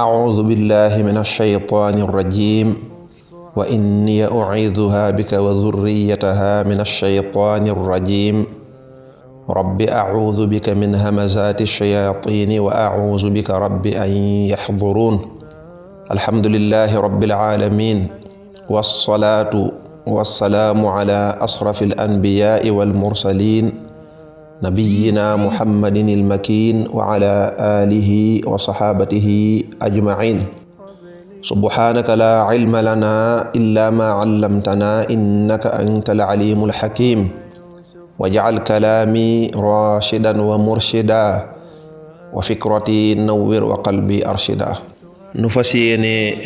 أعوذ بالله من الشيطان الرجيم وإني أعيذها بك وذريتها من الشيطان الرجيم رب أعوذ بك من همزات الشياطين وأعوذ بك رب أن يحضرون الحمد لله رب العالمين والصلاة والسلام على أشرف الأنبياء والمرسلين نبينا محمد المكين وعلى آله وصحابته أجمعين سبحانك لا علم لنا إلا ما علمتنا إنك أنت العليم الحكيم واجعل كلامي راشدا ومرشدا وفكرتي نور وقلبي أرشدا نفسيني يعني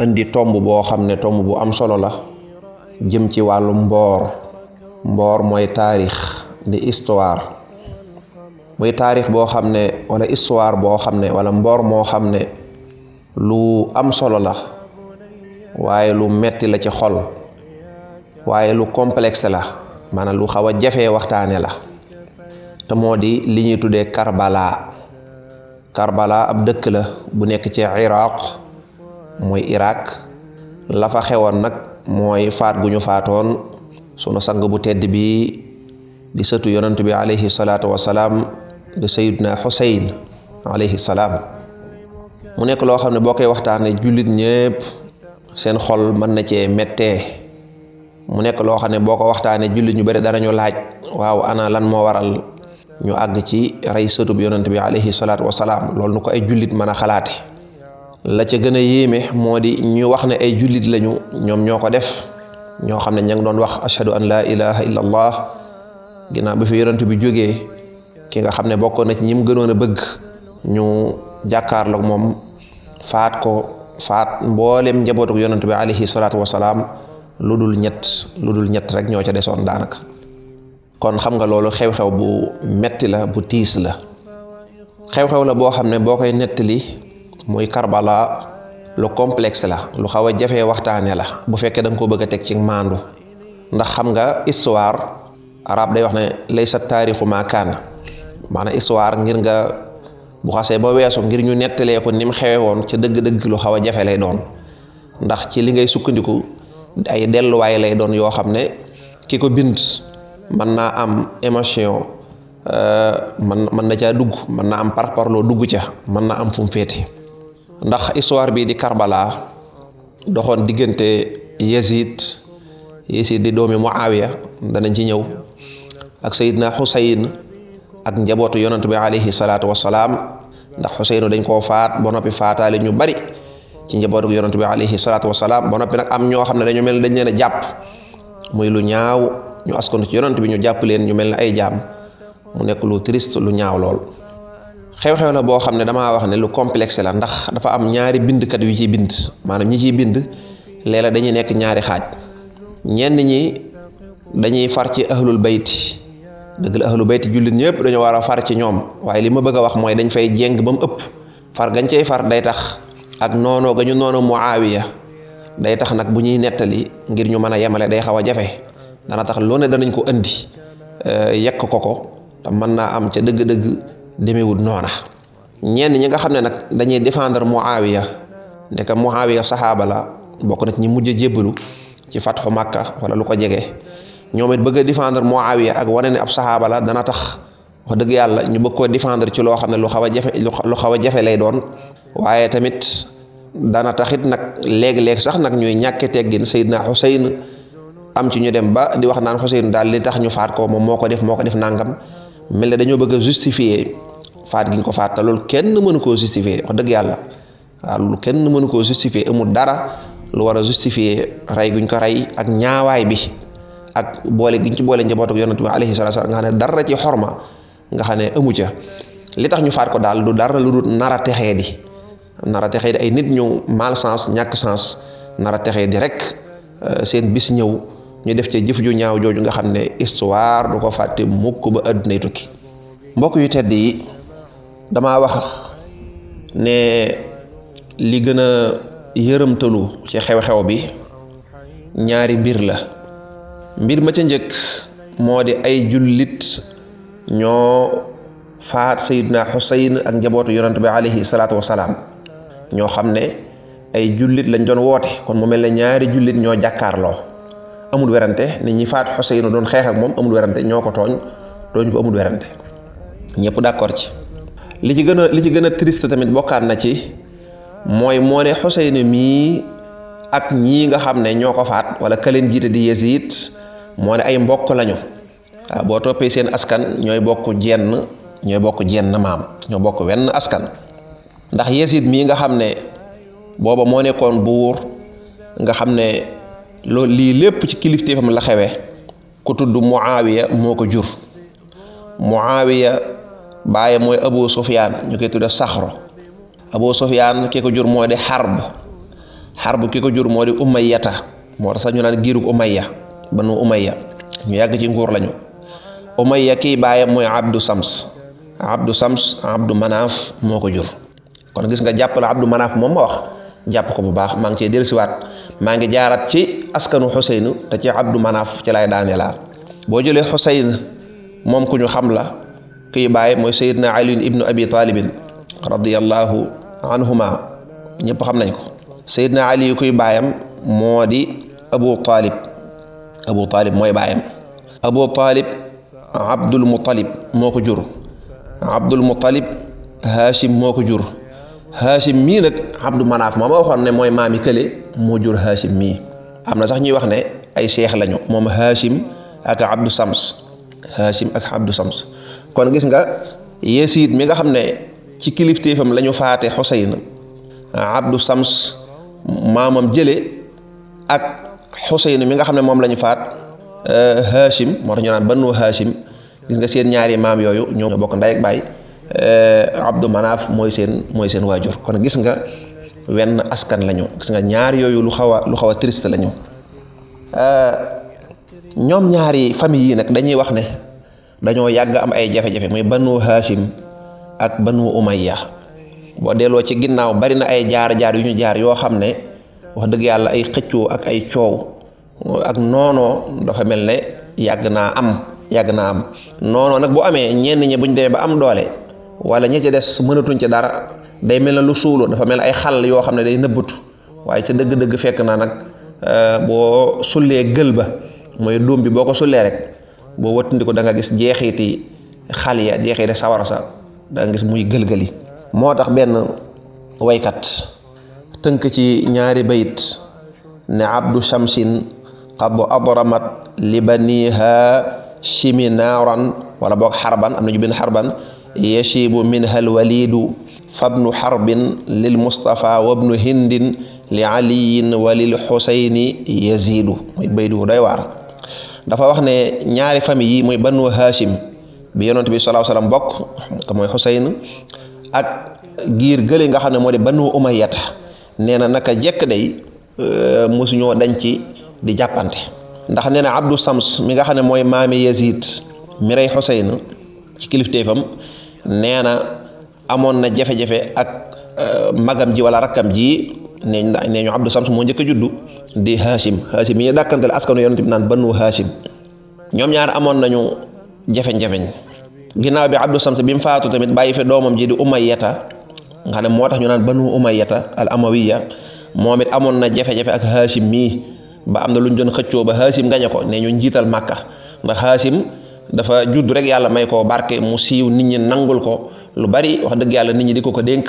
عندي توم بو xam توم بو bu الله جمتي la jëm ci wàllu di histoire muy tarikh Bohamne, xamne wala histoire bor xamne wala mbor mo xamne lu am solo la waye lu metti la ci xol waye lu complexe la manal lu xawa jafé jafee la te modi di li Karbala Karbala ab dekk la bu nekk ci Iraq moy Irak la fa xewon nak moy faat guñu ñu sang bu tedd bi di sëtu yonent bi alayhi salaatu wasalaam di sayiduna xuseyn alayhi salaam mu nekk loo xam ne boo koy waxtaanee jullit ñépp seen xol mën na cee mettee mu nekk loo xam ne boo ko waxtaanee jullit ñu bari danañu laaj waaw ana lan moo waral ñu àgg ci rey sëtu bi yonent bi alayhi salaatu wasalaam loolu nu ko ay jullit mën a xalaate la ca gën a yéeme moo di ñu wax ne ay jullit lañu ñoom ñoo def ñoo xam ne doon wax ashhadu an laa ilaha illa allah ginaaw bi fi yonent bi jógee ki nga xam ne bokkoon na ci ñim gënoon a bëgg ñu jàkkaarloog moom faat ko faat mboolem njabootuk yonent bi alayhi salaatu wasalaam lu dul ñett lu dul ñett rek ñoo ca desoon daanaka kon xam nga loolu xew-xew bu metti la bu tiis la xew-xew la boo xam ne boo koy nettali muy Karbala lu complexe la lu xaw a jafee waxtaane la bu fekkee da nga ko bëgg a teg ci maandu ndax xam nga histoire arab day wax ne laysa taarixu ma kaana mana histoire ngir nga bu xasse ba weesu ngir ñu netale ko nim xewé won ci deug deug lu xawa jafé lay doon ndax ci li ngay sukkandiku ay way lay doon yo xamne kiko bind man euh, na am émotion man mana na ca dugg man na am parparlo dugg ca man na am fum fété ndax histoire bi di Karbala doxone digënté Yazid Yazid di domi Muawiya danañ ci ñew ak sayidna husayn ak njabootu yonant bi alayhi Salatu Wassalam, ndax husayn dañ ko faat bo nopi faataale ñu bari ci njabootu yonant bi alayhi salatu wassalam bo nopi nak am ño xamne ne dañu mel dañ leena japp muy lu ñaaw ñu Askon ci yonant bi ñu japp leen ñu melni ay jaam mu nek lu triste lu ñaaw lool xew-xew la bo xamne dama wax ne lu complexe la ndax dafa am ñaari kat yu ci bind manam ñi ci bind leela dañuy nek ñaari xaj ñen ñi dañuy far ci ahlul bayti deug la ahlu bayti julit ñepp dañu wara far ci ñom waye li ma bëgg wax moy dañ fay jeng bam ëpp far gañ cey far day tax ak nono gañu nono muawiya day tax nak bu ñuy ngir ñu mëna a day xawa jafé jafe dana tax lo ne danañ ko andi eh, yak ko ko ta mën na am deug deug demé wut nona ñen ñi nga xamné nak dañuy défendre muawiya ndeka muawiya sahabala, la bokku nak ñi mujjé jébbalu ci fathu makkah wala lu ko jégé ñoom bëgg défendre Muawiya ak wane ni ab sahaba la dana tax wax dëgg yalla ñu bëgg ko défendre ci lo xam lu xawa jafé jafe lu xawa jafé lay doon wayé tamit dana taxit nak lég lég sax nak ñuy ñaké teggin sayyidna husayn am ci ñu dem ba di wax naan husayn dal li tax ñu faat ko mom moko def moko def nangam melni dañu bëgg justifier faat giñ ko faat ta lool kenn mënu ko justifier wax dëgg yalla waaw kenn mënu ko justifier amu dara lu wara justifier ray guñ ko ray ak ñaaway bi ak boole gi ñu ci boole njaboot ak yonent bi alayhi salaatu salaam nga xam ne dara ci xorma nga xam ne amu ca li tax ñu faat ko daal du dara lu dul nar a texee di nar a texee di ay nit ñu mal sens ñàkk sens nar a texee di rek euh, seen bis ñëw ñu def ci jëf ju ñaaw jooju nga xam ne histoire du ko fàtte mukk ba addunay tukki mbokk yu tedd yi damaa wax ne li gën a yërëmtalu ci xew-xew bi ñaari mbir la mbir ma ca njëkk moo di ay jullit ñoo faat sayidna xusayn ak njabootu yonent bi alayhi salaatu wasalaam ñoo xam ne ay jullit lañ doon woote kon mu mel ne ñaari jullit ñoo jàkkaarloo amul werante ne ñi faat xusayn doon xeex moom amul werante ñoo ko tooñ tooñ ko amul werante ñëpp d'accord ci li ci gën li ci gën a triste tamit bokkaat na ci mooy moo ne xusayn mii ak ñii nga xam ne ñoo ko faat wala kaleen jiite di Yazid moo ne ay mbokk lañu waaw ah, boo toppee seen askan ñooy bokk jenn ñooy bokk jenn maam ñoo bokk wenn askan ndax yeesit mii nga xam ne booba moo nekkoon buur nga xam ne loolu lii lépp ci kilifteefam la xewe ku tudd muawiya moo jur muawiya baaye mooy abu sufyaan ñu koy tudde saxro abu sufyaan ki ko jur moo di xarb xarb ki ko jur moo di umayyata moo tax sax ñu naan giirug umayya banu umayya ñu yag ci nguur lañu umayya ki baye moy abdu sams abdu sams abdu Manaf, moko jur kon gis nga jàppal abdu manaf mom ma wax japp ko bu baax ma ngi delsi wat ma ngi jaarat ci askanu husayn te ci abdu manaf ci lay daane laa boo jëlee xuseyn mom ku ñu xam la ki baye moy sayidna ali ibnu abi talib radiyallahu anhuma ñepp xam nañ ko sayidna ali kuy bayam modi abu talib abu taalib mooy baayam abu taalib abdul muttalib moo ko jur abdul muttalib haashim moo ko jur haashim mii nag abdu manaaf ma moo jur haashim mii am na sax ñuy wax ne ay seex lañu moom haashim ak abdu sams haashim ak abdu sams kon gis nga yesiit mi nga xam ne ci kilifteefam la faate xoseyn abdu sams maamam jële ak Xuseyn mi nga xam ne moom la ñu faat euh, Hachim moo tax ñu naan Banu Hachim gis nga seen ñaari maam yooyu ñoom ñoo bokk ndey ak baay euh, Abdou Manaaf mooy seen mooy seen waajur kon gis nga wenn askan lañu gis nga ñaar yooyu lu xaw a lu xaw a triste lañu euh, ñoom ñaari famille yi nag dañuy wax ne dañoo yàgg am ay jafe-jafe muy Banu Hachim ak Banu Umayya boo delloo ci ginnaaw bari na ay jaar-jaar yu ñu jaar yoo xam ne. wax dëgg yàlla ay xëccoo ak ay coow ak noonoo dafa mel ne yàgg naa am yàgg naa am noonoo nag bu amee ñenn ñi buñ demee ba am doole wala ñi ci des mënatuñ ci dara day mel ne lu suuloo dafa mel ay xal yoo xam ne day nëbbatu waaye ci dëgg-dëgg fekk naa nag euh, boo sulee gël ba mooy doom bi boo ko sulee rek boo wattandiku da nga gis jeexiti xal ya jeexiti sawara sa da gis muy gëlgëli moo tax benn waykat tënk ci ñaari bayit ne abdu shamsin qad adramat li baniha shimi naaran wala boog xarban am na ju bin xarban yashibu minha lil mustafa wabnu hindin li aliyin wa lil xusayni yazidu muy dafa wax ne ñaari famille yi muy banu hashim bi yonent bi sallallahu bokk mooy xusayn ak giir nga xam ne moo di banu umayyata nee na naka jekk day euh, mosuñoo dañ ci di jàppante ndax nee na Abdou Sams mi nga xam ne mooy maami Yazid mi rey Xuseyn ci kilifteefam nee na amoon na jafe ak euh, magam ji wala rakkam ji neñ nee ñu Abdou Sams moo njëkk juddu di Hashim Hashim mi ñu dàkkantal askanu ñoom ñaar amoon nañu jafeñ-jafeñ ginnaaw bi Abdou Sams bi mu faatu tamit bàyyi fi doomam ji di Umayyata nga ne motax ñu naan banu umayata al amawiya momit amon na jafé mi ak hashim mi ba amna na doon xëccoo ba hashim gañé ko ne ñu njital makka ndax hashim dafa judd rek yalla may ko barke mu siiw nit ñi nangul ko lu bari wax dëgg yalla nit ñi diko ko denk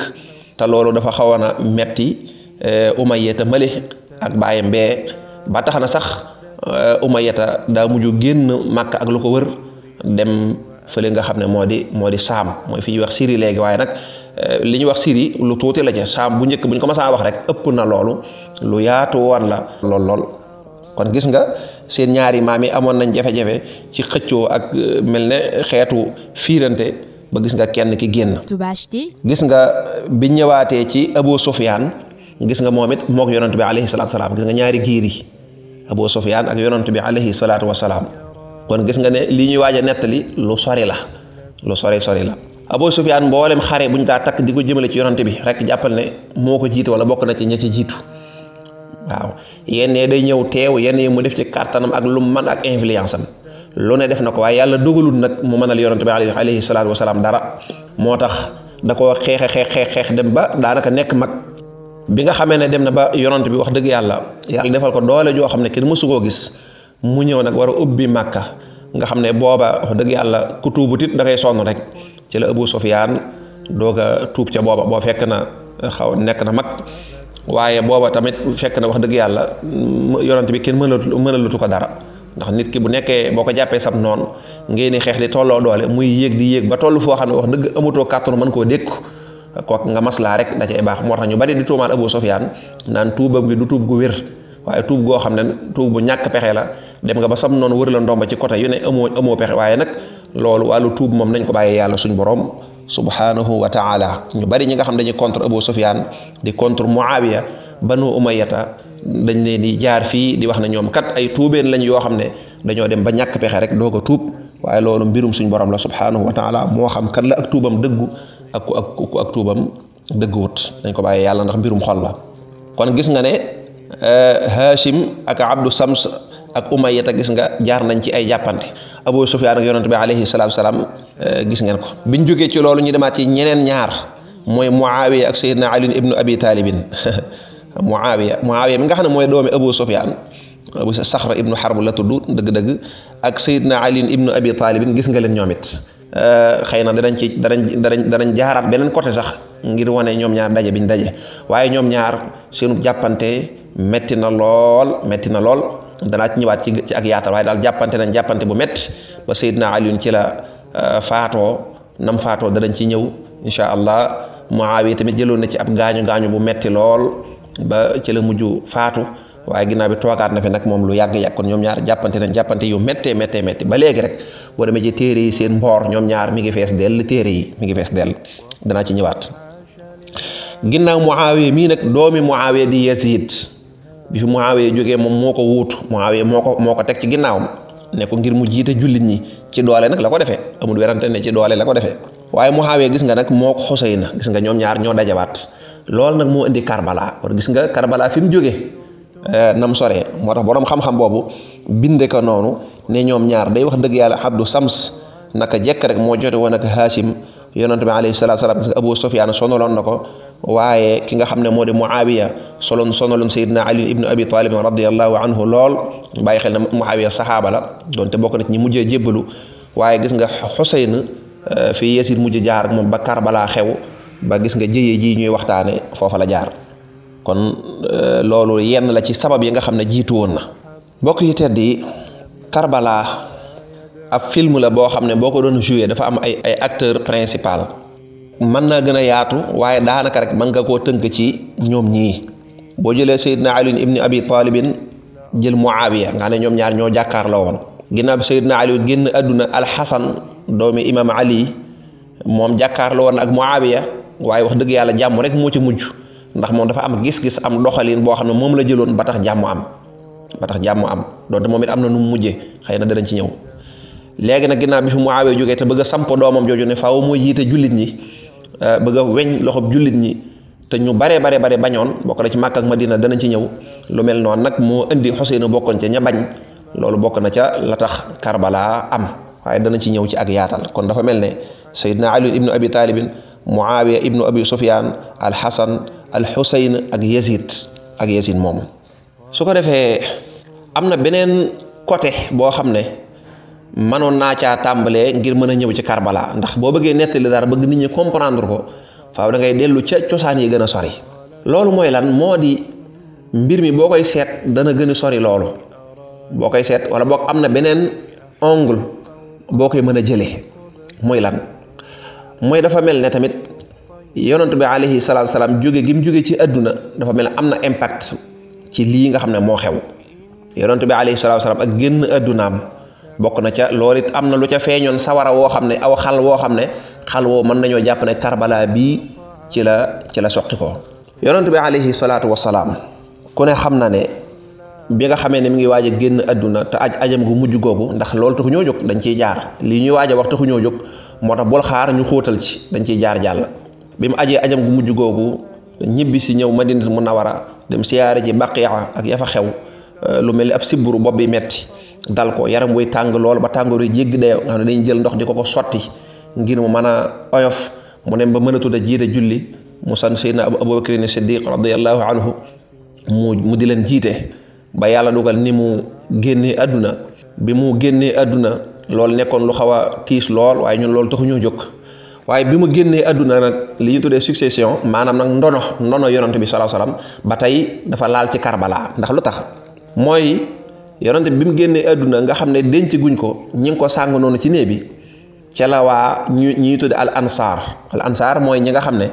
ta lolu dafa xawoon a metti eh, umayata male ak bàyyam bee ba tax sax eh, umayata daa muju genn makka ak lu ko wër dem fele nga xam modi modi sam moy fi wax siri léegi waaye nak Eh, liñ wax siri lu tuuti la ci sa bu ñëk buñ ñu ko wax rek ëpp na loolu lu yaatu woon la lool lool kon gis nga seen ñaari maam yi amoon nañ jafe-jafe ci xëccoo ak eh, mel ne xeetu fiirante ba gis nga kenn ki génn gis nga bi ñëwaatee ci Abu sofiane gis nga moom it mook yonent bi alayhi salatu salaam gis nga ñaari giir yi Abu Sufyaan ak yonent bi alayhi salatu wasalaam kon gis nga ne li ñuy waaj nettali lu sori la lu sori sori la abo sufyan mboolem xare buñ daa tak diko jëmele ci yonante bi rek jappal ne moko jitu wala bok na ci ña jitu waaw yene day ñew teew yene mu def ci kartanam ak lu man ak influence am lu ne def nako ko yalla dogalul nak mu manal yonante bi alayhi salatu wasalaam dara motax dako da koo xex xeex dem ba daanaka nek mak bi nga xamee ne dem na ba yonante bi wax deug yalla yalla defal ko doole jo xam ki musugo gis mu ñew nak wara ubbi màkka nga xam boba wax deug yalla kutubutit da ngay sonn rek ci la Abu Sufyaan doog a tuub ca booba boo fekk na xaw nekk na mag waaye booba tamit fekk na wax dëgg yàlla yonante bi kenn mënalatu mënalatu ko dara ndax nit ki bu nekkee boo ko jàppee sam noon ngeen di xeex di tolloo doole muy yéeg di yéeg ba toll foo xam ne wax dëgg amatoo kàttanu mën koo dékku ko nga maslaa rek da cay baax moo tax ñu bari di tuumaal Abu Sufyaan naan tuubam gi du tuub gu wér waaye tuub goo xam ne tuub bu ñàkk pexe la dem nga ba sam noonu wër la ndomba ci côté yu ne amoo amoo pexe waaye nag loolu wàllu tuub moom nañ ko bàyyi yàlla suñ borom subhanahu wa taala ñu bari ñi nga xam dañuy contre Abu sufyan di contre Muawiya banu umayata dañ leen di jaar fii di wax ne ñoom kat ay tuubeen lañ yoo xam ne dañoo dem ba ñàkk pexe rek doog a tuub waaye loolu mbirum suñ borom la subhanahu wa taala moo xam kat la ak tuubam dëggu ak ak ak tuubam wut dañ ko bàyyi yàlla ndax mbirum xol la kon gis nga ne Euh, Hashim ak Abdou Sams ak Umayya ta gis nga jaar nañ ci ay jàppante Abu Sufyaan ak yonent bi alayhi salaatu salaam euh, gis ngeen ko bi ñu jógee ci loolu ñu demaat ci ñeneen ñaar mooy Muawiya ak Seydina Ali ibnu Abi Taalibin Muawiya Muawiya mi nga xam ne mooy doomi Abu Sufyaan Abu Saxra ibnu Harb la tudd dëgg-dëgg ak Seydina Ali ibnu Abi Taalibin gis nga leen ñoomit it euh, xëy na danañ ci danañ danañ danañ jaaraat beneen côté sax ngir wane ñoom ñaar daje biñ daje waaye ñoom ñaar metti na lool metti na lool danaa ci ñëwaat ci ci ak yaatal daal jàppante nañ jàppante bu metti ba Seydina Aliyun ci la euh, faatoo nam faatoo danañ ci ñëw incha allah Muawiya tamit jëloon na ci ab gaañu gaañu bu metti lool ba ci la mujj faatu waaye ginnaaw bi toogaat na fi nag moom lu yàgg-yàgg kon ñoom ñaar jàppante nañ jàppante yu méttee méttee métti ba léegi rek boo demee ci téere yi seen mboor ñoom ñaar mi ngi fees dell téere yi mi ngi fees dell danaa ci ñëwaat mii nag doomi Muawiya di Yazid bi fi Muawiya jógee moom moo ko wuutu Muawiya moo ko moo ko teg ci ginnaawam ne ko ngir mu jiite jullit ñi ci doole nag la ko defee amul werante ne ci doole la ko defee waaye Muawiya gis nga nag moo ko na gis nga ñoom ñaar ñoo dajawaat loolu nag moo indi Karbala kon gis nga Karbala fi mu jógee eh, nam soree moo tax boroom xam-xam boobu binde ko noonu ne ñoom ñaar day wax dëgg yàlla Abdou Sams naka jekk rek moo jote woon ak Hashim yonent bi alayhi salaatu salaam parce que Abu Sufyaan sonaloon na ko waaye ki nga xam ne moo di Muawiya soloon sonaloon Seydina Ali ibnu Abi Talib radiyallahu anhu lool bàyyi xel na Muawiya saxaaba la doonte bokk na ci ñi mujjee jébbalu waaye gis nga Xuseyn fi Yasiid mujj jaar ak moom ba Karbala xew ba gis nga jëyee ji ñuy waxtaane foofa la jaar kon loolu yenn la ci sabab yi nga xam ne jiitu woon na mbokk yi tedd yi Karbala ab film la boo xam ne boo ko doon joué dafa am ay ay acteur principal mën naa gën a yaatu waaye daanaka rek mën nga koo tënk ci ñoom ñii boo jëlee Seydina Ali ibn Abi Talibin jël Muawiya nga ne ñoom ñaar ñoo jàkkaarloo woon ginnaaw bi Seydina Ali génn àdduna Alxasan doomi imaam Ali moom jàkkaarloo woon ak Muawiya waaye wax dëgg yàlla jàmm rek moo ci mujj ndax moom dafa am gis-gis am doxalin boo xam ne moom la jëloon ba tax jàmmu am ba tax jàmm am doonte moom it na nu mu mujjee xëy na danañ ci ñëw. léegi nag ginnaaw bi fi Muawiya jógee te bëgg a samp doomam jooju ne faaw moo jiite jullit ñi euh, bëgg a weñ loxob jullit ñi te ñu baree bare bare bañoon bokk na ci Màkka ak Madina danañ ci ñëw lu mel noonu nag moo indi Xuseyn bokkoon ca ña bañ loolu bokk na ca la tax Karbala am waaye dana ci ñëw ci ak yaatal kon dafa mel ne Seydina Ali ibnu Abi Taalibin Muawiya ibnu Abi Sufyaan al Hasan al Xuseyn ak Yazid ak Yazid moomu su ko defee am na beneen côté boo xam ne manoon naa caa tàmbalee ngir mën a ñëw ci Karbala ndax boo bëggee nettali dara bëgg nit ñi comprendre ko faaw dangay dellu ca cosaan yi gën a sori loolu mooy lan moo di mbir mi boo koy seet dana gën a sori loolu boo koy seet wala boo am na beneen ongle boo koy mën a jëlee mooy lan mooy dafa mel ne tamit yonent bi alayhi salaatu salaam jóge gi jóge ci àdduna dafa mel ne am na impact ci lii nga xam ne moo xew yonent bi alayhi salaatu salaam ak génn àddunaam bokk na ca loolu it am na lu ca feeñoon sawara woo xam ne aw xal woo xam ne xal woo mën nañoo jàpp ne karbala bii ci la ci la bi alayhi salaatu wasalaam ku ne xam na ne bi nga xamee ne mi ngi waaj a génn ta aj ajam gu mujj googu ndax loolu taxu ñoo jóg dañ ciy jaar lii ñuy waaj a wax taxu ñoo jóg moo tax xaar ñu xóotal ci dañ ciy jaar jàll bi mu ajam gu mujj googu ñibbi si ñëw madinat munawara dem siyaare ci baqiya ak yafa xew eh, lu mel ab sibburu bopp metti dal ko yaram wuy tang lol ba tàngooru jeg de nga dañ jël ndox di ko soti ngir mu mana oyof mu dem ba mënatud a jiite julli mu san seydna ni siddiq radiyallahu anhu mu mu di len jite ba yalla dugal ni mu genné aduna bi mu genné aduna lol nekkon lu xawa a lol way ñun lol taxu ñu jokk waaye bi mu genné aduna nak li ñu tuddee succession manam nak ndono ndono yaronte bi sallallahu alayhi ba batay dafa laal ci karbala ndax lutax moy. yonante bi mu génnee àdduna nga xam ne denc guñ ko ñi ngi ko sàng noonu ci nee bi ca la waa ñu ñuy tudde al ansaar al ansaar mooy ñi nga xam ne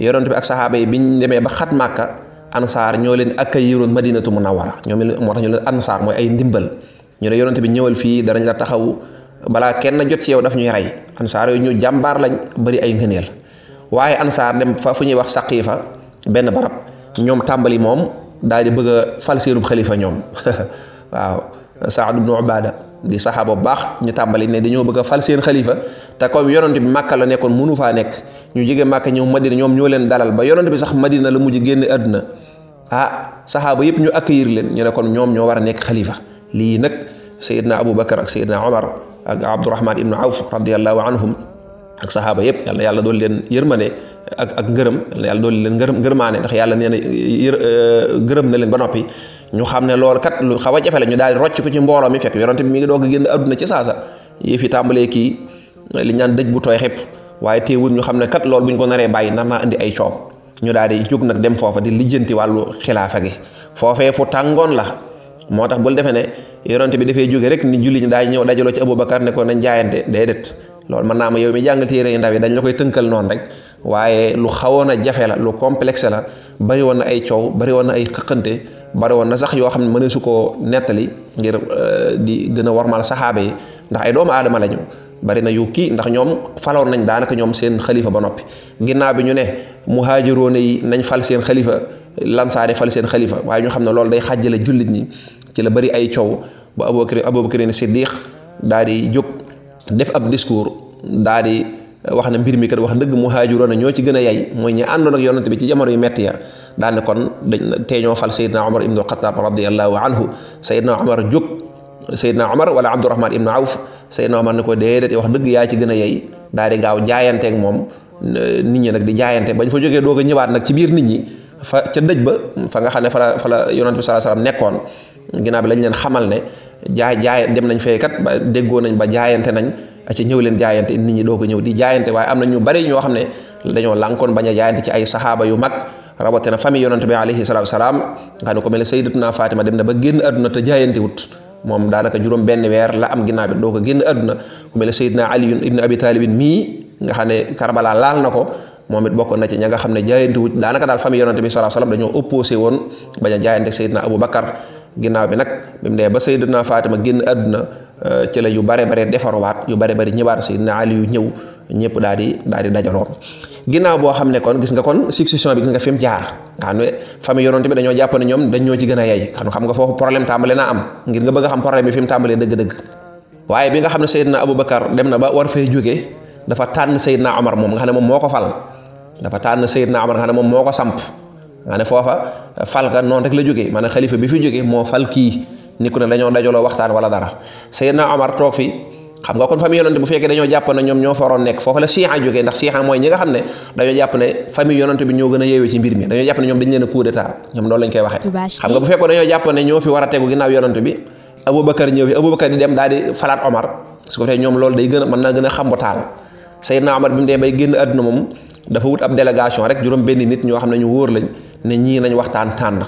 yonante bi ak saxaaba yi biñ demee ba xat màkka ansaar ñoo leen accueilliroon madinatu munawwara ñoom moo tax ñu mooy ay ndimbal ñu ne yonante bi ñëwal fii danañ la taxawu balaa kenn jot ci yow dafa ñuy rey ansaar yooyu ñu jàmbaar lañ bari ay ngëneel waaye ansaar dem fa fu ñuy wax saqiifa benn barab ñoom tàmbali moom daal di bëgg a fal seenub xalifa ñoom waaw saad ibnu ubada di saxaaba bu baax ñu tàmbali ne dañoo bëgg a fal seen xalifa te comme yonent bi màkka la nekkoon mënu faa nekk ñu jige màkka ñëw madina ñoom ñoo leen dalal ba yonent bi sax madina la mujj génn àdduna ah saxaaba yëpp ñu accueillir leen ñu ne kon ñoom ñoo war a nekk xalifa lii nag sayidna aboubacar ak sayidna omar ak abdourahman ibnu awf radiallahu anhum ak saxaaba yëpp yàlla yàlla doon leen yërmane ak ak ngërëm yàlla doon leen ngërëm ngërmaane ndax yàlla nee na gërëm na leen ba noppi ñu xam ne loolu kat lu xaw a jafe la ñu daal di rocc ko ci mbooloo mi fekk yonent bi mi ngi doog a génn àdduna ci saasa yëf yi tàmbalee kii li ñaan dëj bu tooy xepp waaye teewul ñu xam ne kat loolu bu ñu ko naree bàyyi nar naa indi ay coow ñu daal di jóg nag dem foofa di lijjanti wàllu xilaafa gi foofee fu tàngoon la moo tax bul defee ne yonent bi dafay jóge rek ni julli ñi daa ñëw dajaloo ci Abubakar ne ko nañ jaayante déedéet loolu mën naa ma yow mi jàng téere yu ndaw yi dañ la koy tënkal noonu rek waaye lu xawoon a jafe la lu complexe la bari woon na ay coow bari woon na ay xëqante bari woon na sax yoo xam ne mënee su koo nettali ngir eh, di gën a warmal saxaaba yi ndax ay doomu aadama lañu bari na yu kii ndax ñoom faloon nañ daanaka ñoom seen xalifa ba noppi ginnaaw bi ñu ne muhaajiroone yi nañ fal seen xalifa lansaare fal seen xalifa waaye ñu xam ne loolu day xàjjale jullit ñi ci la bari ay coow ba Abubakar Abubakar Siddiq daal di jóg def ab discours daal di wax na mbir mi kër wax dëgg muhaajiroona ñoo ci gën a yay mooy ñi àndoon ak yonante bi ci jamono yu metti ya daane kon dañ tee ñoo fal sayidna omar ibnu alxataab radiallahu anhu sayidna omar jóg sayidna omar wala abdurahman ibnu awf sayidna omar ne ko déedéet wax dëgg yaa ci gën a yey daal di gaaw jaayanteek moom nit ñi nag di jaayante bañ fa jógee doog ñëwaat nag ci biir nit ñi fa ca dëj ba fa nga xam ne fa la fa la yonante saa nekkoon ginnaaw bi lañ leen xamal ne jaay jaay dem nañ fee kat ba déggoo nañ ba jaayante nañ aca ñëw leen jaayante nit ñi doo ñëw di jaayante waaye am na ñu bari ñoo xam ne dañoo lànkoon bañ a jaayante ay saxaaba yu mag rawatina famille yonante bi alayhi salaatu salaam nga ne ko mel ne sayyidatuna Fatima dem na ba génn àdduna te jaayante wut moom daanaka juróom benn weer la am ginnaaw bi doo ko génn ku mel ne sayyidna Ali ibn Abi Talibin mii nga xam ne Karbala laal na ko moom it nga xam ne jaayante wut daanaka daal famille yonante bi salaatu salaam dañoo opposé woon bañ a jaayante sayyidna Abubakar ginnaaw bi nag bim mu ba sayyidina Fatima génn aduna euh, ci la yu bare bare wat yu bare bare ñëwaat sayyidina Ali yu ñëw ñëpp daal di daal di dajaloo ginnaaw boo xam kon gis nga kon succession bi gis nga fi mu jaar nga xam ne famille yonante bi dañoo jàpp ne ñoom dañoo ci gën a yey xam nga foofu problème tàmbale na am ngir nga bëgg a xam problème bi fi mu tàmbalee dëgg-dëgg waaye bi nga xam ne dem na ba war fay jóge dafa tànn sayyidina Omar moom nga xam ne moom moo ko fal dafa tànn Omar nga xam ne moom samp maa ne foofa fal ga noonu rek la jógee maanaam xalifa bi fi jógee moo fal kii ni ku ne dañoo dajaloo waxtaan wala dara Seydina Omar toog fi xam nga kon famille yonante bu fekkee dañoo ñoo faroon nekk foofa la siixan jógee ndax siixan mooy ñi nga xam ne dañoo jàpp ne gën a yeewee ci mbir mi a coup d'état ñoom loolu lañ koy waxee xam nga bu fekkoon dañoo jàpp ne a tegu ginnaaw yonante bi Omar a mën naa gën a xambataal Seydina Omar bi mu dee bay génn àdduna moom dafa wut ab délégation rek juróom benn nit ñoo xam ne ñu wóor lañ ne ñii nañu waxtaan tànn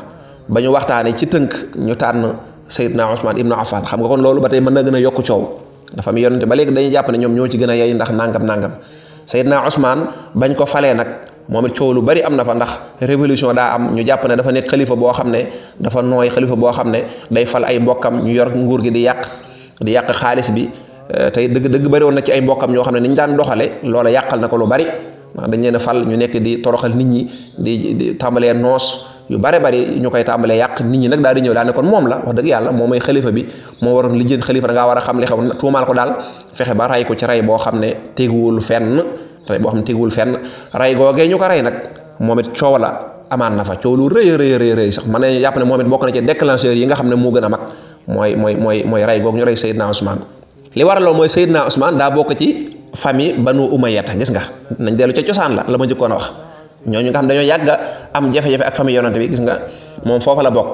ba ñu waxtaanee ci tënk ñu tànn Seydina Ousmane Ibn Affan xam nga kon loolu ba tey mën na gën a yokku coow dafa mi yonente ba léegi dañuy jàpp ne ñoo ci gën a yey ndax nangam nangam Seydina Ousmane bañ ko falee nag moom it lu bari am na fa ndax révolution daa am ñu jàpp ne dafa nekk xalifa boo xam ne dafa nooy xalifa boo xam ne day fal ay mbokkam ñu yor nguur gi di yàq di yàq xaalis bi tey dëgg dëgg bari woon na ci ay mbokkam ñoo xam ne ni ñu daan doxale loola yàqal na ko lu bari dañ leen a fal ñu nekk di toroxal nit ñi di tàmbalee noos yu bare bari ñu koy tàmbalee yàq nit ñi nag daal di ñëw daal ne kon moom la wax dëgg yàlla moom moo waroon li jën xalifa da a xam li xew tuumaal ko daal fexe ba ray ko ci ray boo xam ne teguwul fenn ray boo xam ñu ko rey nag moom it coow la amaan na fa coow lu rëy rëy rëy sax man nañu jàpp ne moom it bokk na ci déclencheur yi nga xam ne moo gën a mag mooy mooy mooy mooy ray goog ñu rey Seydina Ousmane li waraloon mooy Seydina Ousmane daa bokk ci famille banu umayyata gis nga nañ dellu ca cosaan la la ma njëkkoon a wax ñooñu nga xam dañoo yàgg am jafe-jafe ak famille yonante bi gis nga moom foofa la bokk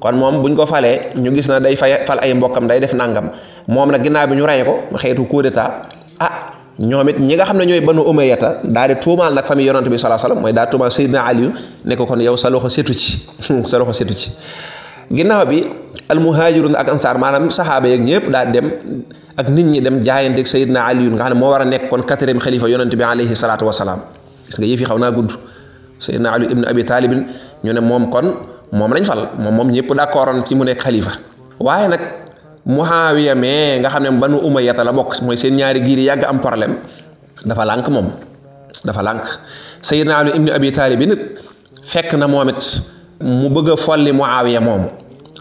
kon moom buñ ko falee ñu gis na day fay fal ay mbokkam day def nangam moom nag ginnaaw bi ñu rey ko xeetu coup d'état ah ñoom it ñi nga xam ne ñooy banu umayyata daal di tuumaal nag famille yonante bi salaa salaam mooy daa tuumaal Seydina Aliyu ne ko kon yow sa loxo setu ci sa loxo setu ci ginnaaw bi ak ansaar maanaam saxaaba yeeg ñëpp daa dem ak nit ñi dem jaayante ak sayidna ali nga xam mo wara nek kon 4e khalifa yonnati bi alayhi salaatu wasalaam gis nga yefi xawna gudd sayidna ali ibn abi talib ñu ne mom kon mom lañ fal mom mom ñëpp d'accordon ci mu nek khalifa waye nak muhaawiya me nga xamne banu umayyah la bok moy seen ñaari giir yag am problème dafa lànk mom dafa lànk sayidna ali ibn abi talib it fekk na momit mu bëgg folli muawiya mom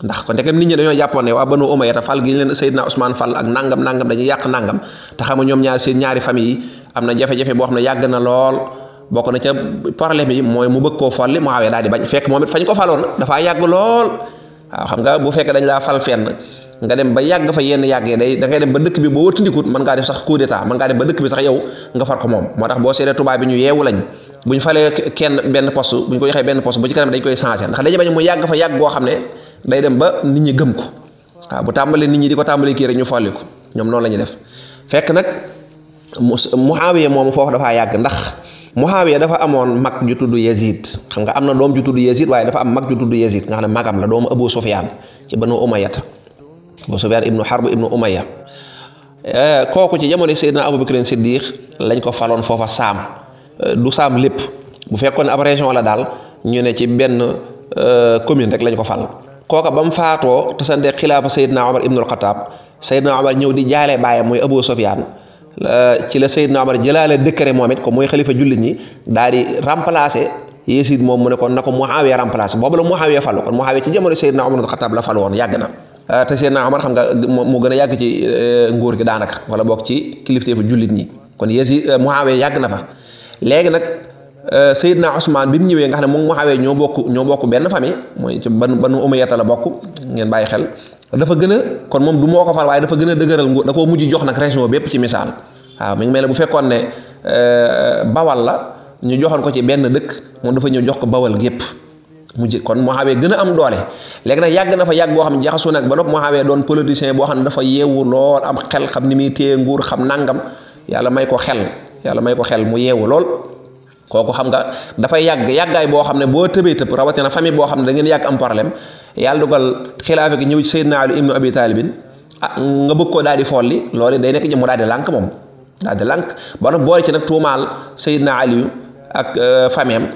ndax ko ndegem nit ñi dañoo jàppoon ne waa banu umayya fal gi ñu leen Seydina Ousmane Fall ak nangam nangam dañuy yàq nangam te xam nga ñoom ñaar seen ñaari famille yi am na jafe-jafe boo xam ne yàgg na lool bokk na ca problème yi mooy mu bëgg koo folli Muawiya daal di bañ fekk moom it fañ ko faloon dafaa yàgg lool waaw xam nga bu fekk dañ laa fal fenn nga dem ba yàgg fa yenn yàggee day da dem ba dëkk bi boo wëttandikut mën ngaa def sax coup d'état mën ngaa dem ba dëkk bi sax yow nga far ko moom moo tax boo seetee tubaab bi ñu yeewu lañ bu ñu falee kenn benn poste bu ñu ko joxee benn poste bu ci kanam koy changé ndax dañu bañ mu yàgg ne day dem ba nit ñi gëm ko waaw bu tàmbalee nit ñi di ko tàmbalee kii rek ñu folli ko ñoom noonu la ñuy def fekk nag Muawiya moomu foofu dafaa yàgg ndax Muawiya dafa amoon mag ju tudd Yazid xam nga am na doom ju tudd Yazid waaye dafa am mag ju tudd Yazid nga xam ne magam la doomu Abu Sufyan ci Banu Umayyah Abu Sufyan ibnu Harb ibnu Umayyah eh, koku ci jamono Seydina Abubakar Siddiq lañ ko falon fofa sam eh, du sam lip, bu fekkone ab region la dal ñu ne ci euh commune rek lañ ko fal koka bam faato to sande khilafa sayyidina umar ibnu ibnu khattab sayyidina umar ñew di jale baye moy Abu Sufyan ci la sayyidina umar jëlaale décret momit ko moy khalifa jullit ñi dal di remplacer yesid mom mu ne ko nako Muawiya remplacer bobu la Muawiya fal kon Muawiya ci jamono ibnu khattab la fal won yagna Euh, te Seydina Omar xam nga moo gën a yàgg ci euh, nguur gi daanaka wala bokk ci kilifteefu jullit ñi kon yéesi euh, awee yàgg na fa léegi nag Seydina Ousmane bi mu ñëwee nga xam ne moom awee ñoo bokk ñoo bokk benn famille mooy ci ban banu Umayyata la bokk ngeen bàyyi xel dafa gën a kon moom du moo ko far waaye dafa gën a dëgëral nguur da koo mujj jox nag région bépp ci misaal waaw mi ngi mel ne bu fekkoon ne Bawal la ñu joxoon ko ci benn dëkk moom dafa ñëw jox ko Bawal gépp mujj kon Muawiya gën a am doole léegi nag yàgg na fa yàgg boo xam ne jaxasoo nag ba nopp Muawiya doon politicien boo xam ne dafa yeewu lool am xel xam ni muy téye nguur xam nangam yàlla may ko xel yàlla may ko xel mu yeewu lool kooku xam nga dafay yàgg yàggaay boo xam ne boo tëbee tëb rawatina famille boo xam ne da ngeen yàgg am problème yàlla dugal xilaafa gi ñëw ci Seydina Ali ibnu Abi Taalibin ah nga bëgg ko daal di folli loolu day nekk jëm mu daal di lànk moom daal di lànk ba nag boole ci nag tuumaal Seydina Aliyu ak euh, famem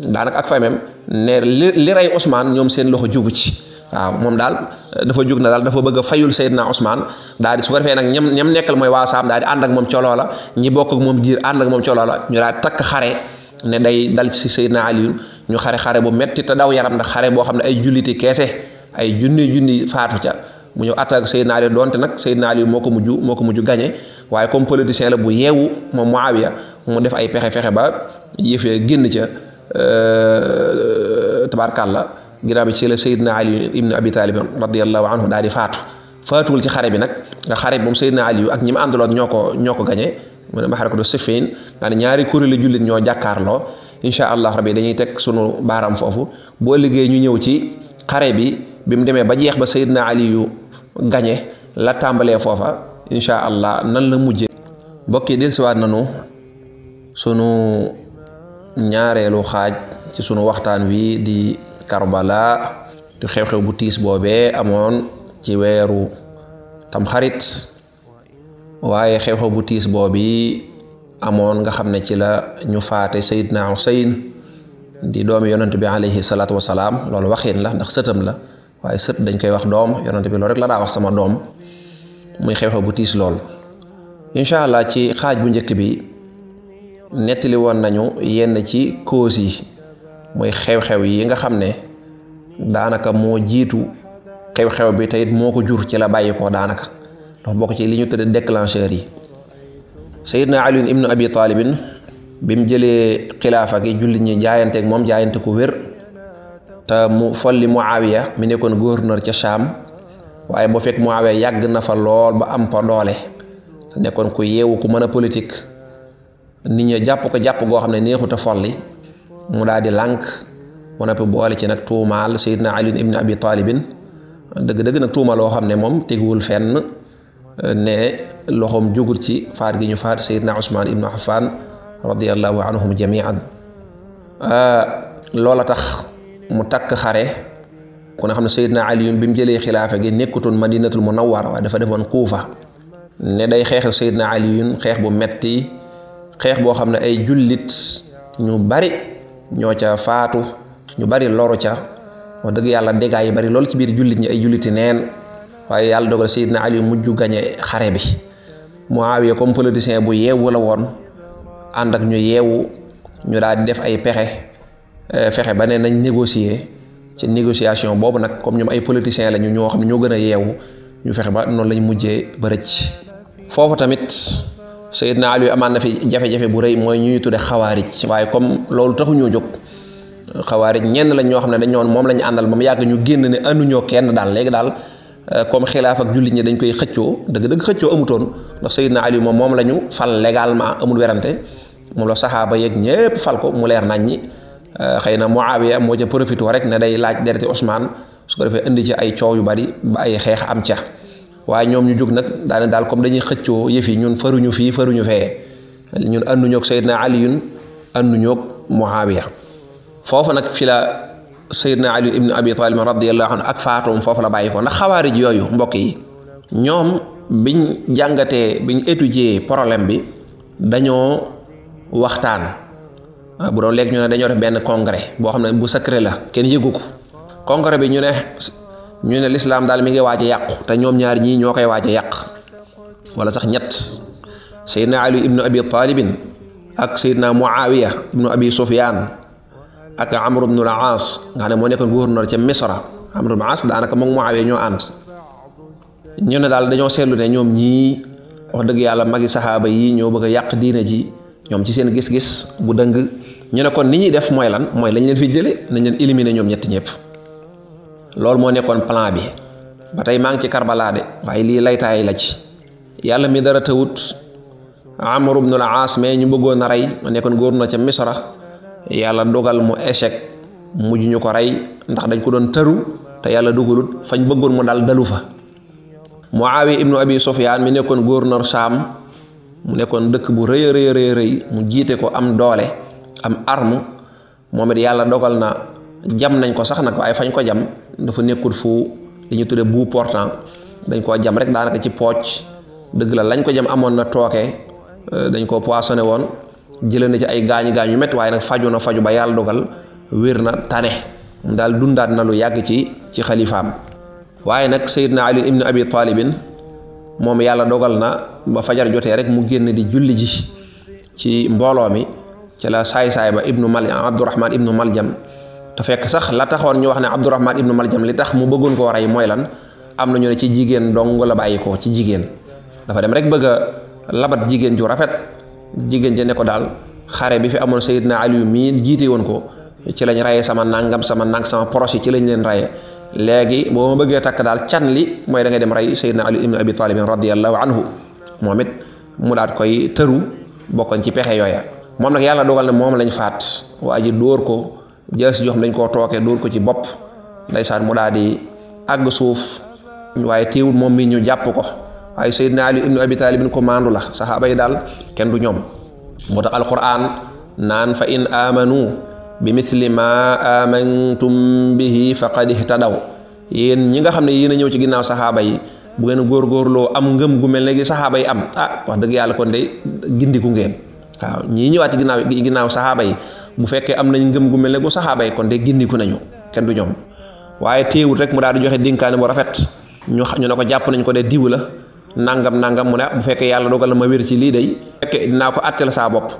daanaka ak famem ne li li rey Ousmane ñoom seen loxo jugu ci waaw moom daal dafa jug na daal dafa bëgg a fayul Seydina Ousmane daal di su ko defee nag ñam ñam nekkal mooy waa Saam daal di ànd ak moom coloo la ñi bokk ak moom giir ànd moom coloo la ñu daal takk xare ne day dal ci Seydina Aliou ñu xare xare bu metti te daw yaram ndax xare boo xam ne ay julliti keese ay junni junni faatu ca mu ñëw attaque Seydina Aliou donte nag Seydina Aliou moo ko mujju moo ko mujju gañe waaye comme politicien la bu yeewu moom Muawiya mu def ay pexe fexe ba yëfee génn ca Euh, tabaarkàlla ginnaaw bi ci la Seydina Ali ibnu Abi Talib radiyallahu anhu daal di faatu faatuwul ci xare bi nag nga xare bi moom Seydina Ali ak ñi mu àndaloon ñoo ko ñoo ko gañe mu ne maxarakatu Siffin maanaam ñaari kuréelu jullit ñoo jàkkaarloo incha allah rabi dañuy teg sunu baaram foofu boo liggéey ñu ñëw ci xare bi bi mu demee ba jeex ba Seydina Ali yu gañe la tàmbalee foofa incha allah nan la mujjee mbokk yi dellusiwaat nanu sunu. ñaarelu xaj ci sunu waxtaan wi di karbala di xew-xew bu tiis boobee amoon ci weeru xarit waaye xew-xew bu tiis boobi amoon nga xam ne ci la ñu faate sayidna Husayn di doomi yonent bi alayhi salatu wasalaam loolu waxin la ndax sëtam la waaye sët dañ koy wax doom yonent bi loolu rek la daa wax sama doom muy xew-xew bu tiis lool allah ci xaaj bu njëkk bi nettali woon nañu yenn ci causes yi muy xew-xew yi nga xam ne daanaka moo jiitu xew-xew bi teyit moo ko jur ci la bàyyi ko daanaka ndax bokk ci li ñu tëdd déclencheur yi Seydina Ali ibnu Abi Taalibin bi mu jëlee xilaafa gi jullit ñi jaayanteek moom jaayante ko wér te mu folli Muawiya mi nekkoon gouverneur ca Sham waaye boo fekk Muawiya yàgg na fa lool ba am fa doole te nekkoon ku yeewu ku mën a politique nit ñi jàpp ko jàpp go xamne neexu ta folli mu daldi lànk wona pe boole ci nak tumal Seydina Ali ibn Abi talib deug deug nak tumal lo xamne mom teggul fenn ne loxom jugul ci far gi ñu far Seydina usman ibn Affan radiyallahu anhum jamian lola tax mu tak xare ku ne xam ne Ali bim jele khilafa gi nekutun madinatul munawwara waaye dafa defon kufa ne day xex Seydina Ali xex bu metti xeex boo xam ne ay jullit ñu bari ñoo ca faatu ñu bari loru ca wax dëgg yàlla dégâts yi bari loolu ci biir jullit ñi ay julliti neen waaye yàlla dogal Seydina Ali mujj gañe xare bi Muawiya comme politicien bu yeewu la woon ànd ak ñu yeewu ñu daal di def ay pexe eh, fexe ba ne nañ négocier ci négociation boobu nag comme ñoom ay politiciens lañu ñoo xam ne ñoo gën a yeewu ñu fexe ba noonu lañ mujjee ba rëcc foofu tamit Seydina Ali amaan na fi jafe-jafe bu rëy mooy ñuy tudde xawaarij waaye comme loolu taxu ñoo jóg xawaarij ñenn lañ ñoo xam ne dañ ñoon moom la ñu àndal ba mu yàgg ñu génn ne ànduñoo kenn daal léegi daal comme xilaaf ak jullit ñi dañ koy xëccoo dëgg-dëgg xëccoo amutoon ndax Seydina Ali moom moom la ñu fal légalement amul werante moom la saxaaba yeeg ñépp fal ko mu leer nañ ñi xëy na Muawiya moo ca profité rek ne day laaj dereti Ousmane su ko defee indi ci ay coow yu bari ba ay xeex am ca waye ñom ñu jóg nag daane dal comme dañuy xëccoo yëf yi ñun faruñu fii faruñu fe ñun annu ñok ànduñoog Seydina annu ñok Muawiya fofu nak fi la Seydina Ali ibn Abi Talib radiyallahu anhu ak faatoom fofu la bayiko ko ndax xawaarij yoyu mbokk yi ñom biñ jangate biñ étudier problème bi daño waxtaan bu doon léegi ñu ne dañoo def benn congrès boo xam ne bu secret la kenn yëgu ko congrès bi ñu ne ñu ne l'islam daal mi ngi waaj a yàqu te ñoom ñaar ñii ñoo koy waaj a yàq wala sax ñett sayidna ali ibnu abi talibin ak sayidna muawiya ibnu abi sufyan ak amr ibnu al-aas nga xam ne moo nekkoon gouverneur ca misra amr ibnu al-aas daanaka moom muawiya ñoo ànd ñu ne daal dañoo seetlu ne ñoom ñii wax dëgg yàlla magi saxaaba yi ñoo bëgg a yàq diina ji ñoom ci seen gis-gis bu dëng ñu ne kon ni ñuy def mooy lan mooy lañ leen fi jële nañ leen éliminer ñoom ñett ñëpp loolu moo nekkoon plan bi ba tey maa ngi ci Karbala de waaye lii laytaay la ci yàlla mi dara tawut Amr ibn al-Aas mais ñu bëggoon a rey ma nekkoon góor na ca Misra yàlla dogal mu échec mujj ñu ko rey ndax dañ ko doon tëru te yàlla dugalut fañ bëggoon mu dal dalu fa Muawiya ibnu Abi Sufyaan mi nekkoon gouverneur Saam mu nekkoon dëkk bu rëy a rëy rëy mu jiite ko am doole am arme moom it yàlla dogal na jam nañ ko sax nag waaye fañ ko jam dafa nekkul fu li ñu tudde bu portant dañ koo jam rek daanaka ci pooc dëgg la lañ ko jam amoon na tooke euh, dañ koo poissonné woon jëlee na ci ay gaañu gaañu met waaye nag faju na faju ba yàlla dogal wér na tane daal dundaat na lu yàgg ci ci xalifaam waaye nag sayidna ali ibnu abi talibin moom yàlla dogal na ba fajar jotee rek mu génn di julli ji ci mbooloo mi ci la saay saay ba ibnu mal abdourahman ibnu maljam da fekk sax la taxoon ñu wax ne abdourahman ibnu maljam li tax mu bëggoon ko waray mooy lan am na ñu ne ci jigéen dong la bàyyi ko ci jigéen dafa dem rek bëgg a labat jigéen ju rafet jigéen ji ne ko daal xare bi fi amoon sayidna ali min jiite woon ko ci lañ raye sama nangam sama nang sama proche ci lañ leen raye léegi boo ma bëggee takk daal can li mooy da ngay dem ray sayidna ali ibnu abi talibin radiallahu anhu moom mu daat koy tëru bokkoon ci pexe yooya moom nag yàlla dogal ne moom lañ faat waa ji ko jaas joo xam dañ koo tooke ko ci bop ndaysan mu muda di Agusuf, suuf waye teewul mom mi ñu japp ko ay sayidna ali ibn abi talib ko mandu la sahaba yi dal kenn du ñom mota alquran nan fa in amanu bi misli ma amantum bihi faqad ihtadaw yeen ñi nga xamne ne ñew ci ginnaw sahaba yi bu gor lo am ngeum gu melne gi sahaba yi am ah wax deug yalla kon de gindiku ngeen waaw ñi ñewati ginnaw ginnaw sahaba yi bu fekkee am nañ ngëm gu mel ne gu saxaaba yi kon de gindiku nañu kenn du ñoom waaye téewul rek mu daal di joxe dénkaane bu rafet ñu ñu ne ko jàpp nañ ko de diw la nangam nangam mu ne bu fekkee yàlla dogal na ma wér ci lii day fekkee dinaa ko àtteel saa bopp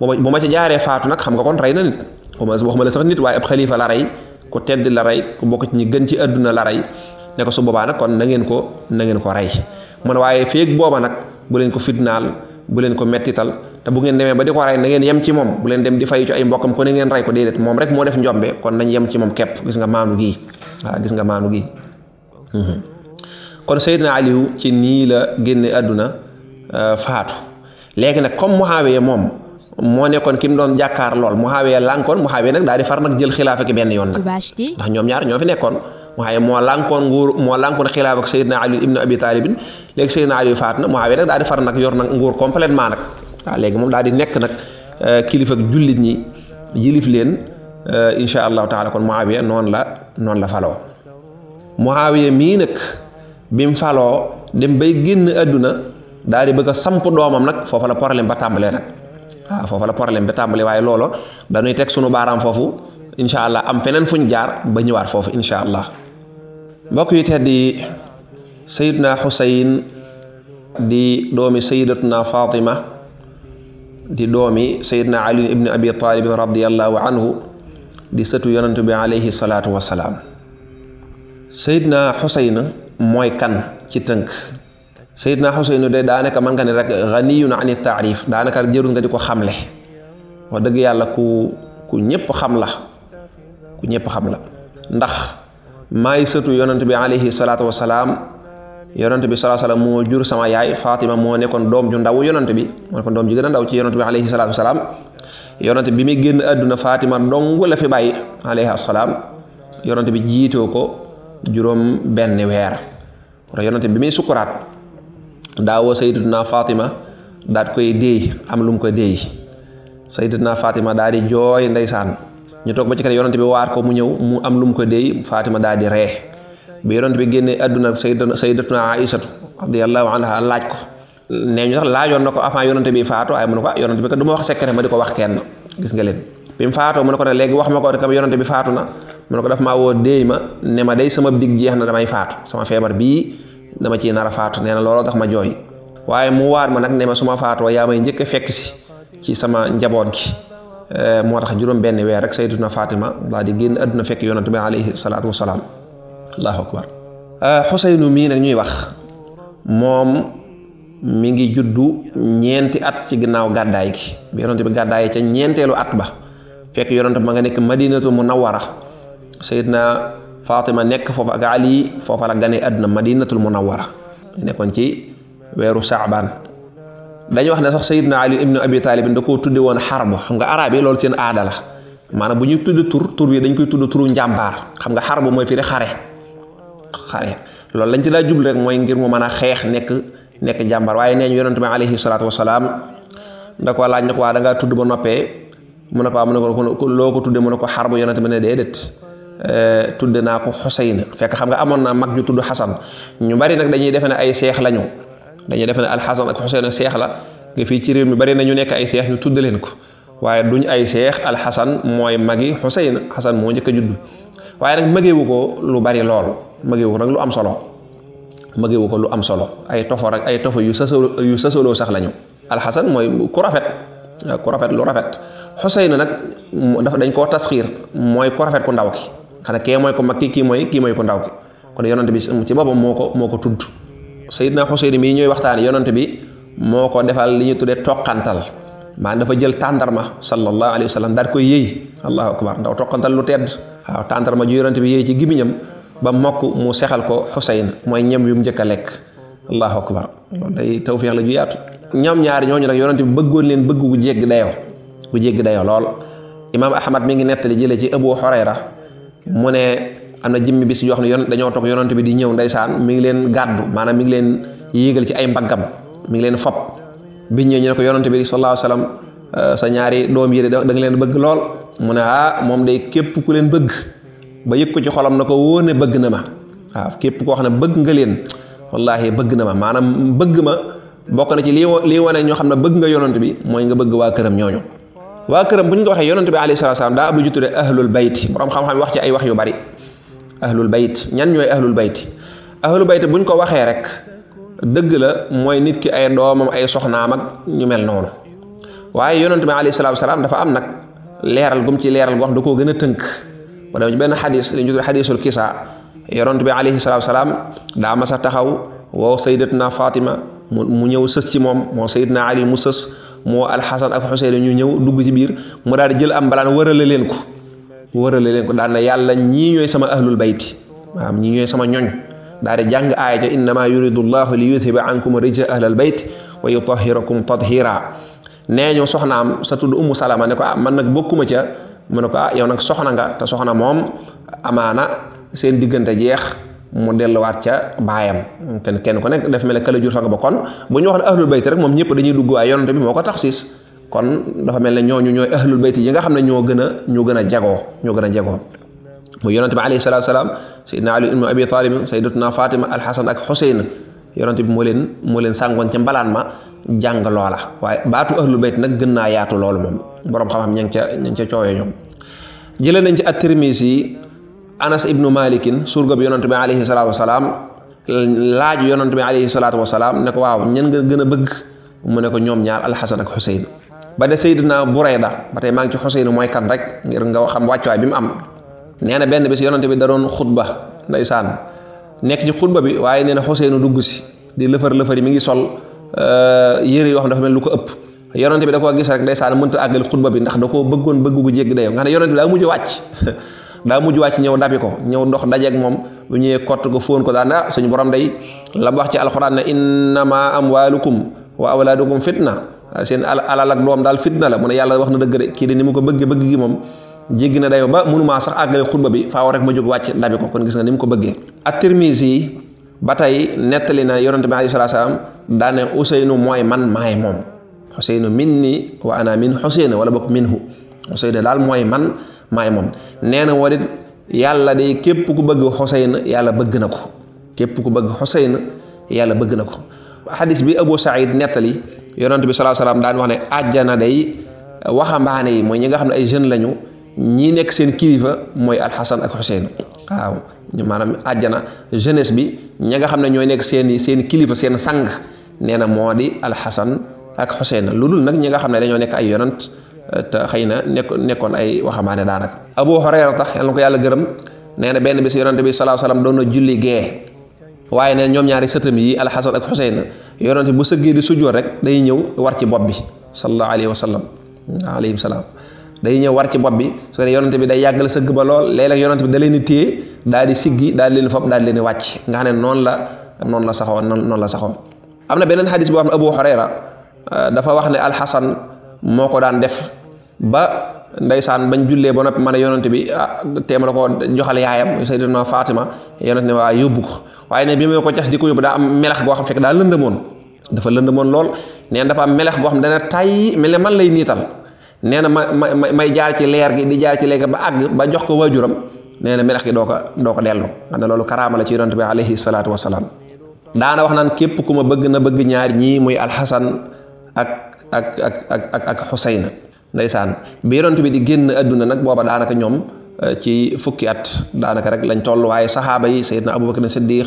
bu ma ci jaaree faatu nag xam nga kon rey na nit waxuma la sax nit waaye ab xalifa la rey ku tedd la rey ku bokk ci gën ci àdduna la rey ne ko su boobaa nag kon na ngeen ko nangeen ko rey mu ne waaye feeg booba nag bu leen ko fitnaal bu leen ko mettital te bu ngeen demee ba di ko rey na ngeen yem ci moom bu leen dem di fay ci ay mbokkam ko ne ngeen rey ko déedéet moom rek moo def njombe kon nañ yem ci moom képp gis nga maanu gii waa gis nga maanu gii mhm. kon na Aliou ci nii la génne àdduna euh, faatu léegi nag comme mu Muawiya moom moo nekkoon ki mu doon jàkkaar lool Muawiya lànkoon Muawiya nag daal di far nag jël xilaafa ki benn yoon nag ndax ñoom ñaar ñoo fi nekkoon Muawiya moo lànkoon nguur moo lànkoon xilaaf ak Seydina Ali ibnu Abi Talibin léegi Seydina Ali faat na Muawiya nag daal di far nag yor nag nguur complètement nag waaw léegi moom daal di nekk nag kilifa ak jullit ñi yilif leen incha allahu taala kon Muawiya noonu la noonu la faloo Muawiya mii nag bi mu faloo dem bay génn àdduna daal di bëgg a samp doomam nag foofa la problème ba tàmbalee nag waaw foofa la problème ba tàmbalee waaye loolo dañuy teg sunu baaraam foofu. inshallah am fenen fuñ jaar ba ñëwaat foofu inshallah mbokk yu teddi di husayn di doomi sayyidatuna fatima di doomi sayyidna ali ibni abi Talib radiyallahu anhu di setu yonantu bi alayhi salatu wassalam sayyidna husayn moy kan ci teunk sayyidna husayn de daanaka man nga ni rek ghaniyun ani taarif daanaka jërul nga diko xamle wax ku ku ñepp xam la ku ñëpp xam la ndax maay sëtu yonant bi alayhi salaatu wasalaam yonent bi salaatu wasalaam moo jur sama yaay faatima moo nekkoon doom ju ndaw yonent bi moo nekkoon doom ji gën ndaw ci yonent bi alayhi salaatu bi muy génn àdduna Fatima dong la fi bàyyi alayhi salaam yonent bi jiitoo ko juróom benn weer wala bi muy sukkuraat daawoo sayyidatuna Fatima daat koy déey am lu mu ko déey daal di jooy ndeysaan ñu toog ba ci kanam yonent bi waar ko mu ñëw mu am lu mu ko déey Fatima daal di ree bi yonent bi génnee àdduna sayyidatuna Aïsatu radiyallahu laaj ko nee ñu sax laajoon na ko avant yonent bi faatu ay mu ne ko ah yonent bi wax di ko wax kenn gis nga leen bi mu faatoo mu ne ko ne wax ma ko kam yonent bi faatu na mu ne ko daf maa woo déey ma ne ma day sama dig jeex na damay faatu sama feebar bii dama ciy nar a faatu nee na looloo tax ma jooy waaye mu waar ma nag ne ma su ma faatoo yaa may njëkk a fekk si ci sama njaboot gi Eh, moo tax juróom benn weer rek sayyiduna fatima daal di génn aduna fekk yonent bi alayhi salatu wassalam allahu akbar eh, xuseynu mii nag ñuy wax moom mi ngi juddu ñeenti at ci ginnaaw gàddaay gi bi yonent bi gàddaay ca ñeenteelu at ba fekk yonent ma nga nekk madinatu munawwara sayyiduna fatima nekk foofa ak ali foofa la gane aduna madinatul munawwara nekkoon ci weeru dañu wax ne sax sayidna ali ibnu abi taalib da koo woon xarbu xam nga arab yi loolu seen aada la bu ñuy tudd tur tur bi dañ koy tudd turu njàmbaar xam nga xarbu mooy firi xare xare loolu lañ ci daa jublu rek mooy ngir mu mën a xeex nekk nekk jàmbaar waaye nee ñu yonent bi alayhi salaatu wasalaam da ko laaj na ko waa ngaa tudd ba noppee mu ne ko waa mu ko loo ko tudde mu ne ko xarbu yonent bi ne déedéet eh, tudde naa ko xusayna fekk xam nga amoon naa mag ju tudd xasan ñu bari nag dañuy defe ne ay seex lañu dañuy def ne alxasan ak xuseyn seex la nga fii ci réew mi bari nañu nekk ay seex ñu tudd leen ko waaye duñ ay seex alxasan mooy magi xuseyn xasan moo njëkk a judd waaye nag magewu ko lu bari lool magewu ko nag lu am solo magewu ko lu am solo ay tofo rek ay tofo yu sasolo yu sasoloo sax lañu alxasan mooy ku rafet ku rafet lu rafet xuseyn nag dafa dañ koo tasxiir mooy ku rafet ku ndaw ki xanaa kee mooy ko mag ki kii mooy kii mooy ku ndaw ki kon yonante bi ci boppam moo ko moo ko tudd Seydina Xuseyn mii ñooy waxtaan yonante bi moo ko defal li ñu tuddee toqantal maan dafa jël tàndarma sallallahu alayhi wa sallam daal koy yëy allahu akbar ndaw toqantal lu tedd waaw tàndarma ju yonante bi yëy ci gimiñam ba mokk mu sexal ko Xuseyn mooy ñam yu mu njëkk lekk allahu akbar loolu day tawféex la ju yaatu ñoom ñaari ñooñu nag yonante bi bëggoon leen bëgg gu jégg dayoo gu jégg dayoo lool imaam Ahmad mi ngi nettali jële ci Abu Hurayra mu ne amna jimmi bis yo xamne yon dañu tok yonante bi di ñew ndeysaan mi ngi leen gaddu manam mi ngi leen yegal ci ay mbagam mi ngi leen fop bi ñew ñu ko yonante bi sallallahu alaihi wasallam euh, sa ñaari doom yi da nga leen bëgg lool mu ne ah moom day kep ku leen bëgg ba yekku ci xolam nako woone bëgg na ma wa kep ko xamne bëgg nga leen wallahi bëgg na ma manam bëgg ma bokk na ci li li wone ñoo xamne bëgg nga yonante bi moy nga bëgg wa kërëm ñoñu wa kërëm bu ñu ko bi alayhi salaam daa am lu ñu ahlul bayt borom xam-xam wax ci ay wax yu bari ahlul bayt ñan ñooy ahlul bayt ahlul bayt buñ ko waxee rek dëgg la mooy nit ki ay doomam ay soxnaa ak ñu mel noonu waaye yonent bi alayhi salaam dafa am nag leeral gum ci leeral goo xam da koo gën a tënk ba dem ci benn xadis li ñu tudd xadisul kisa yonent bi alayhi salaatu salaam daa ma a taxaw woo sayyidatuna Fatima mu ñëw sës ci moom moo sayyidna Ali mu sës moo alxasan ak xuseyn ñu ñëw dugg ci biir mu daal di jël am balaan wërale leen ko mu warale leen ko daan na yàlla ñii ñooy sama ahlul bayti maanaam ñii ñooy sama ñoñ daal di jàng aaya ja innama yuridu llahu li yuthiba ankum rija ahlal bayt wa yutahirakum tathira nee ñu soxnaam sa tudd umu salama ne ko ah man nag bokkuma ca mu ne ko ah yow nag soxna nga te soxna moom amaana seen diggante jeex mu delluwaat ca baayam kenn kenn ku nekk daf mel ne kala jur fa nga ba kon bu ñu wax ne ahlul bayt rek moom ñëpp dañuy dugg waaye yonante bi moo ko tax siis kon dafa mel ne ñu ñooy ahlul bayti yi nga xam ne ñoo gën a ñoo gën a jagoo ñoo gën a jagoo muy yonante bi alayhi salaatu salaam sayidna ali ibnu abi talib sayidatuna fatima alxasan ak xuseyn yonante bi moo leen moo leen sàngoon ca mbalaan ma jàng loola waaye baatu ahlul bayt nag gën naa yaatu loolu moom boroom xam-xam ña ngi ca ña ngi ca coowee ñoom jëlee nañ ci at-Tirmisi yi anas ibnu malikin surga bi yonante bi alayhi salaatu wasalaam laaj yonante bi alayhi salaatu wasalaam ne ko waaw ñan nga gën a bëgg mu ne ko ñoom ñaar alxasan ak xuseyn ba de sayyidina burayda ba tey mang ci xuseyn moy kan rek ngir nga xam waccu ay mu am neena benn bis yonante bi da doon khutba ndaysan nek ci khutba bi waye neena na dugg si di lëfër lëfër mi ngi sol euh, yere yo xam dafa mel lu ko upp yonante bi da ko gis rek ndaysan muntu agal khutba bi ndax da ko beggon bëgg gu jéggi dayo nga ne yonante la muju wacc da muju wacc ñew dabiko ñew dox dajje ak mom bu ñewé kott go fon ko daan ah, suñu borom day la wax ci alquran innama amwalukum wa awladukum fitna seen alal ak doom daal fitna la mu ne yàlla wax na dëgg de kii de ni mu ko bëgg bëgg gi moom jéggi na dayo ba mënumaa sax àggale xutba bi faaw rek ma jóg wàcc ndabi ko kon gis nga ni mu ko bëggee at-Tirmisi yi ba tey nettali na yonente bi alayhi salaatu salaam daane Useynu mooy man maay daal mooy man maay moom nee na warit yàlla de képp ku bëgg Useyna yàlla bëgg na ko képp ku bëgg Useyna yàlla bëgg na ko nettali yonent bi salaa salaam daan wax ne àjjana day eh, waxambaane yi mooy ñi nga xam ne ay jeune lañu ñii nekk seen kilifa mooy alxasan ak xuseyn waaw maanaam àjjana bi ñi xam ne ñooy nekk seen seen kilifa seen sang nee na moo di alxasan ak xuseyn lu dul nag ñi nga xam ne dañoo nekk ay yonent eh, te xëy na nekk nekkoon ay waxambaane daanaka abu hurayrata yal na ko yàlla gërëm nee na benn bis yonent bi salaa salaam doon na julli gee waaye ne ñoom ñaari sëtam yi alxasan ak xuseyn yonente bu sëggee di sujjoot rek day ñëw war ci bopp sallallahu alayhi wa sallam alayhi salaam day ñëw war ci bopp bi su ne yonente bi day yàggal sëgg ba lool léeg-léeg yonente bi da leen di téye daal di siggi daal di leen fopp daal di leen wàcc nga xam ne noonu la noonu la saxoon noonu la saxoon am na beneen xadis boo abu Harera, dafa wax ne alxasan moo ko daan def ba ndeysaan bañ jullee ba noppi ma a yonent bi ah teema la ko joxal yaayam sayyidatuna Fatima yonent ne waa yóbbu waaye ne bi ma ko cas di ko yóbbu daa am melax goo xam fekk daa lëndëmoon dafa lëndëmoon lool nee na dafa am melax goo xam dana tay mel man lay niital nee na ma ma may jaar ci leer gi di jaar ci leer ba àgg ba jox ko waajuram nee na melax gi doo ko doo ko dellu xam ne loolu karaama la ci yonent bi alayhi salaatu wasalaam daana wax naan képp ku ma bëgg na bëgg ñaar ñii muy alxasan ak ak ak ak ak xusayna ndeysaan bi yonent bi di génn àdduna nag booba daanaka ñoom eh, ci fukki at daanaka rek lañ toll waaye saxaaba yi Seydina Abubakar Siddiq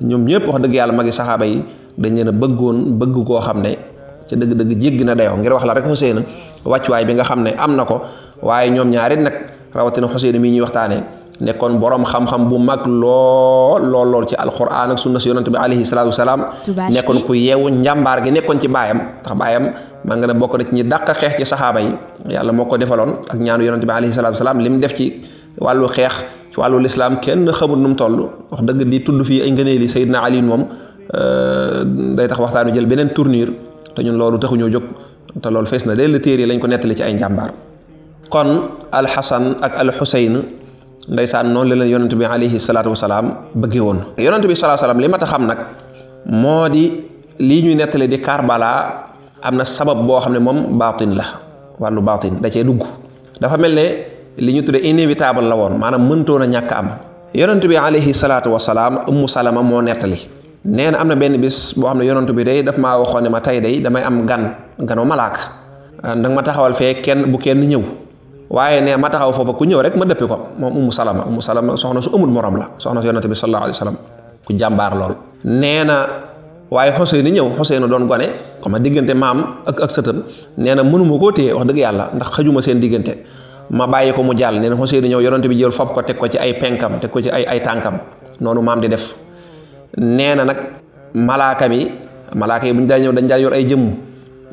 ñoom ñëpp wax dëgg yàlla magi saxaaba yi dañ leen a bëggoon bëgg koo xam ne ca dëgg-dëgg jégg na dayoo ngir wax la rek Xuseyn wàccuwaay bi nga xam ne am na ko waaye ñoom ñaari nag rawatina Xuseyn mii ñuy waxtaanee nekkoon borom xam-xam bu mag lool lool lool ci alquran ak sunna si yonent bi alayhi salaatu wasalaam njàmbaar gi nekkoon ci baayam ndax ma nga ne bokk na ci ñi dàq xeex ci saxaaba yi yàlla moo ko defaloon ak ñaanu yonante bi alayhi salatu salaam li mu def ci wàllu xeex ci wàllu lislaam kenn xamul nu mu toll wax dëgg di tudd fii ay ngëneel yi Seydina Ali moom day tax waxtaanu jël beneen tournure te ñun loolu taxuñoo jóg te loolu fees na le téere yi lañ ko nettali ci ay njàmbaar kon al hasan ak al husayn ndeysaan noonu la leen yonent bi alayhi salatu wasalaam bëggee woon yonent bi salaatu salaam li ma ta xam nag moo di lii ñuy nettali di Karbala amna sabab bo xamne mom batin la walu batin da cee dugg dafa mel ne li ñu tudde inévitable la won manam mënto na ñak am yaronte bi alayhi salatu wassalam ummu salama mo netali neena amna am bis bo xamne yaronte bi day daf ma waxone ma tay day damay am gan ganu malaka ndax ma taxawal fe kenn bu kenn ñew waaye ne ma taxaw fofu ku ñew rek ma deppiko ko um salama um salama soxna su amul moram la soxna yaronte bi sallallahu alayhi wasallam ku jambar lol neena waaye Xuseynu ñëw Xuseynu doon gone ma diggante maam ak ak sëtam nee na mënuma koo téye wax dëgg yàlla ndax xëjuma seen diggante ma bàyyi ko mu jàll nee na Xuseynu ñëw yonante bi jël ko teg ko ci ay penkam teg ko ci ay ay tànkam noonu maam di def nee na nag malaaka mi malaaka yi ñu daa ñëw dañ daa yor ay jëmm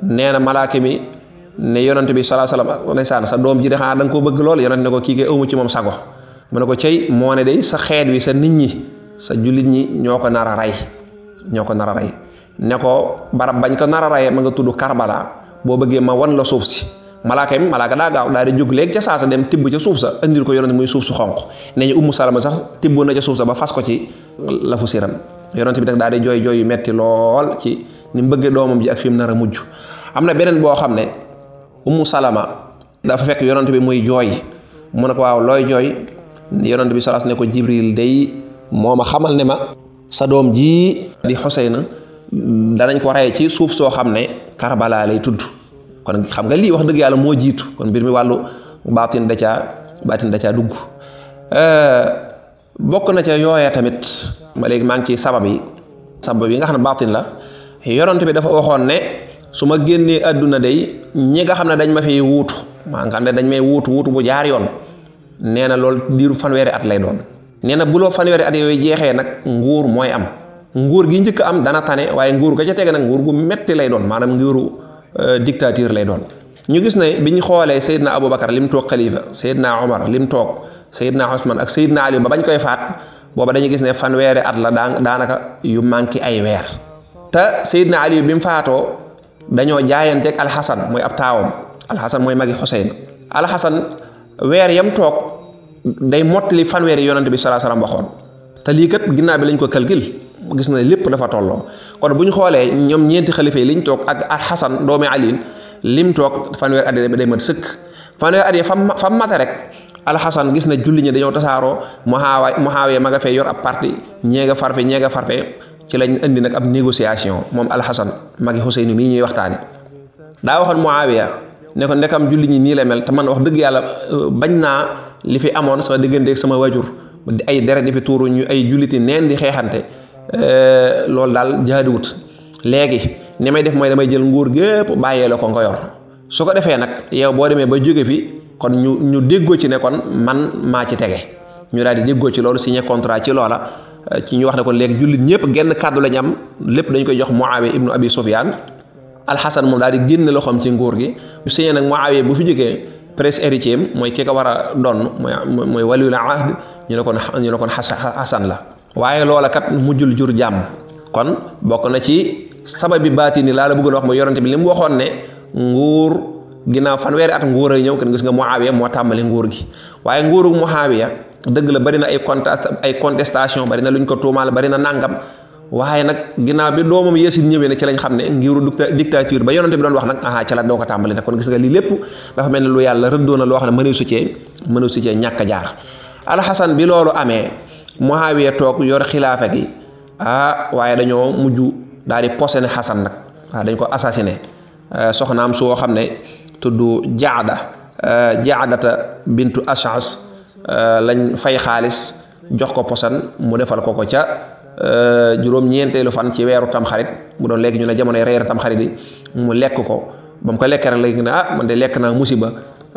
nee na malaaka mi ne yonante bi salaa salaam ndeysaan sa doom ji de xanaa da koo bëgg lool yonante ne ko kii kay ëwmu ci moom sago mu ne ko cey moo ne day sa xeet wi sa nit ñi sa jullit ñi ñoo ko nar a rey ñoko nara ray a ne ko barab bañ ko nara ray ma nga tuddu karbala bo bëggee ma wan la suuf si malaaka mi malaaka daa gaaw daa di jóg léegi ca saasa dem tibb ci suuf sa andil ko yonent muy suuf su ne ñu ummu salama sax tibboon na ci suuf sa ba fas ko ci fu siram yonent bi tak daa di joy yu metti lol ci ni bëggee domam ji ak fi nara mujju amna benen bo xamne ummu salama fa fek yonent bi muy joy mu ne ko waaw loy joy yonent bi salas ne ko jibril day moma ma xamal ne ma sa ji di xuseyna danañ ko rey ci suuf so xamne karbala lay tudd kon xam nga li wax deug yalla mo jitu kon bir mi walu batin da ca batin da caa dugg eh, bok na ca yoyé tamit ma leg mang ci sabab yi sabab yi nga xamne ne la yoronte bi dafa waxoon ne suma ma aduna day ñi nga xamne dañ ma fi wootu ma nga ne dañ may wootu wootu bu jaar yoon neena na diru fanwéré at lay doon nee na bu loo fanweeri at yooyu jeexee nag nguur mooy am nguur gi njëkk am dana tane waaye nguur ga ca tege nag nguur gu metti lay doon maanaam nguuru euh, dictature lay doon ñu gis ne bi ñu xoolee Seydina Aboubacar lim toog xalifa Seydina Omar lim toog Seydina Ousmane ak Seydina Ali ba bañ koy faat booba dañuy gis ne fanweeri at la daanaka yu manqué ay weer te Seydina Ali bi mu faatoo dañoo jaayanteeg Alxasan mooy ab taawam Alxasan mooy magi Xuseyn Alxasan weer yam toog. day motli fanweeri yonante bi salaa salaam waxon te li kat ginnaw bi lañ ko kalgil gis na lepp dafa tollo kon buñ xolé ñom ñent khalife liñ tok ak al Hasan doomi ali lim tok fanwer adde yi day mat sëkk fanwer adde fam fam mata rek Hasan, gis na julli ñi dañoo tasaro muhaway muhaway ma nga fe yor ab parti ñega farfe ñega farfe ci lañ andi nak ab mom al hasan magi Xuseyn mi ñi waxtaane da waxon muawiya ne ko ndekam julli ni ni la mel te man wax deug yalla euh, bañ naa li fi amone sama sama wajur ay dere di fi touru ñu ay julliti neen di euh, lol dal daal wut legi ni may def moy damay jël nguur gep baye lako nga yor su ko defé nak yow bo ba joggé fi kon ñu ñu déggo ci ne kon man ma ci tege ñu daal di déggo ci loolu signé contrat ci loola euh, ci ñu wax ne kon léegi julit ñepp genn kaddu la ñam lepp dañ koy jox Muawiya ibnu Abi sufyan Al Hasan daal di genn loxom ci nguur gi bu sëñee nag Muawiya bu fi jige prince héritier moy ki ka wara don moy moy mooy waliul ahd ñu ne kon ñu ne kon Hasan la waye lola kat mujul jur jam kon bok na ci sababi batini la la bëggoon wax mo yoronte bi lim waxon waxoon ne nguur fan wéré at nguur ay ñew kon gis nga Muawiya mo tambali nguur gi waaye nguuru Muawiya deug la bari na ay contest ay contestation bari na luñ ko tumal bari na nangam waye nak ginaaw bi doomam yeesin ñewé ne ci lañ xamné ne ngiru dictature ba yonenté bi doon wax nak aha ci la doo ko tàmbali nag kon gis nga li lepp dafa melni lu yalla rëddoo na loo xam ne su ci mëneesu su ci ñaka jaar hasan bi lolu amé muawiya tok yor khilafa gi ah waye dañoo muju daal di posé ne xasan nag dañ ko assassiné eh, soxnaam su xam ne jaada eh, jaadata bintu ashas eh, lañ fay xaliss jox ko posan mu defal ko ko ca Euh, juróom-ñeenteelu fan ci weeru tamxarit mu doon léegi ñu ne jamonoy reer tamxarit yi mu lekk ko ba mu ko lekkee rek léegi ne ah man de lekk naa musiba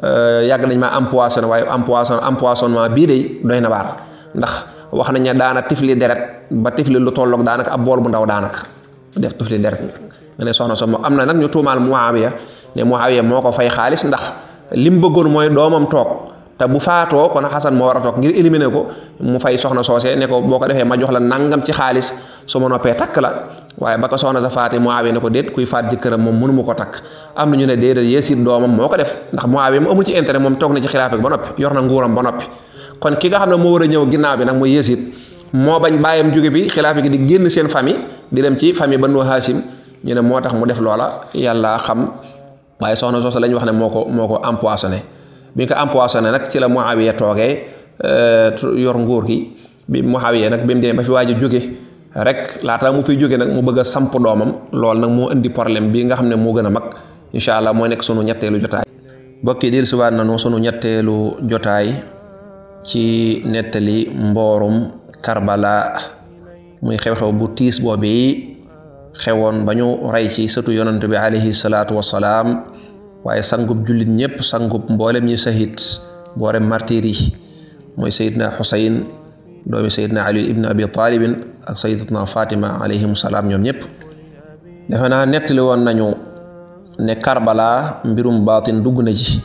euh, yàgg nañ maa empoisonné waaye empoisonné empoisonnement bii dey doy na waar ndax wax nañ ne daana tifli deret ba tifli lu tolloog daanaka a bool bu ndaw daanaka def tifli deret nga ne soxna so am na nag ñu tuumaal Muawiya ne Muawiya moo ko fay xaalis ndax li mu bëggoon mooy doomam toog te bu faatoo kon xasan moo war a toog ngir éliminer ko mu fay soxna soosee ne ko boo ko defee ma jox la nangam ci xaalis su ma noppee takk la waaye ba ko soxna sa faatee Muawiya ne ko déet kuy faat jëkkëram moom mënu ma ko takk am na ne déedéet Yasiid doomam moo ko def ndax Muawiya mu ci intérêt moom toog na ci xilaafa ba noppi yor na nguuram ba noppi kon ki nga xam ne moo war a ñëw ginnaaw bi nag mooy Yasiid moo bañ bàyyam jóge bi xilaafa gi di génn seen famille di dem ci famille Banu Haasim ñu ne moo tax mu def loola yàlla xam waaye soxna soosa lañ wax ne moo ko moo ko empoisonné bi nga ko empoisonné nag ci la Muawiya euh yor nguur gi bi Muawiya nak bim mu ba fi waji joggé rek rek ta mu fi joggé nak mu bëgg samp doomam lool nak mo indi problème bi nga xamné mo gëna mag allah mooy sunu ñetteelu jotaay bokki dir subhanahu no sunu ñettelu jotay ci netali mborum Karbala muy xew-xew bu tiis bobé xewon bañu ray ci sëtu yonnante bi alayhi salatu wassalam waaye sangub jullit ñépp sangub mboolem ñi sahid boore martir yi mooy sayidna doa doomi sayidna ali ibn abi talibin ak sayidatna fatima alayhim salaam ñoom ñépp defe naa nettali woon nañu ne karbala mbirum baatin dugg na ji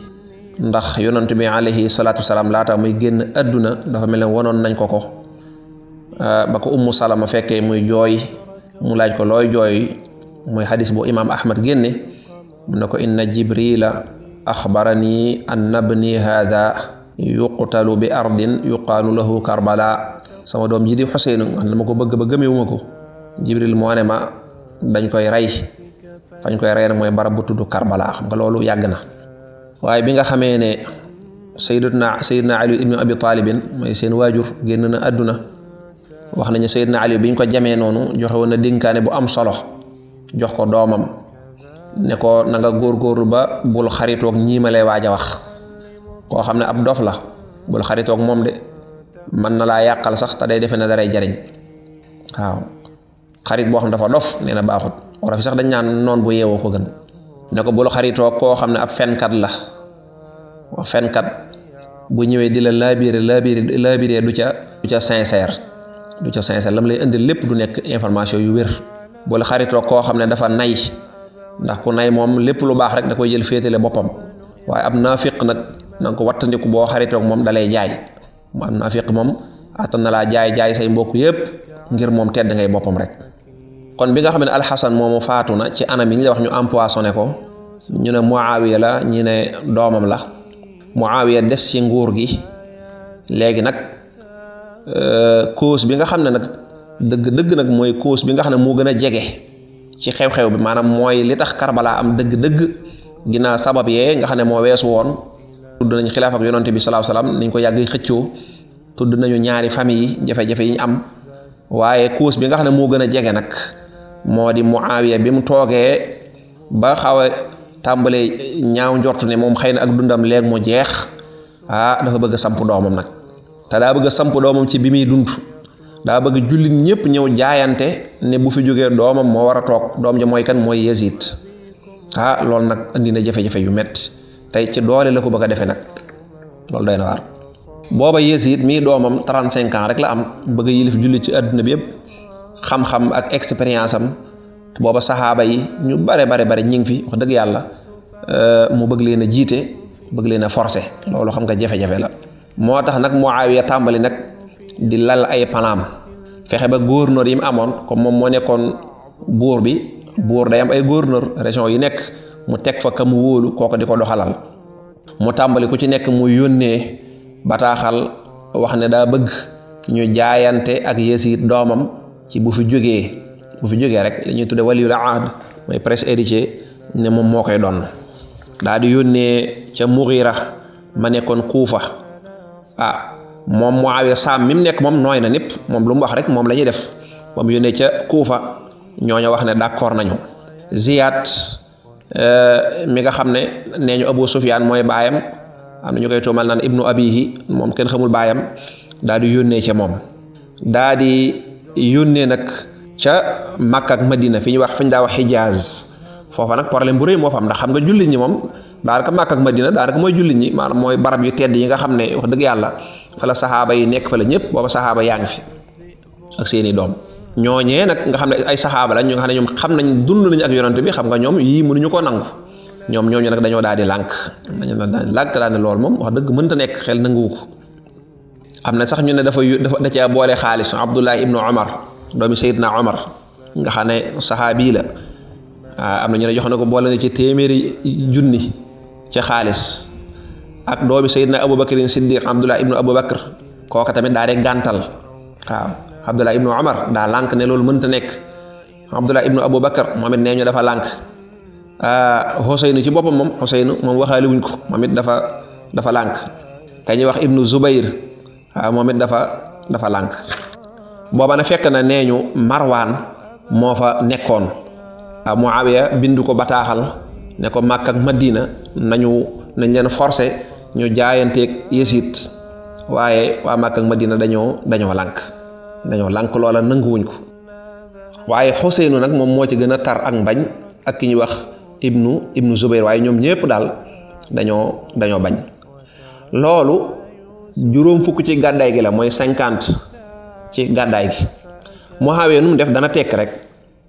ndax yonent bi alayhi salam wasalaam laata muy génn àdduna dafa mel ne wonoon nañ ko ko ah, ba ko ummu salama fekkee muy jooy mu laaj ko looy jooy mooy bu Imam ahmad génne mu inna Jibril axbarani anna bni hada yuqtalu bi ardin yuqaalu lahu karbala sama doom ji di xuseenu nga xam ne ko ba jibril moo ne ma dañ koy rey fañ koy rey nag mooy barab karbala xam nga loolu yàgg na waaye bi nga xamee ne sayduna ali ibnu abi talibin mooy seen waajur génn aduna àdduna wax nañu saydna ali biñ ko jame noonu joxe woon na bu am solo jox ko ne ko na nga gorlu ba bul xaritoog ñii ma lay waja wax ko xamne ab dof la bul xaritoog mom de man na la yakal sax ta day defe na dara jariñ waaw xarit bo xam dafa dof neena baxut wara fi sax dañ naan non bu yewoo ko gën ne ko bul xaritoog koo xam ne ab kat la wa kat bu ñewé di la laabiré laabiré laabiré du ca du ca sincère du ca sincère lam lay indi lepp du nek information yu wër bul xaritoog ko xamne dafa nay ndax ku nay moom lépp lu baax rek da koy jël féetale boppam waaye ab naafiq nag na wattandiku boo xaritoog moom dalay jaay am naafiq moom attan na laa jaay jaay say mbokk yépp ngir moom tedd ngay boppam rek kon bi nga xam ne alxasan moomu faatu na ci anam yi ñu la wax ñu empoisonné ko ñu ne Muawiya la ñu ne doomam la Muawiya des ci nguur gi léegi nag euh, cause bi nga xam ne nag dëgg dëgg nag mooy cause bi nga xam ne moo gën a jege ci xew-xew bi maanaam mooy li tax Karbala am dëgg-dëgg ginnaaw sabab yee nga xam ne moo weesu woon tudd nañ xilaaf ak yonante bi salaahu salaam niñ ko yàgg xëccoo tudd nañu ñaari famille yi jafe-jafe yi ñu am waaye cause bi nga xam ne moo gën a jege nag moo di Muawiya bi mu toogee ba xaw a tàmbalee ñaaw njortu ne moom xëy na ak dundam leeg mu jeex ah dafa bëgg a samp doomam nag te daa bëgg samp doomam ci bi muy dund da bëgg jullit ñëpp ñëw jaayante ne bu fi jógee doomam moo war a toog doom ja mooy kan mooy Yazid ah loolu nag andi na jafe-jafe yu met tey ci doole la ko bëgg a nak nag loolu doy na waar booba Yazid mii doomam 35 ans rek la am bëgg yilif jullit ci àdduna bi yëpp xam-xam ak expérience am booba saxaaba yi ñu bare bare bare ñi ngi fi wax dëgg yàlla euh, mu bëgg leen a jiite bëgg leen a forcer loolu xam nga jafe-jafe la moo tax nag Muawiya tàmbali nag di lal ay panaam fexe ba gouverneur yi mu amoon comme moom moo nekkoon buur bi buur day am ay gouverneur région yi nekk mu teg fa ka mu wóolu kooku di ko doxalal mu tàmbali ku ci nekk mu yónnee bataaxal wax ne daa bëgg ñu jaayante ak Yasiid doomam ci bu fi jógee bu fi jógee rek li ñuy tudde waliyul ahd mooy prince ne moom moo koy doon daa di yónnee ca Mughira ma nekkoon Kuufa ah moom Muawiya saam mi mu nekk moom nooy na népp moom lu mu wax rek moom la ñuy def moom yónnee ca Kuufa ñooñu wax ne d'accord nañu Ziyad euh, mi nga xam ne nee ñu aboo Sufyaan mooy baayam am na ñu koy tuumal naan ibnu abihi moom kenn xamul baayam daa di yónnee ca moom daa di yónnee nag ca Makka ak Madina fi ñu wax fi ñu daa wax Hijaaz foofa nag problème bu rëy moo fa ndax xam nga jullit ñi moom daanaka Makka ak Madina daanaka mooy jullit ñi maanaam mooy barab yu tedd yi xam ne wax dëgg yàlla fa saxaaba yi nekk fa la ñëpp booba saxaaba yaa ngi fi ak seeni doom ñooñee nag nga xam ne ay saxaaba lañ ñoo nga xam ne ñoom xam nañ dund nañu ak yonante bi xam nga ñoom yii mënuñu ko nangu ñoom ñooñu nag dañoo daal di lànk dañoo daal di ne loolu moom wax dëgg mënta nekk xel nanguwu ko na sax ñu ne dafa dafa da cee boole xaalis Abdullah ibnu Omar doomi Seydina Omar nga xam ne saxaabi la ah, am na ñu ne jox na ko boole na ci téeméeri junni ci xaalis ak doomi Abu abubakar siddiq abdullah ibnu bakr koka tamit daa rek gantal waaw abdullah ibnu Umar da lank ne lolou meunta nek abdullah ibnu Abu bakr momit neñu ah, dafa dafa Ah, xuseynu ci bopam mom xuseynu mom waxali wuñ ko momit dafa dafa lank ka wax ibnu Zubair. waaw momit dafa dafa lank boba na fekk na neñu marwan marwaan moo fa nekkoon ah, muawiya bindu ko bataxal ne ko makka ak madina nañu nañ leen forcer ñu jaayanteek yësit waaye waa ma ak Madina dañoo dañoo lànk dañoo lànk loola nanguwuñ ko waaye Xuseynu nag moom moo ci gën a tar ak mbañ ak ki ñuy wax ibnu ibnu Zubayr waaye ñoom ñépp daal dañoo dañoo bañ loolu juróom fukk ci gàddaay gi la mooy cinquante ci gàddaay gi Muawiya nu mu def dana tekk rek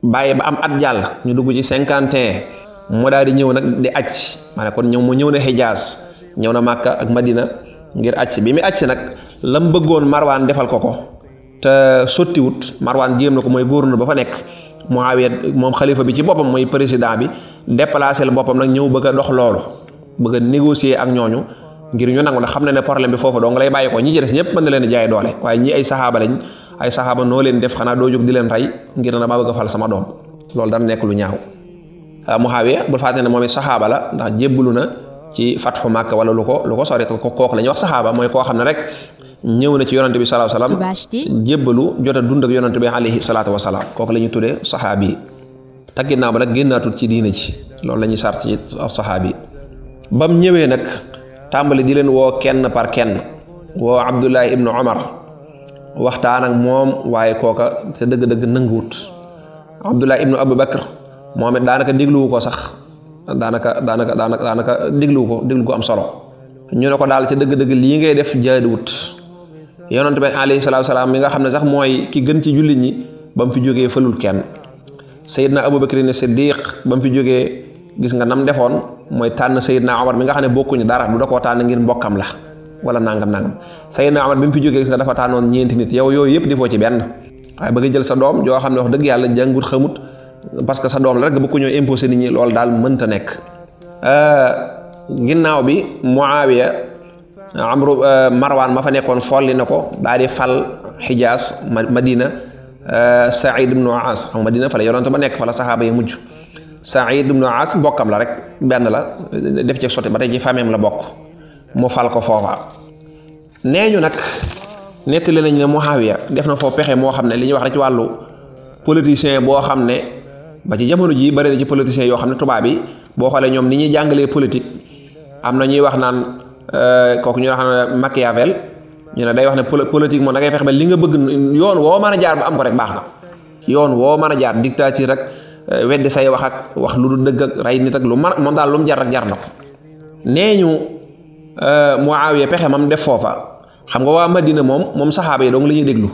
bàyyi ba am at jàll ñu dugg ci cinquante et mu daal di ñëw nag di acc ma kon ñëw mu ñëw na Hijaaz ñëw na ak madina ngir acc bi mi acc nak lam beggon marwan defal koko te soti wut marwan jëm nako moy gornu ba fa nek muawiya mom khalifa bi ci bopam moy president bi déplacer la bopam nak ñew bëgg dox loolu bëgg négocier ak ñoñu ngir ñu nangul xamna xam ne problème bi do nga lay bayiko ñi jëres des mën na leen jaay doole way ñi ay sahaba lañ ay sahaba no leen def xana do di leen ray ngir na ma bëgg fal sama doom loolu da nekk lu ñaaw ah, muawiya bu fàtte ne moom la ndax jébuluna ci fathu makka wala luko luko sori tan ko kooku la wax sahaba moy ko xamne rek ñew na ci yaronte bi sallallahu alayhi wasallam jebalu a dund ak yaronte bi alayhi salatu wasallam kooku la ñuy sahabi tagina yi te ginnaaw ba nag génnaatul ci diina ci lolou la sart ci sahabi bam ñewé nak tambali di len wo kenn par kenn wo abdullah ibnu Umar waxtaan ak mom waye koka te deug deug nanguwut abdullah ibnu Abu Bakr danaka it daanaka sax daanaka daanaka daanaka daanaka déglu ko déglu ko am solo ñu ne ko daal ci dëgg-dëgg lii ngay def jaaduwut yonent bi alayhi salaatu salaam mi nga xam ne sax mooy ki gën ci jullit ñi ba mu fi jógee fëlul kenn Seydina Abubakrin Siddiq ba mu fi jógee gis nga nam defoon mooy tànn Seydina Omar mi nga xam ne bokkuñu dara du da koo tànn ngir mbokkam la wala nangam nangam Seydina Omar bi mu fi jógee gis nga dafa tànnoon ñeenti nit yow yooyu yëpp defoo ci benn waaye bëgg jël sa doom joo xam ne wax dëgg yàlla jàngut xamut parce que sa doom la rek bu ko ñoo imposé nit ñi lool daal mënta nekk ginnaaw bi Muawiya amru Marwan ma fa nekkoon folli na ko daal di fal hijaz Madina Saïd ibn Aas xam Madina fa la yonante ba nekk fa la sahaba yi mujj Saïd ibn Aas bokkam la rek benn la def ci soti ba tey ci fameem la bokk mu fal ko foofa neñu nak netti nettali ne Muawiya def na foo pexe mo xamne ne li ñuy wax rek ci walu politicien bo xamne ba ci jamono ji bëri na ci politiciens yoo xam ne tubaab yi boo xoolee ñoom ni ñuy jàngalee politique am na ñuy wax naan euh, kooku ñu wax ne Machiavel ñu ne day wax ne politique moom da ngay fexe ba li nga bëgg yoon woo mën a am ko rek na yoon woo mën a jaar dictature rek euh, weddi say wax ak wax lu du dëgg rey nit ak lu man moom daal lu mu jar rek na ko nee ñu euh, Muawiya pexe mam def foofa xam nga waa Madina moom moom saxaaba yi dong la ñuy déglu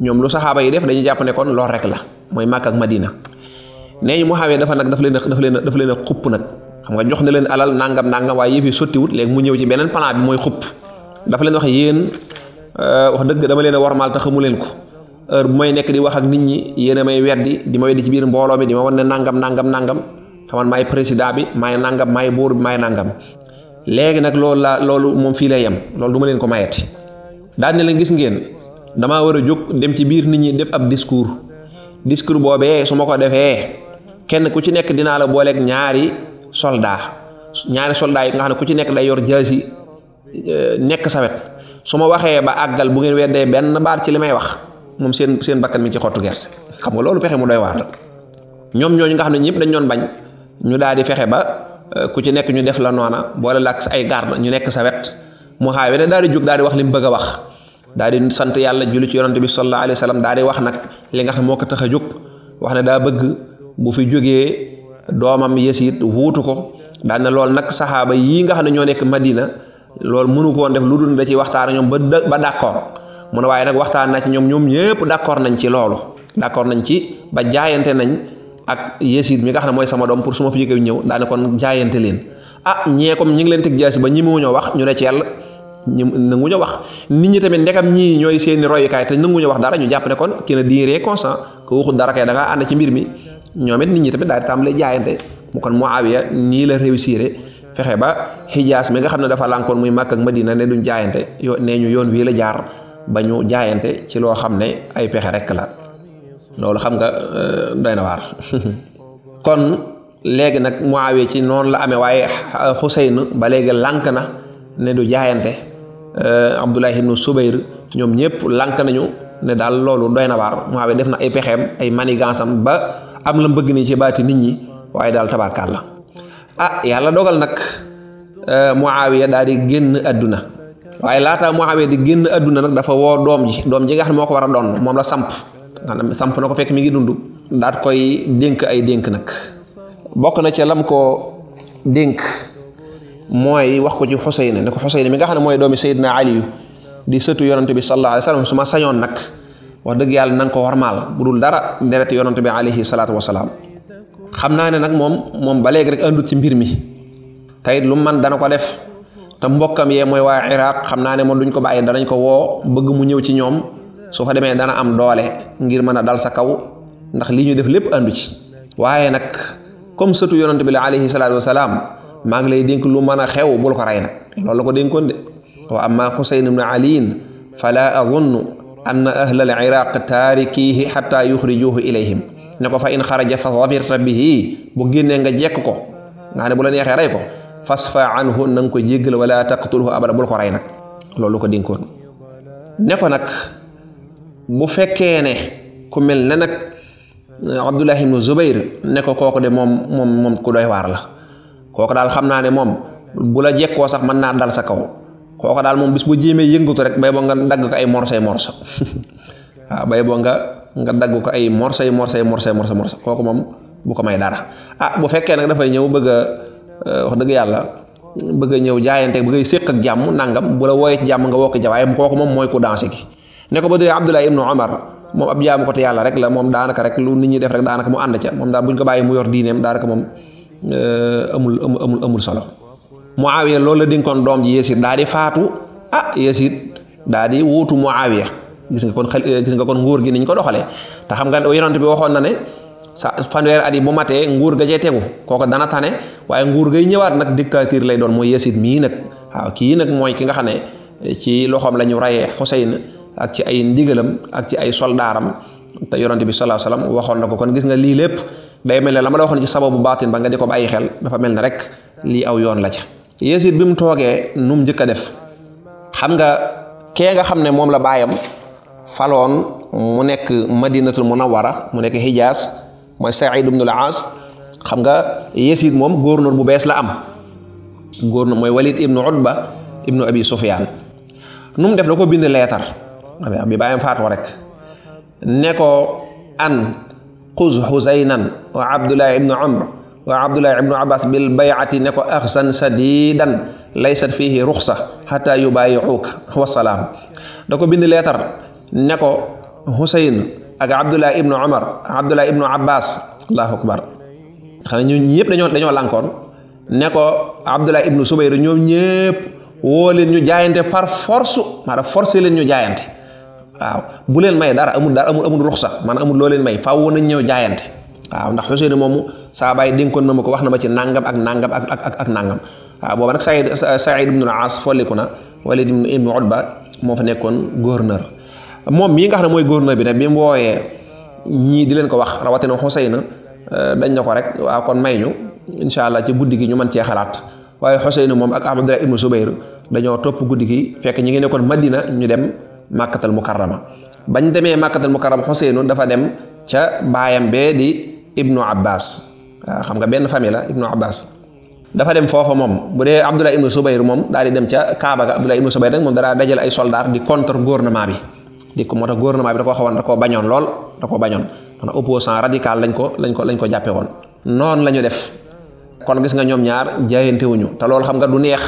ñoom lu saxaaba yi def dañuy jàpp ne kon loolu rek la mooy Makka ak Madina neñu mu xawé dafa nak dafa leen dafa leen dafa leen a xupp xam nga jox na leen alal nangam nangam way yefi soti wut leg mu ñew ci benen plan bi moy xup dafa leen wax euh wax deug dama leen warmal ta xamu leen ko heure moy nek di wax ak nit ñi yéen may weddi di may weddi ci biir mbolo mi di ma wone ne nangam nangam nangam xaman may president bi may nangam may bour bi nangam legi nak lool la loolu mom fi lay yam loolu duma leen ko mayati daal ne la gis ngeen dama wara juk dem ci biir nit ñi def ab discours discours bobé suma ko defee kenn ku ci nekk dinaa la booleek ñaari soldat ñaari soldat yi nga xam ne ku ci nekk day yor jaasi euh, nekk sawet su ma waxee ba àggal bu ngeen weddee benn baat ci li may wax moom seen seen bakkan mi ci xottu gert xam nga loolu pexe mu doy waar la ñoom ñooñu nga xam ne ñëpp dañ doon bañ ñu daal di fexe ba euh, ku ci nekk ñu def la noona boole la ak ay garde ñu nekk sawet mu xaa ne daal di jóg daal di wax li bëgg a wax daal di sant yàlla julli ci yonante bi sallallahu alayhi wa sallam daal di wax nag li moo ko tax a jóg bu fi joge domam yesit wuutu ko daan na lol nak sahaba yi nga xam ne ñoo nekk madina lol mënu ko def ludun da ci waxtaan ñom ba d'accord mu ne waaye nag waxtaan na ci ñom ñom ñepp d'accord nañ ci d'accord nañ ci ba jaayante nañ ak yesit mi nga xam moy sama dom pour suma fi fi ñew ñëw na kon jaayante leen ah ñe kom ñing ngi leen teg jaasi ba ñi mu ñoo wax ñu ne ci yalla ñu nanguñu wax nit ñi tamit ñi ñoy seen roy kay te nanguñu wax dara ñu japp ne kon ki na diiree constant ko waxu dara kay da nga and ci mbir mi ñoom it nit ñi tamit daal di tàmbale jaayante mu kon Muawiya nii la réussir fexe ba Hijaas mi nga xam ne dafa lànkoon muy Makka ak Madina ne duñ jaayante yo nee ñu yoon wii la jaar ba ñu jaayante ci loo xam ne ay pexe rekk la loolu xam nga euh, doy na waar kon léegi nag Muawiya ci noonu la amee waaye Xuseyn euh, ba léegi lànk na ne du jaayante euh, Abdullahi nu Subayr ñoom ñëpp lànk nañu ne daal loolu doy na waar Muawiya def na ay pexeem ay manigansam ba am la bëgg ni ci baati nit ñi waaye daal tabaarkàlla ah yàlla dogal nag euh, Muawiya daal di génn àdduna waaye laataa Muawiya di génn àdduna nag dafa woo doom ji doom ji nga xam ne moo ko war a doon moom la samp samp na ko fekk mi ngi dund daat koy dénk ay dénk nag bokk na ci lam ko dénk mooy wax ko ci Xuseyna ne ko Xuseyna mi nga xam ne mooy doomi Seydina Aliyu di sëtu yonante bi sallallahu alayhi su ma sañoon nag wax deug yalla nang ko warmal budul dara deret yonante bi alayhi salatu wassalam xamna ne nak mom mom ba rek andut ci mbir mi tayit lu man dana ko def ta mbokam ye moy wa iraq xamna ne moom duñ ko baye danañ ko wo bëgg mu ñew ci ñom su fa deme dana am doole ngir mën dal sa kaw ndax li ñu def lepp andu ci waye nak comme sëtu yonante bi alayhi salatu wassalam ma ngi lay denk lu mën a xew bul ko loolu de wa amma husayn ibn ali fala azunnu anna ahlal iraq taarikihi xataa yuxrijuhu ilayhim ne ko fa in xaraja fa zabirta bihi bu génnee nga jekk ko nga xam ne bu la neexee rey ko fasfa anhu na nga ko jéggal wala taqtulhu abada bul ko rey nag loolu ko dénkoon ne ko nag bu fekkee ne ku mel ne nag eh, Abdullah ibnu Zubayr ne ko kooku de moom moom moom ku doy waar la kooku daal xam naa ne moom bu la jekkoo sax mën naa dal sa kaw koko dal mom bis bu jeme yëngatu rek bay bo nga dag ko ay morceau morceau waaw bay bo nga nga dag ko ay morceau morceau morceau morceau morceau koko mom bu ko may dara ah bu nak da fay ñew bëgg wax dëgg yalla bëgg ñew jaayante bëgg sekk ak jamm nangam bu la woy jamm nga wokk jaway waaye koko mom moy ku danse gi ne ko ba Abdullah ibn umar mom ab jaamu ko te yalla rek la moom daanaka rek lu nit ñi def rek daanaka mu and ca moom da buñ ko baye mu yor diineem daanaka moom eh, amul amul amul solo muawiya loolu la kon doom ji yasid daa di faatu ah yasid daa di wuutu muawiya gis nga kon xel eh, gis nga kon nguur gi niñ ko doxalee te xam nga yonent bi waxoon na ne sa fanweer at yi bu matee nguur ga cay tegu kooku dana tane waaye nguur gay ñëwaat nag dictature lay doon mooy yasid mii nag waaw kii nag mooy ki nga xam ne eh, ci loxoom la ñu rayee Xuseyn ak ci ay ndigalam ak ci ay soldaaram te yonent bi salaa salaam waxoon na ko kon gis nga lii lépp day mel ne la ma la waxoon ci sababu baatin ba nga di ko xel dafa mel rek lii aw yoon la ca yéesit bi mu toogee nu mu njëkk a def xam nga kee nga xam ne moom la baayam faloon mu nekk madinatul munawwara mu nekk hijaas mooy saïd ibnul aas xam nga yéesit moom gouverneur bu bees la am gouverneur mooy walid ibnu udba ibnu abi sufyan nu mu def da ko bind leetar bi baayam faatoo rek ne ko an xuz xusaynan wa abdullah ibnu amr wa abdullah ibnu abbas bil bayati ne ko axsan sadidan laysat fihi ruxsa xata yubayiuuka wasalaam da ko bind leetar ne ko husayn ak abdullah ibnu omar abdullah ibnu abbas allahu akbar xam ne ñun ñëpp dañoo dañoo lànkoon ne ko abdullah ibnu subayr ñoom ñëpp woo leen ñu jaayante par force maanaam forcé leen ñu jaayante waaw bu leen may dara amul dara amul amul man maanaam amul leen may faa woon nañ ñëw jaayante waaw ndax Ousseynou moomu saa bàyyi dénkoon na ma ko wax na ma ci nangam ak nangam ak ak ak nangam waaw booba nag Saïd Saïd ibnu As folliku na Walid ibnu Utba moo fa nekkoon gouverneur moom mii nga xam ne mooy gouverneur bi nag bi mu ñii di leen ko wax rawatina Ousseynou euh, dañ na ko rek waaw kon may ñu ci guddi gi ñu mën cee xalaat waaye Ousseynou moom ak Abdullah ibnu Zubayr dañoo topp guddi gi fekk ñi ngi nekkoon Madina ñu dem Màkkatal Mukarrama bañ demee Màkkatal Mukarrama Ousseynou dafa dem ca baayam bee di. ibnu abbas ah, xam nga benn famille la ibnu abbas dafa dem foofa moom bu dee abdullah ibnu subayr moom daal di dem ca kaaba ga abdullah ibnu subayr nag moom dara dajal ay soldat di contre gouvernement bi di ko moo tax gouvernement bi da ko xawoon da koo bañoon lool da ko bañoon mana opposant radical lañ ko lañ ko lañ ko jàppe woon noonu la def kon gis nga ñoom ñaar jaayante wuñu te loolu xam nga du neex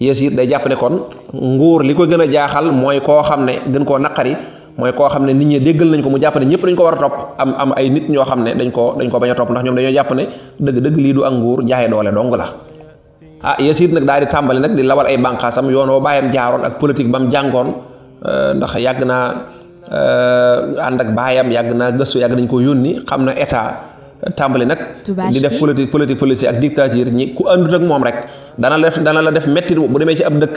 yesir day jàpp ne kon nguur li ko gën a jaaxal mooy koo xam ne gën koo naqari mooy koo xam ne nit ñi déggal nañ ko mu jàpp ne ñëpp dañ ko war a topp am am ay nit ñoo xam ne dañ ko dañ ko bañ a topp ndax ñoom dañoo jàpp ne dëgg-dëgg lii du ak nguur jaay doole dong la ah Yasiid nag daal di tàmbali nag di lawal ay bànqaasam yoon woo bàyyam jaaroon ak politique ba mu euh, yàgg naa euh, ànd ak baayam yàgg naa gëstu yàgg nañ ko yónni xam na état euh, tàmbali nag di def politique politique politique ak dictature ñi ku àndut moom rek dana la def dana la def mettit bu demee ci ab dëkk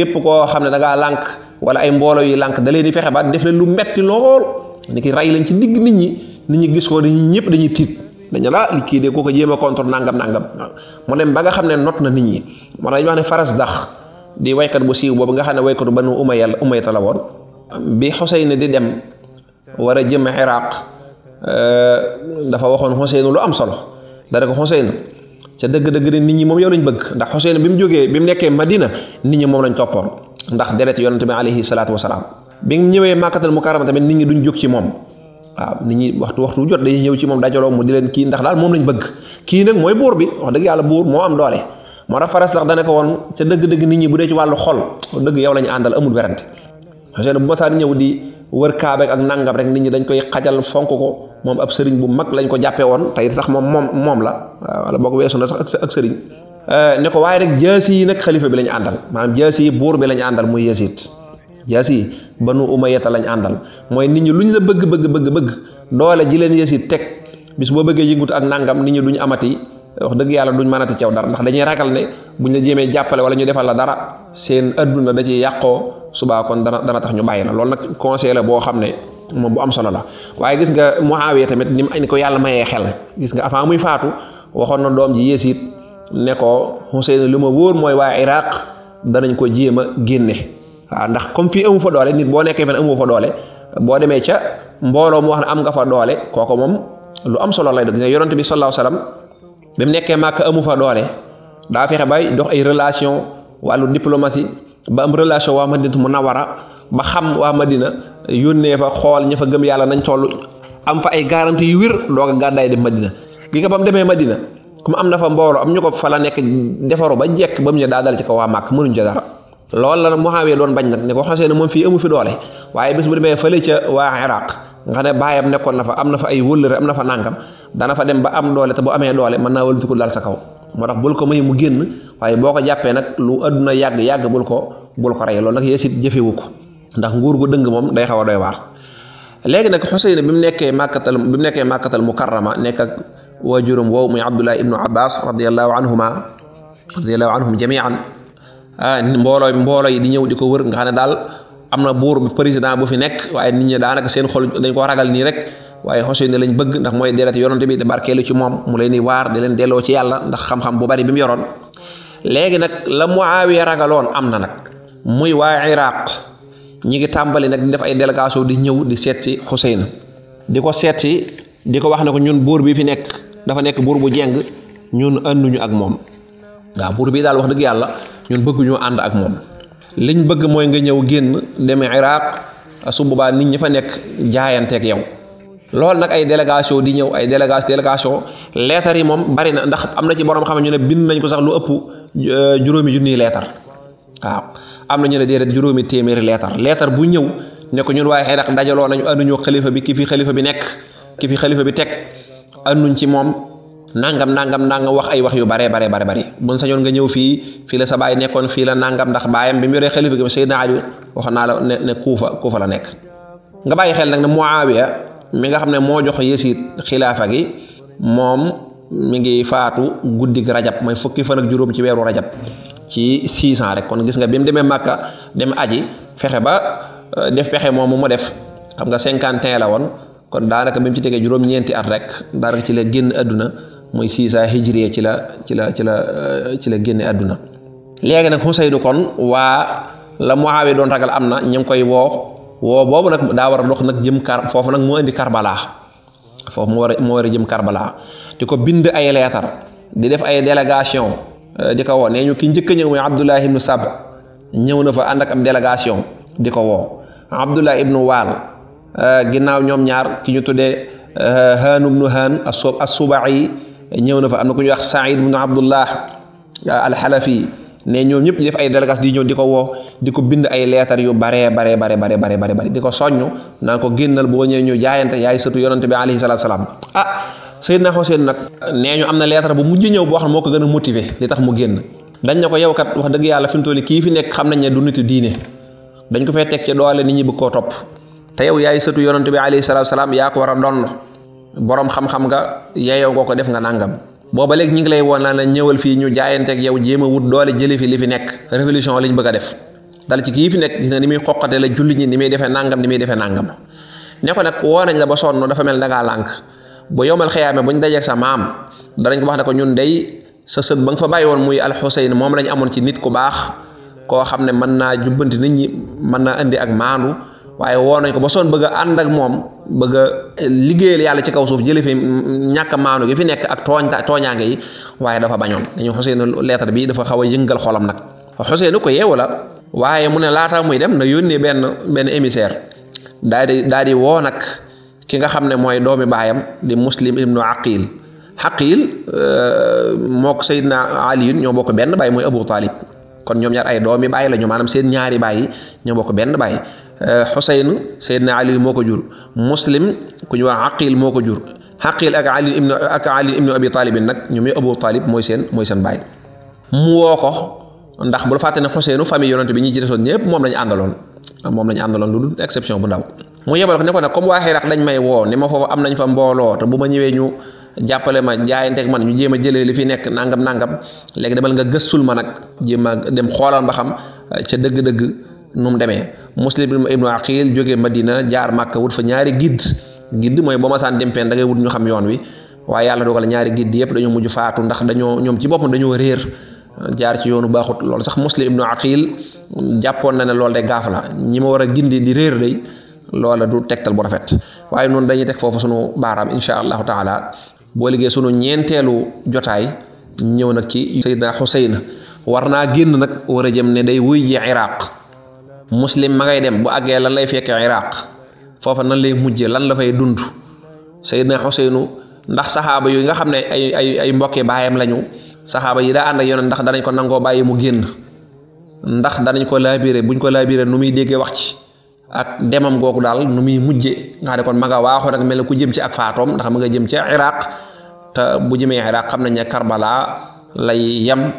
képp koo xam ne da ngaa lànk wala ay mbooloo yu lànk da leen di fexe ba def leen lu metti lool ni ki ray lañ ci digg nit ñi nit ñi gis ko dañuy ñëpp dañuy tiit dañ la li kii de ko ko jéem a contre nangam nangam mu ba nga xam not na nit ñi moo tax wax ne faras dax di waykat bu siiw boobu nga xam ne waykatu banu umayal umayta la woon bi Xuseyn di dem war a jëm Iraq euh, dafa waxoon Xuseyn lu am solo dara ko Xuseyn ca deug ni nit ñi mom yow lañ bëgg ndax Xuseyn bimu joggé bimu nekké mu Madina nit ñi mom lañ topor ndax deret yonante bi alayhi salatu wassalam bimu ñëwé ñëwee màkkatal mu tamit nit ñi duñ jog ci moom waaw nit ñi waxtu waxtu jot dañ ñëw ci mom dajalo mu di leen ki ndax dal mom lañ bëgg ki nak moy buur bi wax deug yalla buur mo am doole mo ra faras sax dana ko won ca deug deug nit ñi bu dé ci walu xol deug yow lañ andal amul werante Xuseyn bu sa ñëw di wër kaabe ak nangam rek nit ñi dañ koy xajal fonk ko mom ab sëriñ bu mag lañ ko jappé won tay sax mom mom mom la wala boo wésu na sax ak sëriñ euh ne ko waaye rek jasi nak khalifa bi lañ andal manam jasi bur bi lañ andal muy yasid jasi banu umayyah lañ andal moy nit ñi luñ la bëgg bëgg bëgg bëgg doole ji leen yasid tek bis bo bëgge yingut ak nangam nit ñi duñ amati wax deug yalla duñ mënati ceew dara ndax dañuy ragal ne buñ la jéemee jappalé wala ñu défal la dara seen aduna da ci yàqoo subaa kon dana dana tax ñu bàyyi la loolu nag conseil la boo xam ne moom bu am solo la waaye gis nga Muawiya tamit ni ni ko yàlla mayee xel gis nga avant muy faatu waxoon na doom ji Yéesit ne ko Xuseyn li ma wóor mooy waa Iraq danañ ko jéem a génne waaw ndax comme fii amu fa doole nit boo nekkee fenn amu fa doole boo demee ca mbooloo mu wax ne am nga fa doole kooku moom lu am solo lay doon gis bi sallallahu alayhi wa sallam bi mu nekkee Màkka amu fa doole daa fexe bay dox ay relation wàllu diplomatie ba am relation waa Madinatu Munawara ba xam waa Madina yónnee fa xool ña fa gëm yàlla nañ toll am fa ay garanti yu wér doog a gàddaay dem Madina gi nga ba mu demee Madina comme am na fa mbooloo am ñu ko fa la nekk defaru ba jekk ba mu ñëw daa dal ci kaw waa Màkk mënuñ ca dara loolu la nag Muawiya doon bañ nag ne ko xasee ne moom fii amu fi doole waaye bis mu demee fële ca waa Iraq nga ne baayam nekkoon na fa am na fa ay wëllëre am na fa nàngam dana fa dem ba am doole te bu amee doole mën naa wëlbatiku daal sa kaw moo tax bul ko may mu génn waaye boo ko jàppee nag lu adduna yàgg yàgg bul ko bul ko rey loolu nag yeesit jëfewu ko ndax nguur gu dëng moom day xaw a doy waar léegi nag Xuseyn bi mu nekkee màkkatal bi mu nekkee màkkatal mukarrama nekk ak waajuram woow muy Abdullah ibnu Abbas radiallahu anhuma radiallahu anhum jamian ah, mbooloo mbooloo yi di ñëw di ko wër nga amna bour bi president bu fi nek, waye nit ñi daanaka seen xol dañ ko ragal ni rek waaye Xuseyn lañ bëgg ndax moy deret yonante bi barké lu ci mom mu leen ni war di leen delloo ci yalla ndax xam-xam bu bari bi mu yoroon nak nag la Muawiya ragalon amna nak muy waa Iraq ñi ngi tambali nak di def ay délégation di ñëw di seet si diko di diko wax ne ñun bour bi fi nek dafa nek bour bu jeng ñun ñu ak mom da bour bi dal wax deug yalla ñun ñu and ak liñ bëgg mooy nga ñëw génn dem Iraq ah, su boobaa nit ñi fa nekk jaayanteeg yow loolu nag ay délégation di ñëw ay déléga délégation leetar yi moom bari na ndax am na ci borom xam ne ñu ne bind nañ ko sax lu ëpp euh, juróomi junniy leetar waaw am na ñu ne déedéet juróomi téeméeri leetar leetar bu ñëw ne ñu ñun waaye Iraq dajaloo nañu ànduñoo xalifa bi ki fi xalifa bi nekk ki fi xalifa bi teg ànduñ ci moom. nangam nangam nangam wax ay wax yu bare bare bare bari mun sañoon nga ñëw fii fii la sa baay nekkoon fii la nangam ndax baayam bi mu yoree xalifa gi Seydina Ali waxoon naa la ne ne kuufa kuufa la nekk nga bàyyi xel nag ne Muawiya mi nga xam ne moo jox Yasiid xilaafa gi moom mi ngi faatu guddig rajab mooy fukki fan ak juróom ci weeru rajab ci 600 rek kon gis nga bi mu demee Màkka dem aji fexe ba euh, def pexe moomu mu def xam nga 51 la woon kon daanaka bi mu ci tegee juróom-ñeenti at rek daanaka ci la génn àdduna mooy siisaa hijriya ci la ci la ci la euh, ci la génne àdduna léegi nag Xusaynu kon waa la Muawiya doon ragal am na ñu ngi koy woo woo boobu nag daa war a dox nag jëm kar foofu nag moo indi Karbala foofu moo war a moo war a jëm Karbala di ko bind ay leetar di def ay délégation euh, di ko woo nee ñu ki njëkk a ñëw mooy Abdullah ibnu Sab ñëw na fa ànd ak ab délégation di ko woo Abdullah ibnu Waal euh, ginnaaw ñoom ñaar ki ñu tuddee Haan ibnu Haan as-Suba'i ñëw na fa amna ku ñu wax saïd ibn abdullah ah, al halafi ne ñoom ñëpp def ay délégation di ñëw di wo diko di bind ay lettre yu bare bare bare bare bare bare bare di soñu na ko gennal boo ñëwee ñu jaayante yaay sëtu yonante bi alayhi salatu salaam ah sayyidna Hussein nak nee ñu am na bu mujj ñëw bo xam moko gëna gën motiver li tax mu genn dañ ne ko yow kat wax deug yalla fim mu ki fi nek xam nañ ne du nitu diine dañ ko fay tek ci doole nit ñi bu ko top te yow yaay sëtu yonante bi alayhi salatu salaam ya ko wara donno borom xam-xam nga yeyo nga ko def nga nangam boba leg ñing lay won naa la ñëwal fii ñu ak yow jema wut doole jële fi li fi nek revolution liñ bëgg def dal ci ki fi nek gis ni muy xoxate la julli ñi ni muy defé nangam ni muy defé nangam ne ko nak woo nañ la ba sonn dafa mel dangaa lank bo yowmal khiyamé buñ ak sa maam danañ ko wax ne ko ñun day sa sët ba nga fa bayi won muy husayn mom lañ amon ci nit ku bax ko xamne man na jubanti nit ñi man na andi ak waaye woo nañ ko ba son bëgg a ànd ak moom bëgg a eh, liggéeyal yàlla ci kaw suuf jëli fi ñàkk maanu gi fi nekk ak tooñ tooñaange yi waaye dafa bañoon dañu xoseen lettre bi dafa xaw a yëngal xolam nag fa xoseen ko yeewu la waaye mu ne laata muy dem na yónnee benn benn émissaire daal di daal di woo nag ki nga xam ne mooy doomi baayam di muslim ibnu aqil aqil euh, mook sayidna aliyun ñoo bokk benn baay mooy abu talib kon ñoom ñaar ay doomi baay la ñu maanaam seen ñaari baay ñoo bokk benn baay xuseyn euh, seydna ali moo ko jur muslim ku ñu wax aqil moo ko jur aqil ak ali ibnu ak ali ibnu abi nag ñoom ñooy abu taalib mooy seen mooy seen baay mu woo ko ndax bul fàtte ne xuseynu famille yonante bi ñi ci desoon ñëpp moom lañu àndaloon moom lañu àndaloon lu dul exception bu ndaw mu yebal ko ne ko nag comme waa Xiraq dañ may woo ni ma foofu am nañ fa mbooloo te bu ma ñëwee ñu jàppale ma jaayanteeg man ñu jéem a jëlee li fi nekk nangam nàngam léegi demal nga gëstul ma nag jéem a dem xoolal ba xam ca dëgg-dëgg num deme, muslim ibnu aqil jóge madina jaar makka wut fa ñaari gidd gidd moy bo ma saan dem pen da ngay wut ñu xam yoon wi wa yalla dogal ñaari gidd yépp dañu muju faatu ndax dañu ñom ci bopam dañu reer jaar ci yoonu baxut lool sax muslim ibnu aqil jappon na ne lool day gaaf la ñi ma wara a gindi di reer day loola du tektal bu rafet waye non dañuy tek fofu sunu baram inshallah taala bo ligé sunu ñentelu jotay ñew nak ci Seydina husayn warna genn nak wara jëm ne day wuy ji Iraq muslim ma ngay dem bu agge lan lay ke iraq fofu nan lay mujjé lan la fay dund sayyidna Xuseynu ndax sahaba yu nga xamné ne ay ay ay mbokké bayam lañu sahaba yi da and ak yoon ndax danañ ko nango baye mu genn ndax danañ ko labiré buñ ko labiré numi déggé wax ci ak demam googu dal numi mujjé nga de kon ma nga waaxoo nag mel ku jëm ci ak fatom ndax ma nga jëm ci iraq ta bu jëmé iraq xam ne karbala lay yam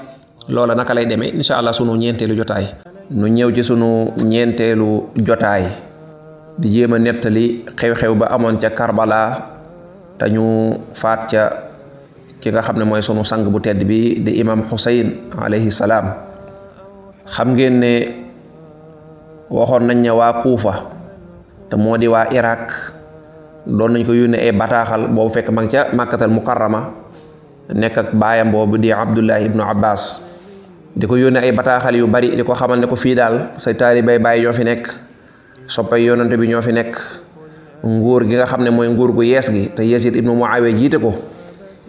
lola naka lay démé inshallah sunu sunu lu jotay nu ñew ci sunu ñentelu jotaay di yema netali xew-xew ba amon ca Karbala ta ñu faat ca ki nga xamne ne mooy sunu sang bu tedd bi di imam Hussein alayhi salam xam ngeen ne waxon nañ ne wa kufa te modi di iraq Irak doon nañ ko yune ay bataxal bo fekk mag ca Makkatal Mukarrama nek ak bayam bobu di Abdullah ibnu Abbas di ko yónnee ay bataaxal yu bari di xamal ne ko fi dal say talibay bay yo fi nek soppe yonante bi ño fi nek nguur gi nga xamne moy nguur gu yes gi te Yazid ibnu Muawiya jite ko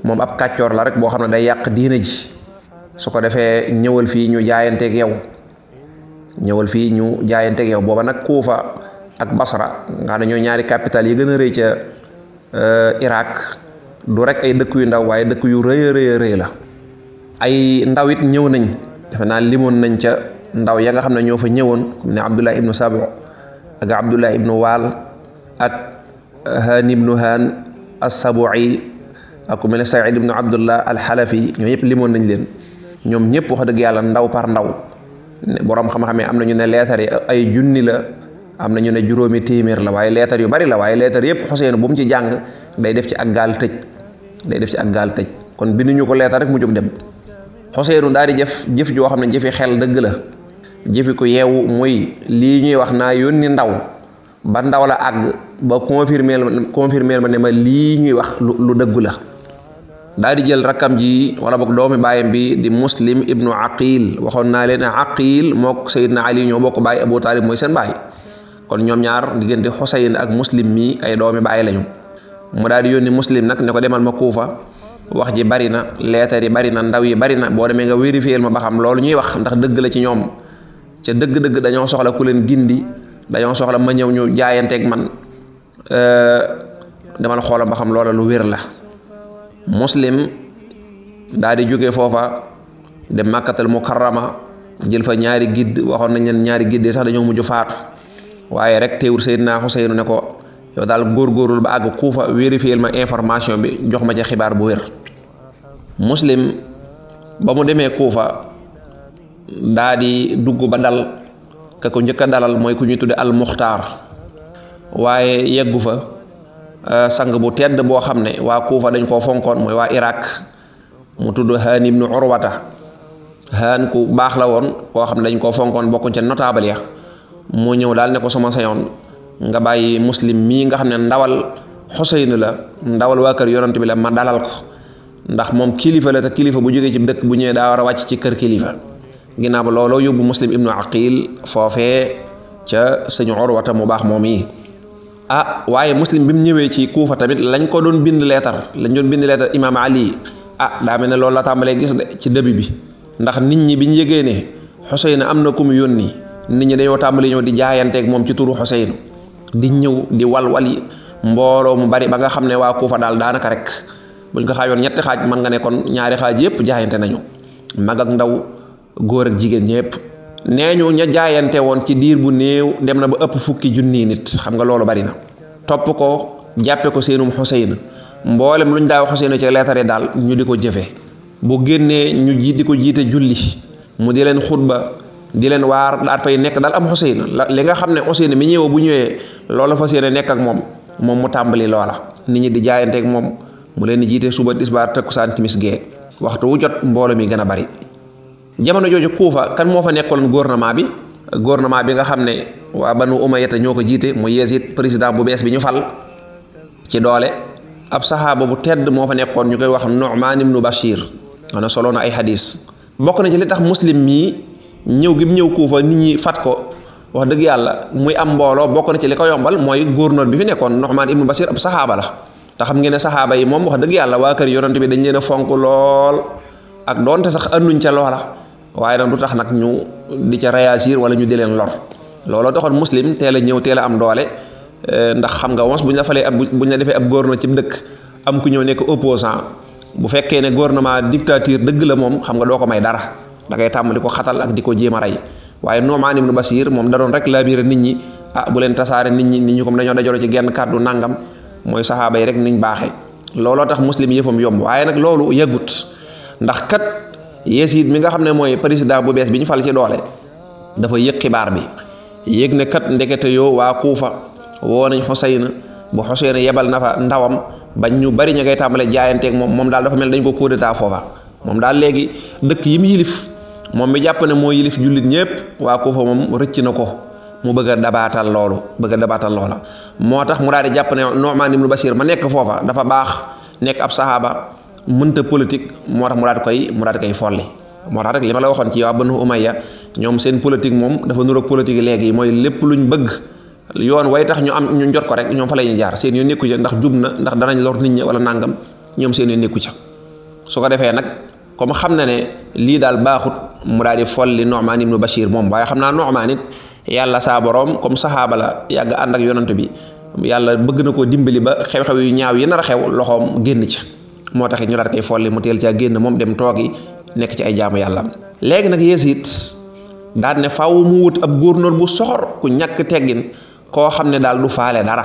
mom ab kàccoor la rek bo xamne day yak diina ji suko defé ñewal fi ñu jaayante ak yow ñewal fi ñu ak yow boba nak kufa ak Basra nga ñaari capital yi gëna ci euh Irak du rek ay dekk yu ndaw waye dekk yu rëy a rëy la ay ndawit ñew nañ defe naa limoon nañ ca ndaw ya nga xam ne ñoo fa ñëwoon comme abdullah ibnu sabu ak abdullah ibnu Wal ak han ibnu han asabui ak ku mel ibnu abdullah al Halafi ñoo ñëpp limoon nañ leen ñoom ñëpp wax dëgg yàlla ndaw par ndaw borom xam-xamee am na ñu ne leetar yi ay junni la am na ñu ne juróomi téeméer la waaye leetar yu bari la waaye leetar yëpp xoseen bu mu ci jàng day def ci ak gaal tëj day def ci ak gaal tëj kon ñu ko leetar rek mu jóg dem xoseeru daal di jëf jëf joo xam ne jëfi xel dëgg la jëfi ko yeewu muy lii ñuy wax naa yónni ndaw ba ndaw la àgg ba confirmer confirmer ma ne ma lii ñuy wax lu dëgg la daal di jël rakkam ji wala boog doomi baayam bi di muslim ibnu aqil waxoon naa leen aqil mook sayidna ali ñoo bokk baay abu taalib mooy seen baay kon ñoom ñaar diggante xosayn ak muslim mii ay doomi baay lañu mu daal di yónni muslim nag ne ko demal ma kuufa wax ji bari na leetar yi bari na ndaw yi bari na boo demee nga vérifier ma ba xam loolu ñuy wax ndax dëgg la ci ñoom ca dëgg-dëgg dañoo soxla ku leen gindi dañoo soxla ma ñëw ñu jaayanteeg man demal xoola ba xam loola lu wér la muslim daal di jóge foofa de màkkatal mukarrama jël fa ñaari gidd waxoon nañ leen ñaari gidd sax dañoo mujj faatu waaye rek teewul Seydina Xuseynu ne ko yow daal góorgóorul ba àgg kuufa vérifier ma information bi jox ma ci xibaar bu wér muslim ba mu demee kuufa daa di dugg ba dal ka ko njëkk dalal mooy ku ñuy tudde al muxtaar waaye yeggu fa eh, sang bu tedd boo xam ne waa kuufa dañ koo fonkoon mooy waa iraq mu tudd haan ibnu urwata haan ku baax la woon koo xam ne dañ koo fonkoon bokku ca notable ya mu ñëw daal ne ko sama sayoon nga bàyyi muslim mii nga xam ndawal xuseyn la ndawal waa kër yonante bi la ma dalal ko ndax mom kilifa la ta kilifa bu joge ci dëkk bu ñëwee da wara wacc ci kër kilifa ginnaaw lolo yobbu muslim ibnu aqil fofé ca sëñu orwata mu baax moom yi ah waye muslim bim ñewé ci kufa tamit lañ ko doon bind leetar lañ doon bind leetar imam ali ah da melni lolo la tambalé gis de ci debbi bi ndax nit ñi bi yégué né husayn amna kum na nit ñi dañu tàmbali ñoo di ak mom ci turu husayn di ñew di walwali mboro mu bari ba nga wa waa dal daanaka rek buñ ko xaajoon ñetti xaaj mën nga ne kon ñaari xaaj yëpp jaayante nañu mag ak ndaw góor ak jigéen ñëpp nee ñu ña jaayante woon ci diir bu néew dem na ba ëpp fukki junni nit xam nga loolu bari na topp ko jàppe ko seenum Xuseyn mboolem lu ñu daaw Xuseyn ci leetare daal ñu di ko jëfe bu génnee ñu ji di ko jiite julli mu di leen xutba di leen waar daat fay nekk daal am Xuseyn la li nga xam ne Xuseyn mi ñëw bu ñëwee loolu fas yéene nekk ak moom moom mu tàmbali loola nit ñi di jaayanteeg moom mu leen jiite suba tisbaar takkusaan timis gee waxtu wu jot mboolo mi gën a bari jamono jooju kuufa kan moo fa nekkoon gouvernement bi gouvernement bi nga xam ne waa banu umayyata ñoo ko jiite mu Yazid président bu bees bi ñu fal ci doole ab saxaaba bu tedd moo fa nekkoon ñu koy wax Nu'man ibnu Bashir ana solo na ay hadis bokk na ci li tax muslim mi ñëw gi mu ñëw kuufa nit ñi fat ko wax dëgg yàlla muy am mbooloo bokk na ci li ko yombal mooy gouverneur bi fi nekkoon Nu'man ibnu Bashir ab saxaaba la ta xam ngeen sahaba yi mom wax deug yalla wa kër yoonte bi dañ leena fonk lool ak donte sax annuñ ca loola waye nak lutax nak ñu di ca réagir wala ñu di leen lor looloo taxoon muslim teel a ñëw am doole eh, ndax xam nga wons buñ la falé ab bu la défé ab góorna ci dëkk am ku ñew nek opposant bu fekke ne gouvernement dictature deug la mom xam nga doko may dara da ngay tam diko xatal ak diko jema ray waye rey ibn basir mom da don rek labir nit ñi ah bu ninyu tassare nit ñi nit ñi ko dañu dajoro ci genn kaddu nangam mooy saxaaba yi rek niñ baaxee looloo tax muslim yëfam yomb waaye nag loolu yëgut ndax kat Yéesid mi nga xam ne mooy président bu bees bi ñu fal ci doole dafa yëg xibaar bi yëg ne kat ndekete yoo waa Kuufa woo nañ Xuseyn bu Xuseyn yebal na fa ndawam bañ ñu bari ñu ngay tàmbale jaayanteeg moom moom daal dafa mel dañ ko coup d'état foofa moom daal léegi dëkk yi mu yilif moom mi jàpp ne moo yilif jullit ñépp waa Kuufa moom rëcc na ko mu bëgg a dabaatal loolu bëgg a dabaatal loola moo tax mu daal di jàpp ne Nouman Ibn Bashir ma nekk foofa dafa baax nekk ab saxaaba mënta politique moo tax mu daal di koy mu daal di koy folli moo tax rek li ma la waxoon ci waa Banu Umayya ñoom seen politique moom dafa nuroog politique léegi mooy lépp luñ bëgg yoon way tax ñu am ñu jot ko rek ñoom fa lay jaar seen yoon nekku ca ndax jub na ndax danañ lor nit ñi wala nangam ñoom seen yoon nekku ca su ko defee nag comme xam na ne lii daal baaxut mu daal di folli Nouman Ibn Bashir moom waaye xam naa Nu'maan it yàlla saa boroom comme saxaaba la yàgg ànd ak yonant bi yàlla bëgg na koo dimbali ba xew-xew yu ñaaw yi nar a xew loxoom génn ci moo tax ñu daal koy folli mu teel caa génn moom dem toogi nekk ci ay jaamu yàlla léegi nag Yéesit daal ne faw mu wut ab gouverneur bu soxor ku ñàkk teggin koo xam ne daal du faale dara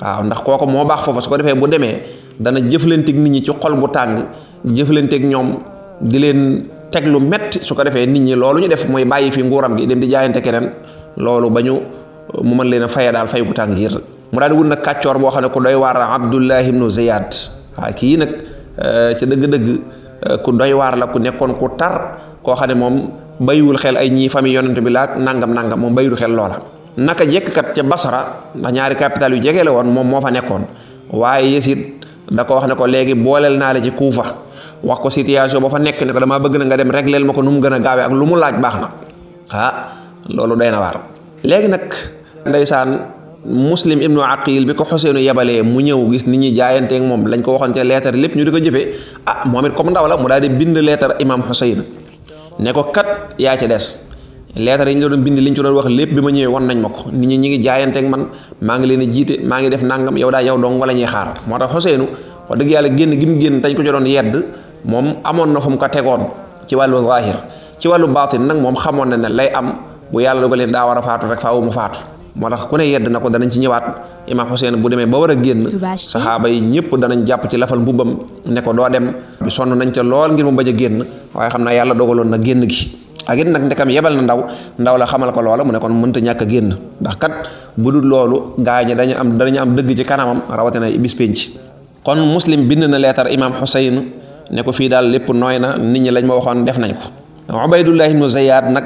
waaw ndax kooku moo baax foofu su ko defee bu demee dana jëflanteeg nit ñi ci xol bu tàng jëflanteeg ñoom di leen teg lu metti su ko defee nit ñi loolu ñu def mooy bàyyi fi nguuram gi dem di jaayante keneen loolu bañu uh, mu mën leen a faye daal fay gu tàng kudai mu daal di wut nag kàccoor boo xam ne ku doy waar abdullahi ibnu ziyad waa kii nag uh, ci dëgg-dëgg uh, ku doy waar la ku nekkoon ku tar koo xam ne moom bayiwul xel ay ñii famille yonent bi laak nangam nangam moom bayiwul xel loola naka jek kat ca basara ndax ñaari capital yu jege la woon moom moo fa nekkoon waaye yesit da ko wax ne ko léegi booleel naa la ci kuufa wax ko situation ba fa nek ne ko dama bëgg na nga dem régleel mako num gëna gaawé ak lu mu laaj baxna ha lolu doyna war légui nak ndaysan muslim ibnu aqil bi ko xoseenu yebalee mu ñew gis nit ñi ak mom lañ ko waxon ci lettre lepp ñu diko jëfé ah momit comme ndaw la mu daal di bind lettre imam husayn ne ko kat ya ci dess lettre yi ñu doon bind liñ ci doon wax lepp bi ma won nañ mako nit ñi ñi ngi ak man ma ngi leen jité ma ngi def nangam yow da yow dong wala ñi xaar motax tax wax deug yalla genn gim genn tañ ko ci doon yedd mom amon na fum mu ko tegoon ci walu zahir ci walu batin nak mom xamone na lay am bu yalla dogalee da wara faatu rek faawu mu faatu moo tax ku ne yedd nako danañ ci ñëwaat imam Hussein bu deme ba wara genn sahaba yi ñepp danañ japp ci lafal mbubbam ne ko do dem bi sonu nañ ca lol ngir mu baña genn waye xamna yalla dogalon na genn gi ak nak ndekam yebal na ndaw ndaw la xamal ko loola mu ne kon muñta ñaka genn ndax kat bu dul loolu dañu am dañu am deug ci kanamam rawatina ibis penc kon muslim bind na letter imam Hussein ne ko fii daal lépp nooy na nit ñi lañ ma waxoon def nañ ko Ubaydullah ibnu Ziyad nag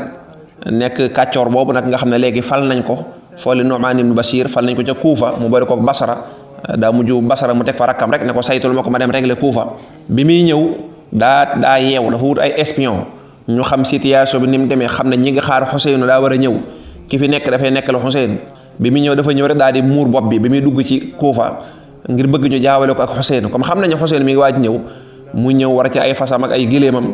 nekk kàccoor boobu nag nga xam ne léegi fal nañ ko foole fooli Nu'man ibnu Bashir fal nañ ko ca Kuufa mu bëri ko Basra daa mujj Basra mu teg fa rakkam rek ne ko saytul ma ko ma dem régler Kuufa bi muy ñëw daa daa yeew dafa wut ay espion ñu xam situation bi ni mu demee xam ne ñi nga xaar Xuseynu daa war a ñëw ki fi nekk dafay nekkal Xuseyn bi muy ñëw dafa ñëw rek daal di muur bopp bi bi muy dugg ci Kuufa ngir bëgg ñu jaawale ko ak Xuseyn comme xam nañu Xuseyn mi ngi waaj ñëw mu ñëw war ci ay fasam ak ay gileemam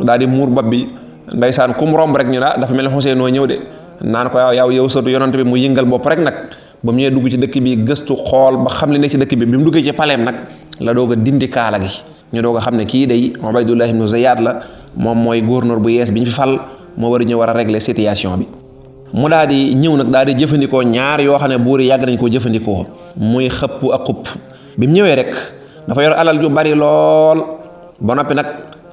daal di muur bopp bi ndaysaan kum romb rek ñu ah dafa mel ni Xuseen noo ñëw de naan ko yaw yow sëtu yonante bi mu yëngal bopp rek nag ba mu ñëwee ci dëkk bi gëstu xool xam ne ci dëkk bi bi mu duggee ci paleem nag la doog dindi kaala gi ñu doog a xam ne kii day Ubaydullah ibnu Ziyad la moom mooy gouverneur bu yees bi ñu fi moo war a ñëw war a régler situation bi mu daal di ñëw nag daal di jëfandikoo ñaar yoo xam ne buur yàgg nañ koo jëfandikoo muy xëpp ak xupp bi mu ñëwee rek dafa yor alal ju bari lol ba nopi nak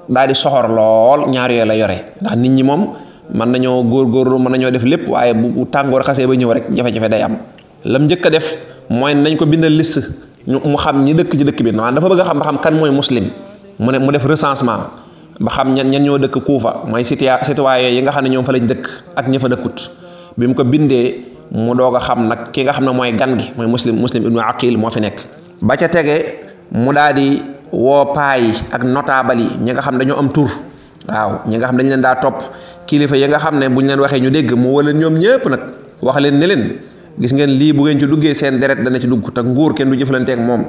daldi di soxor lool ñaar yooyu la yoré ndax nit ñi man nañu gor gor man nañu def lepp waye bu tangor xasse ba ñew rek jafé jafé day am lam jëk def moy nañ ko bindal liste ñu mu xam ñi dëkk ci dëkk bi maanaam dafa bëgg xam xam kan moy muslim mu ne mu def recensement ba xam ñan ñan ñoo dëkk Kuufa mooy citoyen yi nga xam ne ñoom fa lañ dëkk ak ña fa dëkkut bi mu ko bindee mu doog a xam nag ki nga xam ne mooy gan gi mooy muslim muslim ibnu aqil moo fi nekk ba ca tege mu daal di woo paa yi ak notable yi ñi nga xam dañoo am tur waaw ñi nga xam dañ leen daa topp kilifa yi nga xam ne bu ñu leen waxee ñu dégg mu wala ñoom ñëpp nag wax leen ne leen gis ngeen lii bu ngeen ci duggee seen deret dana ci dugg te nguur kenn du jëflanteeg moom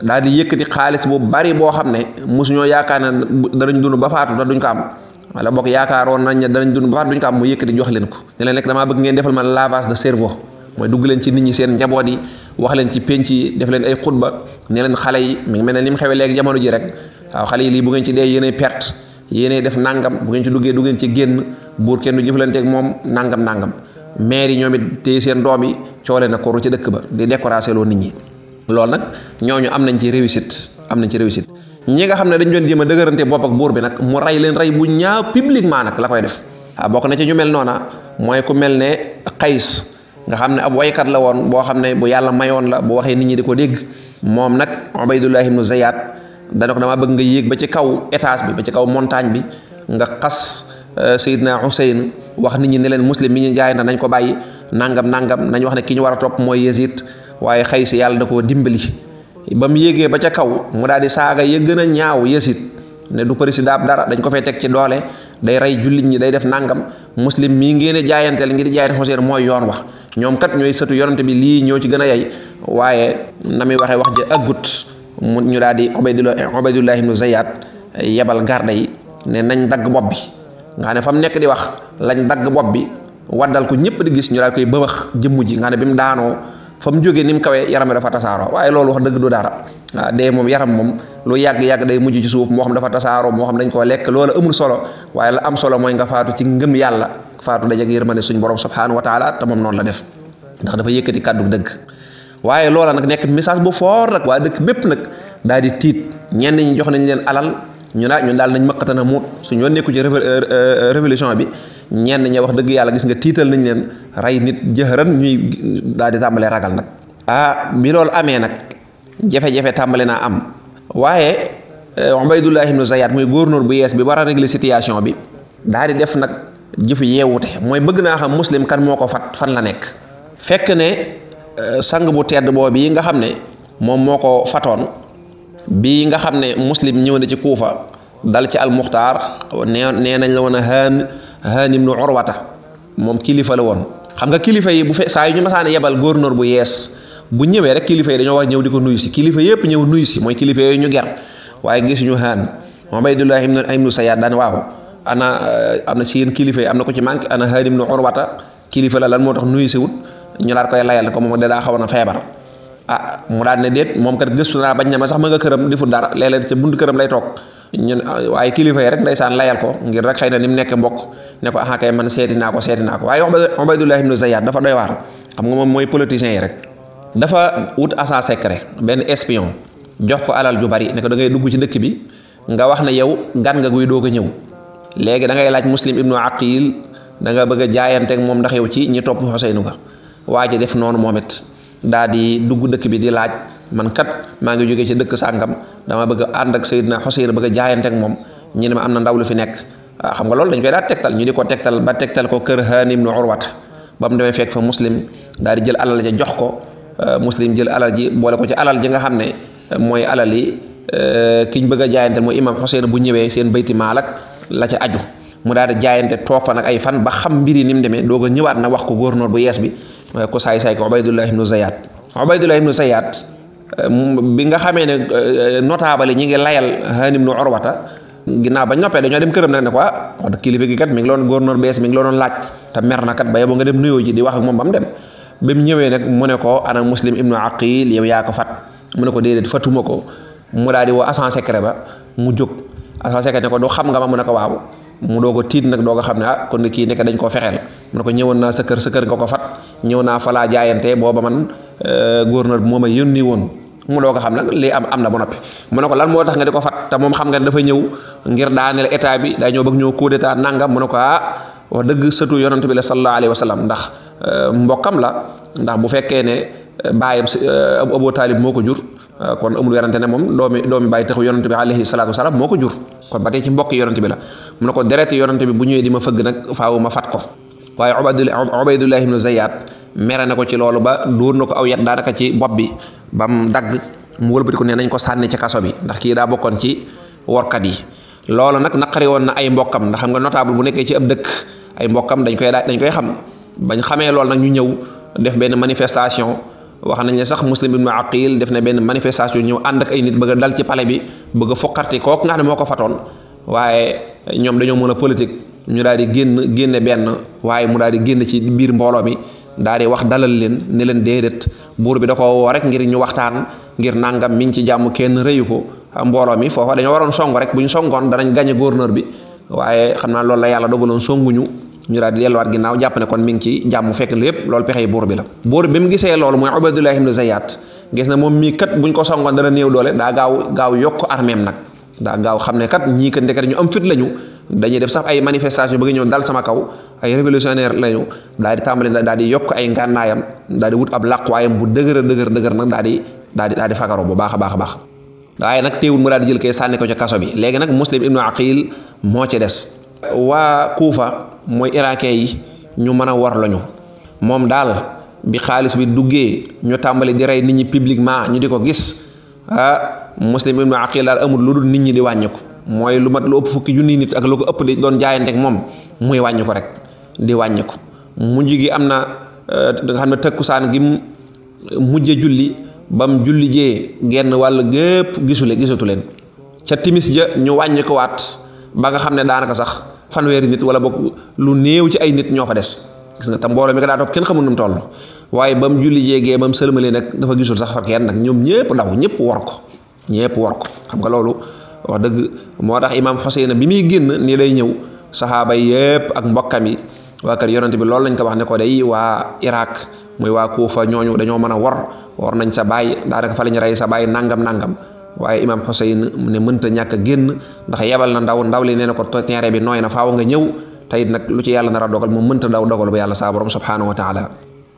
daal di yëkkati xaalis bu bari boo xam ne mosuñoo yaakaar ne danañ dund ba faatu te duñ ko am wala bokk yaakaaroon nañ ne danañ dund ba faatu duñ ko am mu yëkkati jox leen ko ne leen rek damaa bëgg ngeen defal ma lavage de moy dugg leen ci nit ñi seen njaboot yi wax leen ci penc yi def leen ay khutba ne leen xalé yi mi ngi mel ne ni mu jamono ji rek waaw xalé yi li bu ngeen ci dé yéenay perte yéenay def nangam bu ngeen ci duggé du ngeen ci génn bur kenn du ak mom nangam nangam maire yi ñoom té seen doom yi ciolé na ko ru ci dëkk ba di décorasé lo nit ñi lool nak ñoñu am nañ ci réussite am nañ ci réussite ñi nga xam ne dañ doon jéem a dëgërante ak bur bi nak mu ray leen ray bu ñaaw publiquement nak la koy def waaw bokk na ci ñu mel nona moy ku melne ne nga xam ne ab waykat la woon boo xam ne bu yàlla mayoon la bu waxee nit ñi di ko dégg moom nag Ubaydullahi ibnu Ziyad dana ko dama bëgg nga yéeg ba ci kaw étage bi ba ci kaw montagne bi nga xas euh, na Huseyn wax nit ñi ne leen muslim mi ñu jaay na nañ ko bàyyi nangam nangam nañ wax ne ki ñu war a topp mooy Yazid waaye xëy si yàlla da koo dimbali ba mu yéegee ba ca kaw mu daal di saaga ya gën a ñaaw Yazid ne du président dara dañ ko fay teg ci doole day rey jullit ñi day def nangam muslim mii ngeen jaayanteel ngir jaayante Xuseyn mooy yoon wax ñoom kat ñooy sëtu yonante bi lii ñoo ci gën a yey waaye na muy waxee wax ja agut mu ñu daal di Ubaydullah ibnu Ziyad yebal garde yi ne nañ dagg bopp bi nga xam ne fa mu nekk di wax lañ dagg bopp bi waddal ko ñëpp di gis ñu daal koy bëbax jëmm ji nga xam ne bi mu daanoo fa mu jógee ni mu kawee yaram dafa tasaaroo waaye loolu wax dëgg du dara waaw dee moom yaram moom lu yàgg-yàgg day mujj ci suuf moo xam dafa tasaaroo moo xam dañ koo lekk loola amul solo waaye la am solo mooy nga faatu ci ngëm yàlla faatu dajeg yërmande suñ borom subhanahu wa la def ndax dafa yëkkati kàddu dëgg waaye loola nag nekk message bu fort nag waa dëkk bépp nag daal di tiit ñenn ñi jox nañ leen alal ñu naa ñun daal nañ na muut suñu yoon nekku ci euh, euh, révolution bi ñeen ña wax dëgg yàlla gis nga tiital nañ leen rey nit jëxëran ñuy daal di tàmbalee ragal nag ah bi loolu amee nag jafe-jafe tàmbale naa am waaye euh, Ubaydullah ibnu Zayat muy gouverneur bu yees bi war a régler situation bi daal di def nag jëfu yeewute mooy bëgg naa xam muslim kan moo ko fat fan la nekk fekk ne sang bu tedd boobu yi nga xam ne moom moo ko fatoon bii nga xam ne muslim ñëw na ci kuufa dal ci almuxtaar nee nee nañ la woon a haan haan ibnu urwata moom kilifa la woon xam nga kilifa yi bu fe saa yu ñu masaane yebal gouverneur bu yees bu ñëwee rek kilifa yi dañoo war ñëw di ko nuyu si kilifa yëpp ñëw nuyu si mooy kilifa yooyu ñu ger waaye gis gisuñu haan ubaydullah ibnu sayaad daan waaw ana eh, am na si yéen kilifa yi am na ko ci manqué ana haan ibnu urwata kilifa la lan moo tax nuyu si wut ñu laat koy layal ko moom da daa xawoon a feebar ah mu daal ne déet moom kat gëstu naa bañ na ma sax ma nga këram deful dara léeg-léeg ca buntu këram lay toog ñun waaye ah, kilifa yi rek ndeysaan layal ko ngir rek xëy na ni mu nekk mbokk ne ko ah kay man seeti naa ko seeti naa ko waaye Ubaydullah ibnu Ziyad dafa doy waar nga moom mooy politicien yi dafa wut agent secret benn espion jox ko alal ju bari ne ko da ngay dugg ci dëkk bi nga wax ne yow gan nga guy doog a ñëw léegi da ngay laaj muslim ibnu aqil da nga bëgg a moom ndax yow ci ñi topp Xuseynu nga waa ji def noonu moom it dadi dugu dugg dëkk bi di laaj man kat maa ngi jógee ci dëkk sàngam dama bëgg ànd ak Seydina Xuseyn bëgg jaayante ak moom ñu ne ma am na ndaw lu fi nekk xam ah, nga loolu dañ koy daa tegtal ñu di ko ba tegtal ko kër Haani ibnu Urwata ba mu demee fa muslim dari jël alal ja jox ko eh, muslim jël alal ji boole ko ci alal ji nga xam ne eh, mooy alal yi eh, kiñ bëgg a jaayante mooy imam Xuseyn bu ñëwee seen bayti malak la ca aju mu daal di jaayante toog fa nag ay fan ba xam mbiri ni mu demee doog a ñëwaat na wax ko gouverneur bu yees bi ku saay-saay ko Ubaydullah ibnu Zayat Ubaydullah ibnu Zayat eh, bi nga xamee ne eh, notable ñi ngi layal Haani ibnu Urwata ginnaaw bañ noppee dañoo dem këram nag ne ko ah gi kat mi ngi loon góornoor bees mi ngi loonoon laaj te mer na kat ba yow nga dem nuyoo ji di wax ak moom ba mu dem ba mu ñëwee nag mu ne ko ana muslim ibnu aqil yow yaa ko fat mu ne ko déedéet fatuma ko mu daal di woo agent secret ba mu jóg agent secret ne ko du xam nga ma mu ne ko waaw mu doog a tiit nag doog ko xam ne ah kon kii nekk dañ koo fexeel mu ne ko ñëwoon naa sa kër sa kër nga ko fat ñëw naa falaa jaayante booba man euh, gouverneur bi moo ma yónni woon mu doog a xam nag lii am am na ba noppi mu ne ko lan moo tax nga di ko fat te moom xam nga ne dafa ñëw ngir daaneel état bi daa bag ñëw coup d'état nangam mu ne ko ah wax dëgg sëtu yonent bi la sallallahu alayhi wa sallam ndax euh, mbokkam la ndax bu fekkee ne euh, baayam Abu Taalib moo ko jur Euh, kon amul werante ne moom doomi doomi bàyyi taxu yonante bi alayhi salaatu wasalaam moo ko jur kon ba tey ci mbokk yonante bi la mu ne ko deret yonante bi bu ñëwee di ma fëgg nag faawu ma fat ko waaye Ubaydullah ibnu Zayyaat mere na ko ci loolu ba dóor na ko aw yat daanaka ci bopp bi ba mu dagg mu wëlbati ko ne nañ ko sànni ci kaso bi ndax kii daa bokkoon ci workat yi loolu nag naqari woon na ay mbokkam ndax xam nga notable bu nekkee ci ab dëkk ay mbokkam dañ koy dañ koy xam bañ xamee loolu nag ñu ñëw def benn manifestation wax nañ ne sax muslim ibnu aqil def na benn manifestation ñëw ànd ak ay nit bëgg dal ci palais bi bëgg foqarti kook nga xam ne moo ko fatoon waaye ñoom dañoo mën a politique ñu daal di génn génne benn waaye mu daal di génn ci biir mbooloo mi daal di wax dalal leen ne leen déedéet buur bi da ko woo rek ngir ñu waxtaan ngir nangam miñ ci jàmm kenn rëyu ko mbooloo mi foofa dañoo waroon song rek bu ñu songoon danañ gañe gouverneur bi waaye xam naa loolu la yàlla dogaloon songuñu ñu daal di delluwaat ginnaaw jàpp ne kon mi ngi ci jàmm fekk lépp loolu pexe yi buur bi la buur bi mu gisee loolu mooy Ubaydullah ibn Zayat gis na moom mii kat buñ ko songoon dana néew doole daa gaaw gaaw yokk armeem nag daa gaaw xam ne kat ñii kat ndekete ñu am fit dañuy def sax ay manifestation bëgg ñëw dal sama kaw ay révolutionnaire lañu daal di tàmbali daal di yokk ay ngànnaayam daal di wut ab làquwaayam bu dëgër dëgër dëgër nag daal di daal di daal di fagaroo bu baax a baax a baax waaye nag teewul mu daal di jël kay sànni ko ca kaso bi léegi nag muslim ibnu aqil moo ci des wa kuufa moy iraqais yi ñu mëna war lañu mom dal bi xaaliss bi duggé ñu tambali di ray nit ñi publiquement ñu di gis ah muslim ibn aqil daal amul lu dul nit ñi di wàññiku moy lu mat lu upp fukki juni nit ak lu ko upp di doon ak mom muy wàññiku rek di wàññiku mujj gi amna nga eh, xamne tekkusan gi mujjé julli bam julli jee genn wal gépp gisule gisatu len ca timis ja ñu ko ba nga xamne ne daanaka sax fanweeri nit wala bok lu neew ci ay nit ñoo dess des gis nga tam mbolo mi ko da top kenn xamul num tollu waye bam julli jégué bam mu nak dafa gisul sax fa kenn nag ñoom ñëpp daw ñëpp ko ñepp wor ko xam nga lolu wax deug motax imam imaam bi mi genn ni lay ñew sahaba yépp ak mbokam yi wa kar yonent bi loolu lañ ko wax ne ko day wa Irak muy wa Kuufa ñoñu dañoo mëna wor war war nañ sa da naka fa lañ ray sa baye nangam nangam waaye imam Hussein ne mënta ñàkk a génn ndax yebal na ndaw ndaw li nee na ko terrain bi nooy na faaw nga ñëw tayit nak nag lu ci yàlla dogal moom mënta ndaw dogal ba yàlla saa borom subhanahu wa taala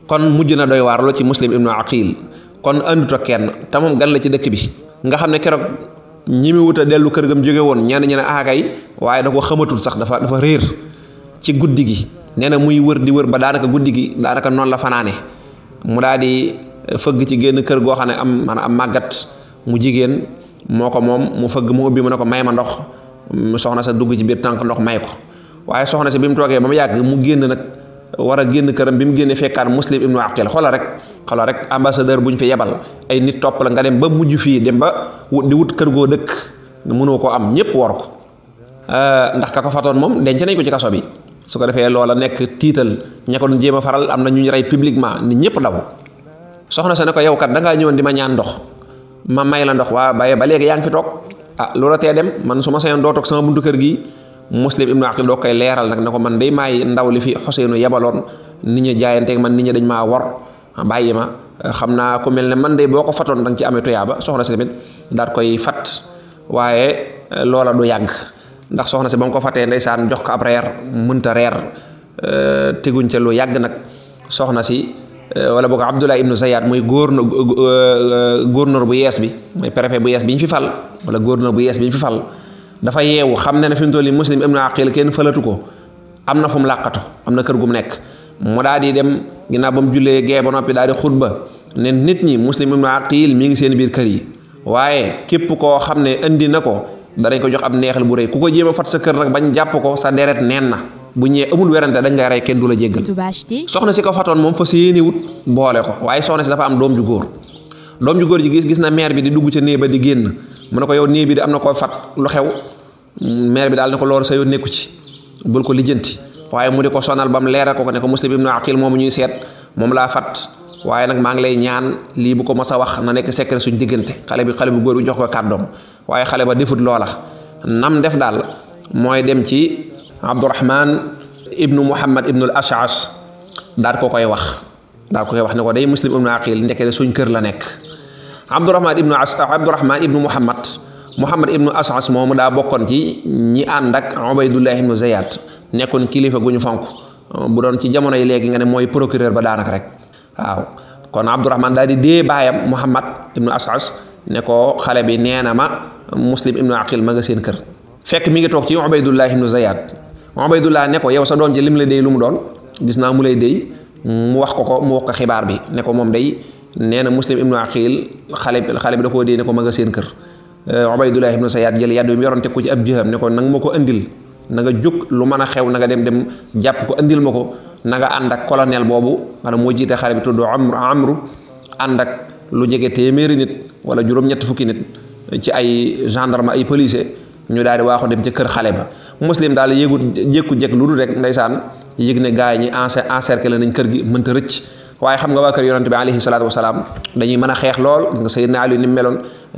kon mujj na doy waar lo ci muslim ibnu aqil kon andut ak kenn tamam moom gan la ci dëkk bi nga xam ne keroog ñi mi wut a dellu kër gam jóge woon ñaan ñi ne kay waaye da ko xamatul sax dafa dafa réer ci guddi gi muy wër di wër ba daanaka guddi gi daanaka noonu la fanaane mu daal di fëgg ci génn kër goo xam am maanaam am màggat mu jigen moko mom mu fegg mo bi mu nako may ma ndox soxna sa dugg ci biir tank ndox may ko waye soxna si bimu toge toogee yag mu genn nak wara genn kërëm bimu genné këram muslim ibnu aqil xoolal rek xoolal rek ambassadeur buñ fi yebal ay nit top la nga dem ba mujj fi dem ba di wut kër goo dëkk mëno ko am ñepp war ko ndax kako faton mom moom denc nañ ko ci kasso bi su ko defé loola nek tital ñako ñu jema faral am ñu ñu rey publiquement nit ñepp daw soxna sa nako yow kat da nga di ma ñaan ndox ma may la ndox waa baye ba léegi yaa ngi fi toog ah loola tee dem man su ma seen doo toog sama buntu kër gi muslim ibnu aqil doo koy leeral nag ne ko man day maay ndaw li fi xuseynu yebaloon nit ñi jaayanteeg man nit ñi dañ maa wor ah, bàyyi ma xam naa ku mel ne man day boo ko fatoon danga nga ci amee tuyaaba soxna si tamit daal koy fat waaye eh, loola du yàgg ndax soxna si ba ko fatee ndeysaan jox ko ab reer mënta reer eh, teguñ ca lu yàgg nag soxna si wala boog Abdoulaye Ibnu Zayat mooy gouverneur gouverneur bu yees bi mooy préfet bu yees bi ñu fi fal wala gouverneur bu yees bi ñu fi fal dafa yeewu xam ne ne fi mu toll nii Muslim Ibnu Aqil kenn falatu ko am na fu mu làqatu am na kër gu mu nekk mu daal di dem ginnaaw ba mu jullee gee ba noppi daal di xutba ne nit ñi Muslim Ibnu Aqil mi ngi seen biir kër yi waaye képp koo xam ne indi na ko danañ ko jox ab neexal bu rëy ku ko jéem a fat sa kër nag bañ jàpp ko sa deret neen na bu ñe amul werante dañ lay ray kenn dula jéggal soxna ci ko fatoon mom fa wut boole ko waye soxna ci dafa am dom ju góor dom ju góor ji gis gis na mère bi di dugg ci néeg di génn mu ne ko yow néeg bi di amna ko fat lu xew mère bi dal ne ko sa yoon nekku ci bul ko lijeenti waye mu di ko sonal bam mu ko ko ne ko muslim ibn aqil mom ñuy seet mom la fat waye nak ma ngi lay ñaan li bu ko mos wax na nek secret suñu digënté xalé bi xalé bu goor bi jox ko kaddom waye xalé ba defut lola nam def dal moy dem ci abdourahman ibnu mouhamad ibnu al ashas daal ko koy wax daal ko koy wax ne ko day muslim ibnu aqil ndeke de suñ kër la nekk abdourahman ibnu as abdourahman ibnu mouhamad mouhamad ibnu ashas moomu daa bokkoon ci ñi ànd ak ubaydullahi ibnu ziyad nekkoon kilifa gu ñu fonk bu doon ci jamono yi léegi nga ne mooy procureur ba daanaka rek waaw kon abdourahman daal di dee baayam mouhamad ibnu ashas ne ko xale bi nee na ma muslim ibnu aqil ma nga seen kër fekk mi ngi toog ci ubaydullahi ibnu ziyad baydullah ne ko yow sa doom ji lim la dey lum doon gis na mu lay dey mu wax ko ko mu wax ko bi ne ko mom day neena muslim ibnu aqil khalib khalib da ko magasin ne ko ma nga seen kër eh, Ubaydullah ibnu Sayyad jeli yaddu mi yoronte ko ci ab jeham ne ko nang mako andil naga nga jóg lu mën xew dem dem japp ko andil mako naga na nga ànd colonel bobu man mo jiite khalib tuddu amru amru andak lu jege nit wala juróom-ñett fukki nit ci ay gendarme ay policier ñu daal waxu dem ci keur khalib muslim dal yëgut jékku jek lulu rek ndaysan yëg ne gaay ñi encerclé nañ kër gi mën ta rëcc waaye xam nga waa kër yonante bi alayhi salatu wasalaam dañuy mën a xeex lool nga sayidna ali ni mu meloon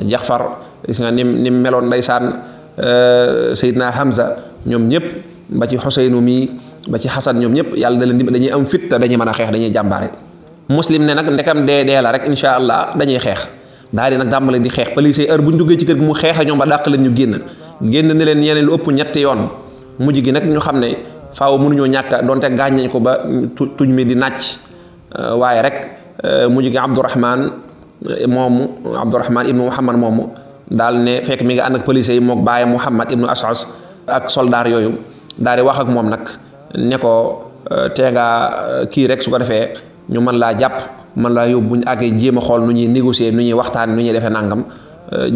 jaxfar nga nim ni mu meloon ndeysaan euh, sayidna hamza ñoom ñëpp ba ci xuseynu mi ba ci hasan ñoom ñëpp yàlla da leen di dañuy am fit te dañuy mën a xeex dañuy jàmbaare muslim ne nag ndekam dee dee la rek incha allah dañuy xeex daal di nag tàmbale di xeex police heure bu ñu duggee ci kër gi mu xeex ñoom ba dàq leen ñu génn génn na leen ñeneen lu ëpp ñetti yoon mujj gi nag ñu xam ne faaw mënuñoo ñàkk donte gaañ nañ ko ba tuñ mi di nàcc euh, waaye rek euh, mujj gi Abdourahman euh, moomu Abdourahman ibnu Muhammad moomu daal ne fekk mi nga ànd ak police yi moog bàyyi Muhammad ibnu Ashas ak soldaar yooyu daal di wax ak moom nag ne ko tee nga kii rek su ko defee ñu mën laa jàpp mën laa yóbbu buñ àggee jéem a xool nu ñuy négocier nu ñuy waxtaan nu ñuy defee nangam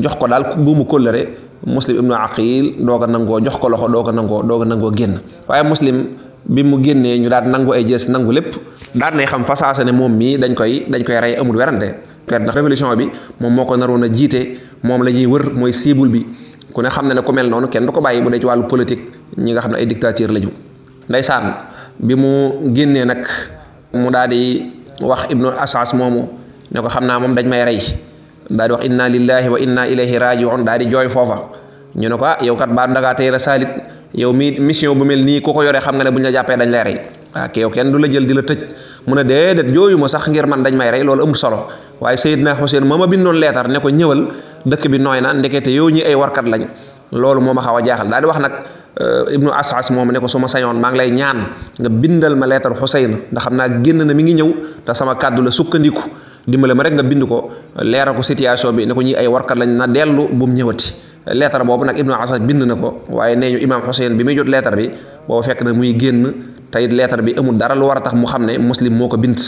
jox ko daal buumu kóllëre muslim ibnu aqil doga nango jox ko loxo doga nango doga nango genn waye muslim bi mu genné ñu daal nango ay jess nango lepp daal nay xam fasasa ne mom mi dañ koy dañ koy ray amul wérande kër na révolution bi mom moko wër moy cible bi ku ne xam na ne ku mel nonu kenn duko bayyi bu ne ci walu politique ñi nga xam ay dictateur lañu ndaysan bi mu genné nak mu daal di wax ibnu asas momu ne ko xamna mom dañ may ray daal inna lillahi wa inna ilayhi rajiun daal di jooy foofa ñu ne ko ah, yow kat baa ndaga tay rasalit yow mi mission bu mel ni ku ko yoree xam nga ne bu ñu la dañ lay ray waaw ah, yow kenn du la jël di la mu ne déedéet jooyu ma sax ngir man dañ may ray lolu amul solo waye sayyidna xuseen mama ma bindoon ne ko ñewal dekk bi noyna ndeke ndekete yow ñi ay warkat lañ lolu moma xawa jaaxal daal di wax nak euh, ibnu asas moom ne ko suma sayon manglay ngi lay ñaan nga bindal ma letter xuseyn da xamna genn na mi ngi ñew te sama kaddu la sukkandiku dimbale ma rek nga bind ko leeral ko situation bi ne ko ñi ay warkat lañ na dellu bu mu ñëwati leetar bobu nak ibnu asad bind nako waye neñu imam hussein bi mi jot leetar bi bo fekk na muy genn tayit leetar bi amul dara lu war tax mu xam muslim moko bind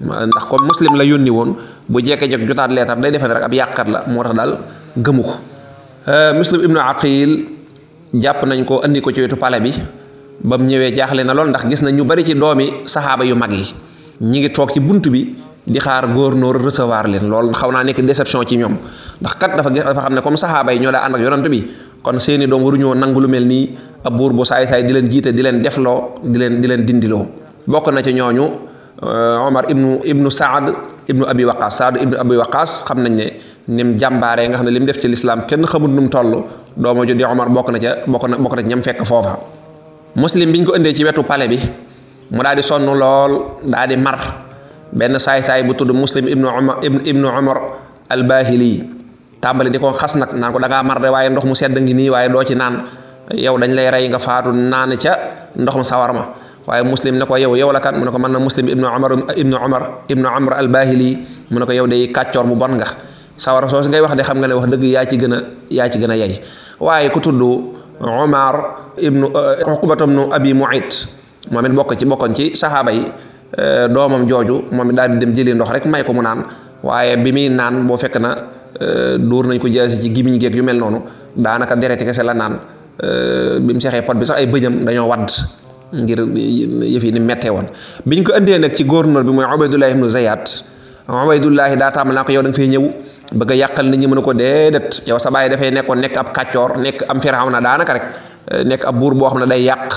ndax ko muslim la yoni won, bu jekke jek jotat leetar day defee rek ab yakkat la mo tax dal gëmu ko euh, muslim ibnu aqil japp nañ ko andi ko ci wetu pale bi bam mu jaxlé na lool ndax gis na ñu bari ci doomi sahaba yu magi ñi ngi tok ci buntu bi di xaar gouverneur recevoir leen loolu xaw naa nekk déception ci ñoom ndax kat dafa dafa xam ne comme saxaaba yi ñoo daa ànd ak yonant bi kon seeni doom waruñoo nangu lu mel nii ab buur bu saay saay di leen jiite di leen defloo di leen di leen dindiloo bokk na ci ñooñu euh, Omar ibnu ibnu Saad ibnu Abi saadu Saad ibnu Abi Waqaas xam nañ ne nim jàmbaaree nga xam ne li def ci lislaam kenn xamut nu mu toll doomu ju di Omar bokk na ca bokk na bokk na ci ñam fekk foofa muslim biñ ko indee ci wetu pale bi mu daal di sonn lool daal di mar. benn saay-saay bu tudd muslim ibnu umar ibnu umar albahili tàmbali di ko xas nag naan ko da ngaa mar de waaye ndox mu sedd ngi nii waaye doo ci naan yow dañ lay rey nga faatu naan ca ndox mu sawar ma waaye muslim ne ko yow yow la kan mu ne ko mën na muslim ibnu umar ibnu umar ibnu amr albahili mu ne ko yow day kàccoor bu bon nga sawara soosu ngay wax de xam nga ne wax dëgg yaa ci gën a yaa ci gën a yey waaye ku tudd omar ibnu uqbatam nu abi mu'ayt moom it bokk ci bokkoon ci saxaaba yi Euh, doomam jooju moom it daal di dem jëli ndox rek may ko mu naan waaye bi muy naan boo fekk na euh, dóor nañ ko jaasi ci gimiñ geeg yu mel noonu daanaka dereti kese la naan euh, bi mu seexee pot bi sax ay bëjam dañoo wadd ngir yëf ni mettee woon bi ñu ko indee nag ci gouverneur bi mooy Ubaydullahi ibnu Zayat Ubaydullahi daa tàmbali naa ko yow da nga fay ñëw bëgg a yàqal nit mën a ko déedéet yow sa baay dafay nekkoon nekk ab kàccoor nekk am firawna daanaka rek nekk ab buur boo xam ne day yàq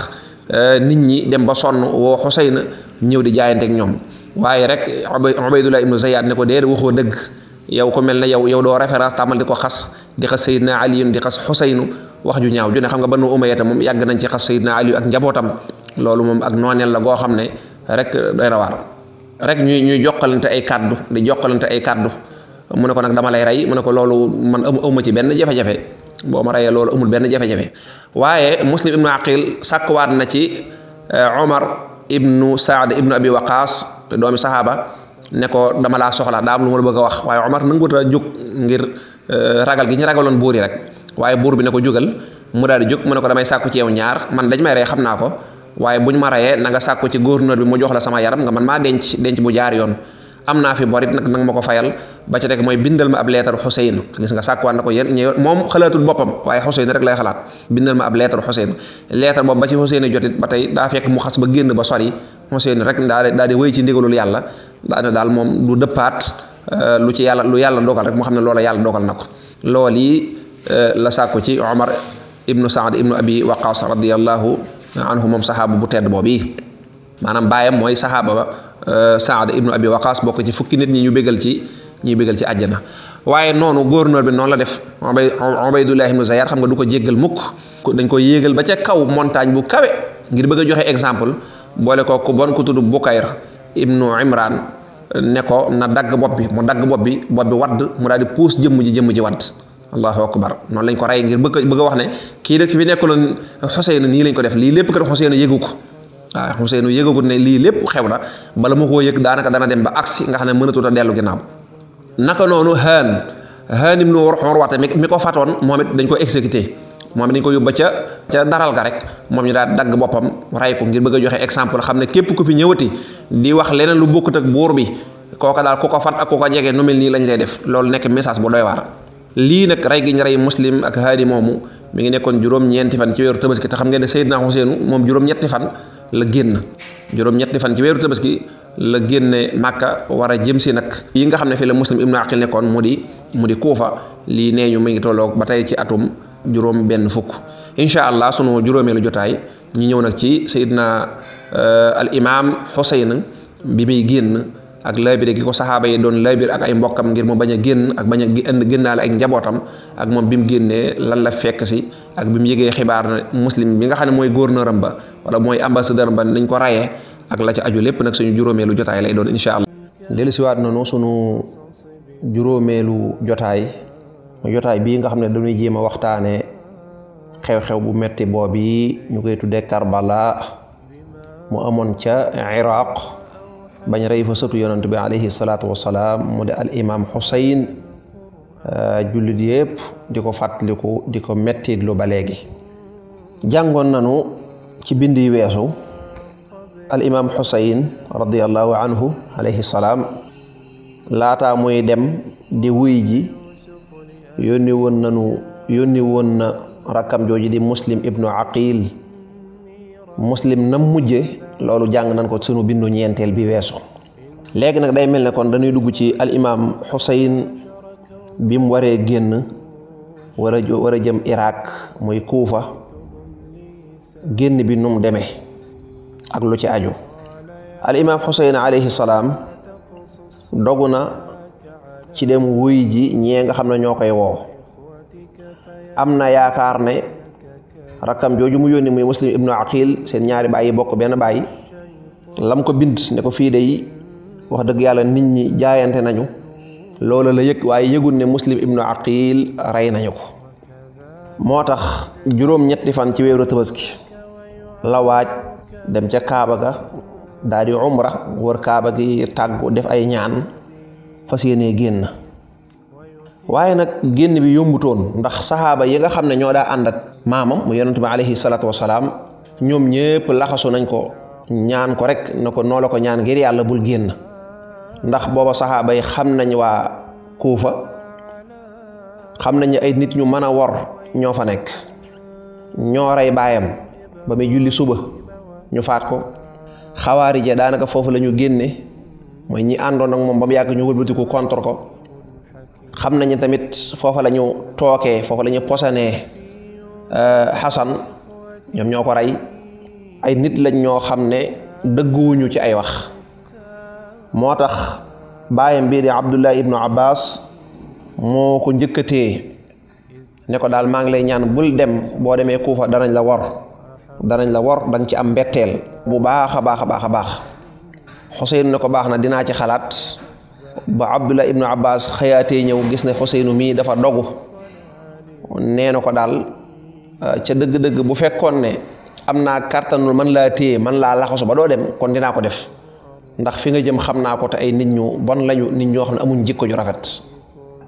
Euh, nit ñi dem ba sonn woo Xusayna ñëw di jaayanteek ñoom waaye rek Ubaydullah ibnu Ziyad ne ko déedéet waxoo dëgg yow ko mel ne yow yow doo référence tàmmal di ko xas di xas Seydina Aliyun di xas Xusaynu wax ju ñaaw ju ne xam nga Banu Umayya moom yàgg nañ ci xas Seydina Aliyu ak njabootam loolu moom ak nooneel la goo xam ne rek doy na waar rek ñuy ñuy jokkalante ay kàddu di jokkalante ay kàddu mu ne ko nag dama lay rey mu ne ko loolu man amu ci benn jafe-jafe boo ma reyee loolu amul benn jafe-jafe waaye muslim ibnu aqil sàkkwaat na ci eh, omar ibnu saad ibnu abi Wakas, doomi sahaba ne ko dama laa soxla daa am lu ma bëgg wax waaye omar nangut a juk ngir eh, ragal gi ñu ragaloon buur yi rek waaye buur bi ne ko jugal mu daal di jóg mu ne ko damay sàkku ci yow ñaar man dañ may rey xam naa ko waaye buñ ma reyee na nga sàkku ci gouverneur bi mu jox la sama yaram nga man maa denc denc bu jaar yoon am naa fi borit nag nanga ma ko fayal ba ca rek mooy bindal ma ab leetaru Xuseyn gis nga sàkkuwaat na ko yéen ñëw moom xalaatul boppam waaye rek lay xalaat bindal ma ab leetaru Xuseyn leetar boobu ba ci Xuseyn jotit ba tey daa fekk mu xas ba génn ba sori Xuseyn rek daa daa di wéy ci ndigalul yàlla daane daal moom du dëppaat euh, lu ci yàlla lu yàlla dogal rek mu xam ne loola yàlla dogal na ko lool yi euh, la sàkku ci Omar ibnu Saad ibnu Abi Waqas radiyallahu anhu moom saxaaba bu tedd boobu maanaam baayam mooy ba Euh, saad ibnu abi waqas bok ci fukki nit ñi ñu bégal ci ñi bégal ci aljana waye nonu gouverneur bi non la def obaydullah ibn zayyar xam nga du ko jéggal mukk dañ ko yéggal ba ca kaw montagne bu kawé ngir bëgg a joxe exemple boole ko ku bon ku tuddu bukayr ibnu imran ne ko na dagg bop bi mu dagg bop bi bop bi wad mu daal di puus jëm ji jëm ji wad allahu akbar non lañ ko ray ngir bëgg bëgg wax ne ki rek fi nekkulon xuseyn ni lañ ko def li lepp kat xuseyn yëgu ah Xuseenu yëgagut ne li lepp xew na bala mako yek danaka dana dem ba aksi nga xam ne mënatut delu ginaam naka nonu han han ibn urhur wat mi ko faton momit it dañ ko exécuter moom it dañ ko yobba ca ca daral ga rek moom ñu daal dagg ray ko ngir bëgg joxe exemple xamne kep ku fi ñewati di wax leneen lu bokut ak buur bi koka dal ku ko fat ak ku ko jege nu mel nii lañ lay def loolu nek message bu doy war li nak ray gi muslim ak hadi momu mi ngi nekkon juróom ñenti fan ci wëru tebeski ta xam ngeen ne sayyidna mom ñetti fan la génn juróom-ñetti fan ci weeru tabaski la génne màkka war a jëm si nag yi nga xam ne fii la muslim ibnu aqil nekkoon mu di mu di kuufa lii nee ñu mu ngi tollook ba tey ci atum juróom benn fukk incha allah sunu juróomeelu jotaay ñi ñëw nag ci sayidna al imam xuseyn bi muy génn ak laybir gi sahaba yi don laybir ak ay mbokam ngir mu baña a génn ak bañ a gennal ak njabotam ak mom bim genné lan la fekk si ak bim yegge xibar muslim bi nga xamne moy gouverneuram ba wala moy ambassadeur ba niñ ko rayé ak la ci aju lepp nak suñu juromelu jotay lay doon incha allah dellu siwaat nanu sunu juróomeelu jotaay jotay bi nga xamne ne dañuy jema waxtane xew-xew bu metti boobi ñukay tuddé Karbala mu amon ca Iraq bañ rey fa sëtu yonent bi alayhi salaatu wasalaam mu de al imam Xusayn euh, jullit yëpp di ko fàttaliku di ko mettit lu ba léegi jàngoon nanu ci bind yi weesu al imam Xusayn radiallahu anhu alayhi salaam laataa muy dem di wuy ji yónni woon nanu rakkam jooji di muslim ibnu aqil muslim nam mujje loolu jàng nañ ko sunu bindu ñeenteel bi weesu léegi nag day mel ne kon dañuy dugg ci al imam Xuseyn bi mu waree génn war a war a jëm Irak muy Kuufa génn bi nu mu demee ak lu ci aju al imam Xuseyn alayhi dogu na ci dem wuy ji ñee nga xam ne ñoo koy woow am na yaakaar ne rakkam jooju mu yónni muy muslim ibnu aqil seen ñaari baay bokk benn baay lam ko bind ne ko fii dey wax dëgg yàlla nit ñi jaayante nañu loola la yëg waaye yëgul ne muslim ibnu aqil rey nañu ko moo tax juróom-ñetti fan ci weeru tabaski la waaj dem ca kaaba ga daal di umra wër kaaba gi tàggu def ay ñaan fas yéenee génn waye nak genn bi yombuton ndax sahaba yi nga xamne ño da daa ànd ak maamam mu yaronte bi alayhi salaatu wasalaam ñoom ñépp laxasu nañ ko ñaan ko rek nako ko la ko ñaan ngir yalla bul genn ndax bobo sahaba yi xam nañ waa kuufa xam nañ ay nit ñu mëna wor ño fa nek ño ray bayam ba may julli suba ñu faat ko ya fofu lañu genné moy ñi andon ak mom bam yag ñu ko contre ko xam nañu tamit foofa la ñu tookee foofu lañu ñu posanee euh, Xasan ñoom ñoo ko rey ay nit lañ ñoo xam ne dëgguwuñu ci ay wax moo tax baayam bii di Abdullah ibnu Abbas moo ko njëkkatee ne ko daal maa ngi lay ñaan bul dem boo demee Kuufa danañ la wor danañ la wor danga ci am mbetteel bu baax a baax a baax a baax ne ko baax na dinaa ci xalaat ba abdullah ibnu abbas xëyaatee ñëw gis ne xuseynu mii dafa dogu nee na ko daal euh, ca dëgg-dëgg bu fekkoon ne am naa kàttanul man laa téye man laa laxasu ba doo dem kon dinaa ko def ndax fi nga jëm xam naa ko te ay nit ñu bon lañu nit ñoo xam ne amuñ jikko ju rafet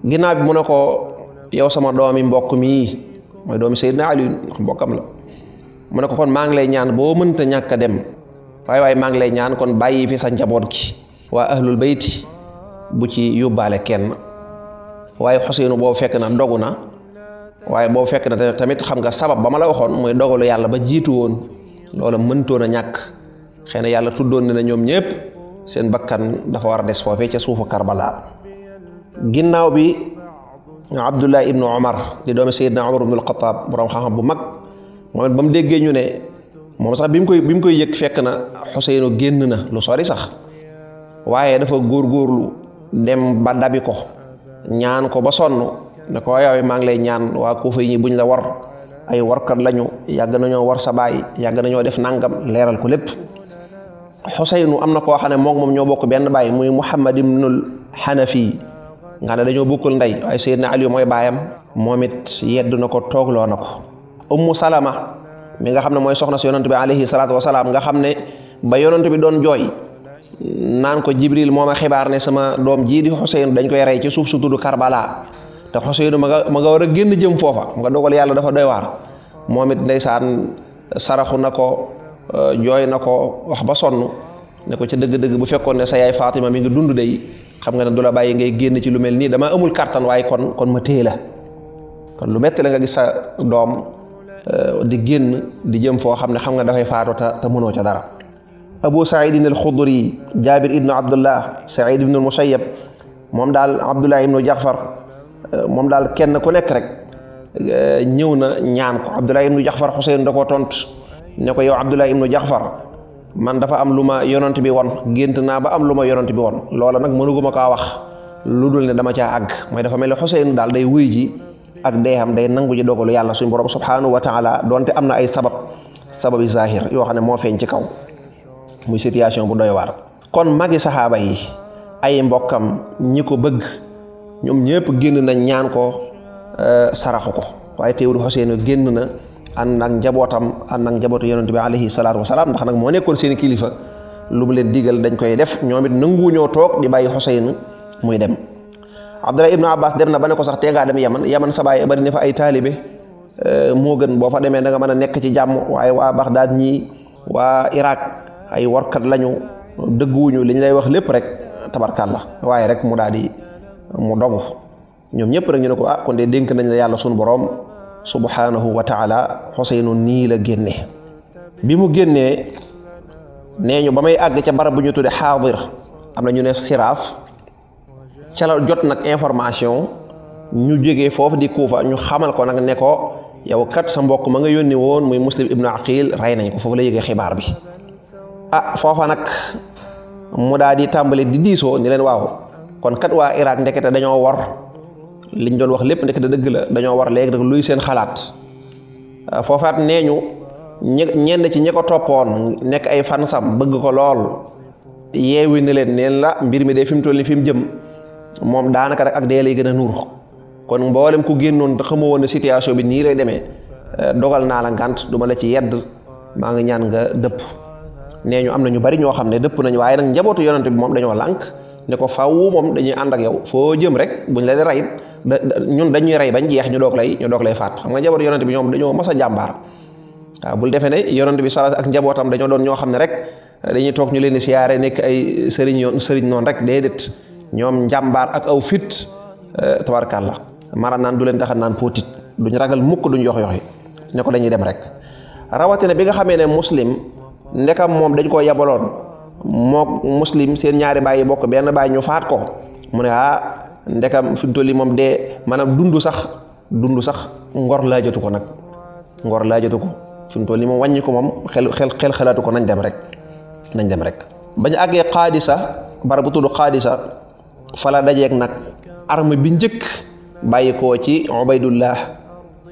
ginnaaw bi mu ne ko yow sama doomi mbokk mii mooy doomi Seydina Ali mbokkam la mu ne ko kon maa ngi lay ñaan boo mënta ñàkk a dem waaye waaye maa ngi lay ñaan kon bàyyi fi sa njaboot ki waa bu ci yóbbaale kenn waaye Xuseenu boo fekk na dogu na waaye boo fekk na tamit xam nga sabab ba ma la waxoon mooy dogalu yàlla ba jiitu woon loola mëntoon a ñàkk xëy na yàlla tuddoon na ñoom ñëpp seen bakkan dafa war a des foofee ca suufu Karbala ginnaaw bi Abdullah ibnu Omar di doomi Seydina Omar ibnul Xataab xam-xam bu mag ñu ne moom sax bi mu koy bi fekk na Xuseynu génn na lu sori sax waaye dafa góorgóorlu dem ba dabi ko ñaan ko ba sonn ne ko waaye maa ngi lay ñaan waa ko yi buñ la war ay warkat lañu yàgg nañoo war sa baay yàgg nañoo def nangam leeral ko lépp Xuseynu am na koo xam ne moom ñoo bokk benn baay muy Muhammad ibnul Xanafi nga ne dañoo bokkul ndey ay Seydina Aliyu mooy baayam moom it yedd na ko toogloo na ko Ummu Salama mi nga xam ne mooy soxna si yonent bi alayhi salaatu wasalaam nga xam ne ba yonent bi doon jooy naan ko jibril moo ma xibaar ne sama doom jii di Xuseyn dañ koy rey ci suuf su tudd Karbala te Xuseyn ma nga ma nga war a génn jëm foofa nga dogal yàlla dafa doy waar moom it ndeysaan saraxu na ko euh, jooy na ko wax ba sonn ne ko ci dëgg-dëgg bu fekkoon ne sa yaay Fatima mi ngi dund dey xam nga ne du la bàyyi ngay génn ci lu mel nii dama amul kàttan waaye kon kon ma téye la kon lu metti la nga gis sa doom euh, di génn di jëm foo xam ne xam nga dafay faatu te mënoo ca dara abu saidin al xudri jaabir ibnu abdullah said ibnu musayab moom daal abdullah ibnu jaxfar euh, moom daal kenn ku nekk rek euh, ñëw na ñaan ko abdullah ibnu jaxfar xuseyn da koo tont ne ko yow abdullah ibnu jaxfar man dafa am lu ma yonant bi won gént naa ba am lu ma yonant bi won loola nag mënuguma kaa wax lu dul ne dama caa àgg mooy dafa mel ne xuseyn daal day wuy ji ak am day nangu ji dogalu yàlla suñ borom subhanahu wa taala donte am na ay sabab sababi zahir yoo xam ne moo feeñ ci kaw muy situation bu doy war kon magi sahaba yi ay mbokam ñi ko bëgg ñom ñepp genn na ñaan ko euh, saraxu ko waye teewul Xuseyn genn na ànd nak njabotam ànd nak njabootu yaronte bi alayhi salatu wassalam ndax nak mo nekkon seen kilifa lu mu leen digal dañ koy def ñomit nangu nanguwuñoo tok di bayyi Xuseyn muy dem Abdullah ibnu Abbas dem na ba ko sax tee dem Yaman Yaman sa baay bari ne fa ay euh mo gën bo fa demee da nga mëna nekk ci jamm waye wa baghdad ñi wa Irak ay warkat lañu dëgguwuñu li lay wax lépp rek tabarkàlla waaye rek mu daal di mu dogu ñoom ñëpp rek ñu ne ko ah kon de dénk nañ la yàlla sunu boroom subhanahu wa taala xuseynu nii la génne bi mu génnee nee ñu ba may àgg ca barab bu ñu tudde xaadir am na ñu ne siraaf ca jot nag information ñu jege foofu di kuufa ñu xamal ko nag ne ko yow kat sa mbokk ma nga yónni woon muy muslim ibnu aqil rey nañ ko foofu la yëgee xibaar bi ah muda mu di di diso ni len waw kon kat wa Irak ndekete dañoo war liñ doon wax lepp ndekete deug la dañoo war leg rek luy seen xalaat ah, foofaat nee ñu ñenn ci ñi ko nek nekk ay fansam bëgg ko lool yeewi ni len neen la mbir mi de fim fim jëm moom daanaka rek ak de lay gëna a kon mboolem ku gennon te xamoo situation bi ni lay deme eh, dogal na la ngànt duma la ci yedd ma nga ñaan nga depp neñu amna ñu bari ño xamne depp nañ waye nak nag njabootu yonante bi mom dañoo lank ne ko faw mom dañuy and ak yow fo jëm rek buñ la ray ñun dañuy ray bañ jeex ñu dok lay ñu dok lay faat xam nga njabootu yonante bi ñom dañoo mas jambar jàmbaar waaw bul defee ne yonante bi salaas ak njabootam dañoo doon ño xamne rek dañuy tok ñu leen di siyaré nek ay sëriñ yoon sëriñ non rek dedet ñom jambar ak aw fit eh, tabarakallah mara nan du leen tax nan potit duñ ragal mukk duñ yox yoxi ne ko dañuy dem rek ne bi nga xamé ne muslim ndekam moom dañ koo yabaloon mook muslim seen ñaari baay bokk benn baay ñu faat ko mu ne ah ndekam fi mu toll moom de maanaam dund sax dund sax ngor laajatu ko nag ngor laajatu ko fi mu toll moom wàññi ko moom xel xel xel xalaatu ko nañ dem rek nañ dem rek. bañ àggee xaadisa barab bu tudd xaadisa fala dajeeg nag arme bi njëkk bàyyi koo ci Ubaydullah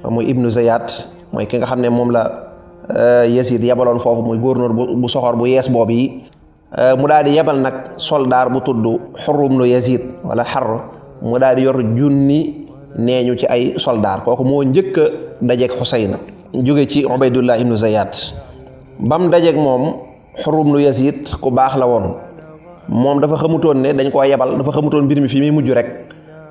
mooy Ibnu Zayat mooy ki nga xam ne moom la. Euh, Yasid yebaloon foofu mu gouverneur bu soxor bu yees boobu yi euh, mu daal di yebal nag soldaar bu tudd Xurrum nu Yasid wala xar mu daal di yor junni nee ñu ci ay soldaar kooku moo njëkk a dajeeg Xusayna jóge ci Ubaydullah ibnu Zayat bam dajeeg moom Xurrum nu Yasid ku baax la woon moom dafa xamutoon ne dañ koo yebal dafa xamutoon mbir mi fi muy mujj rek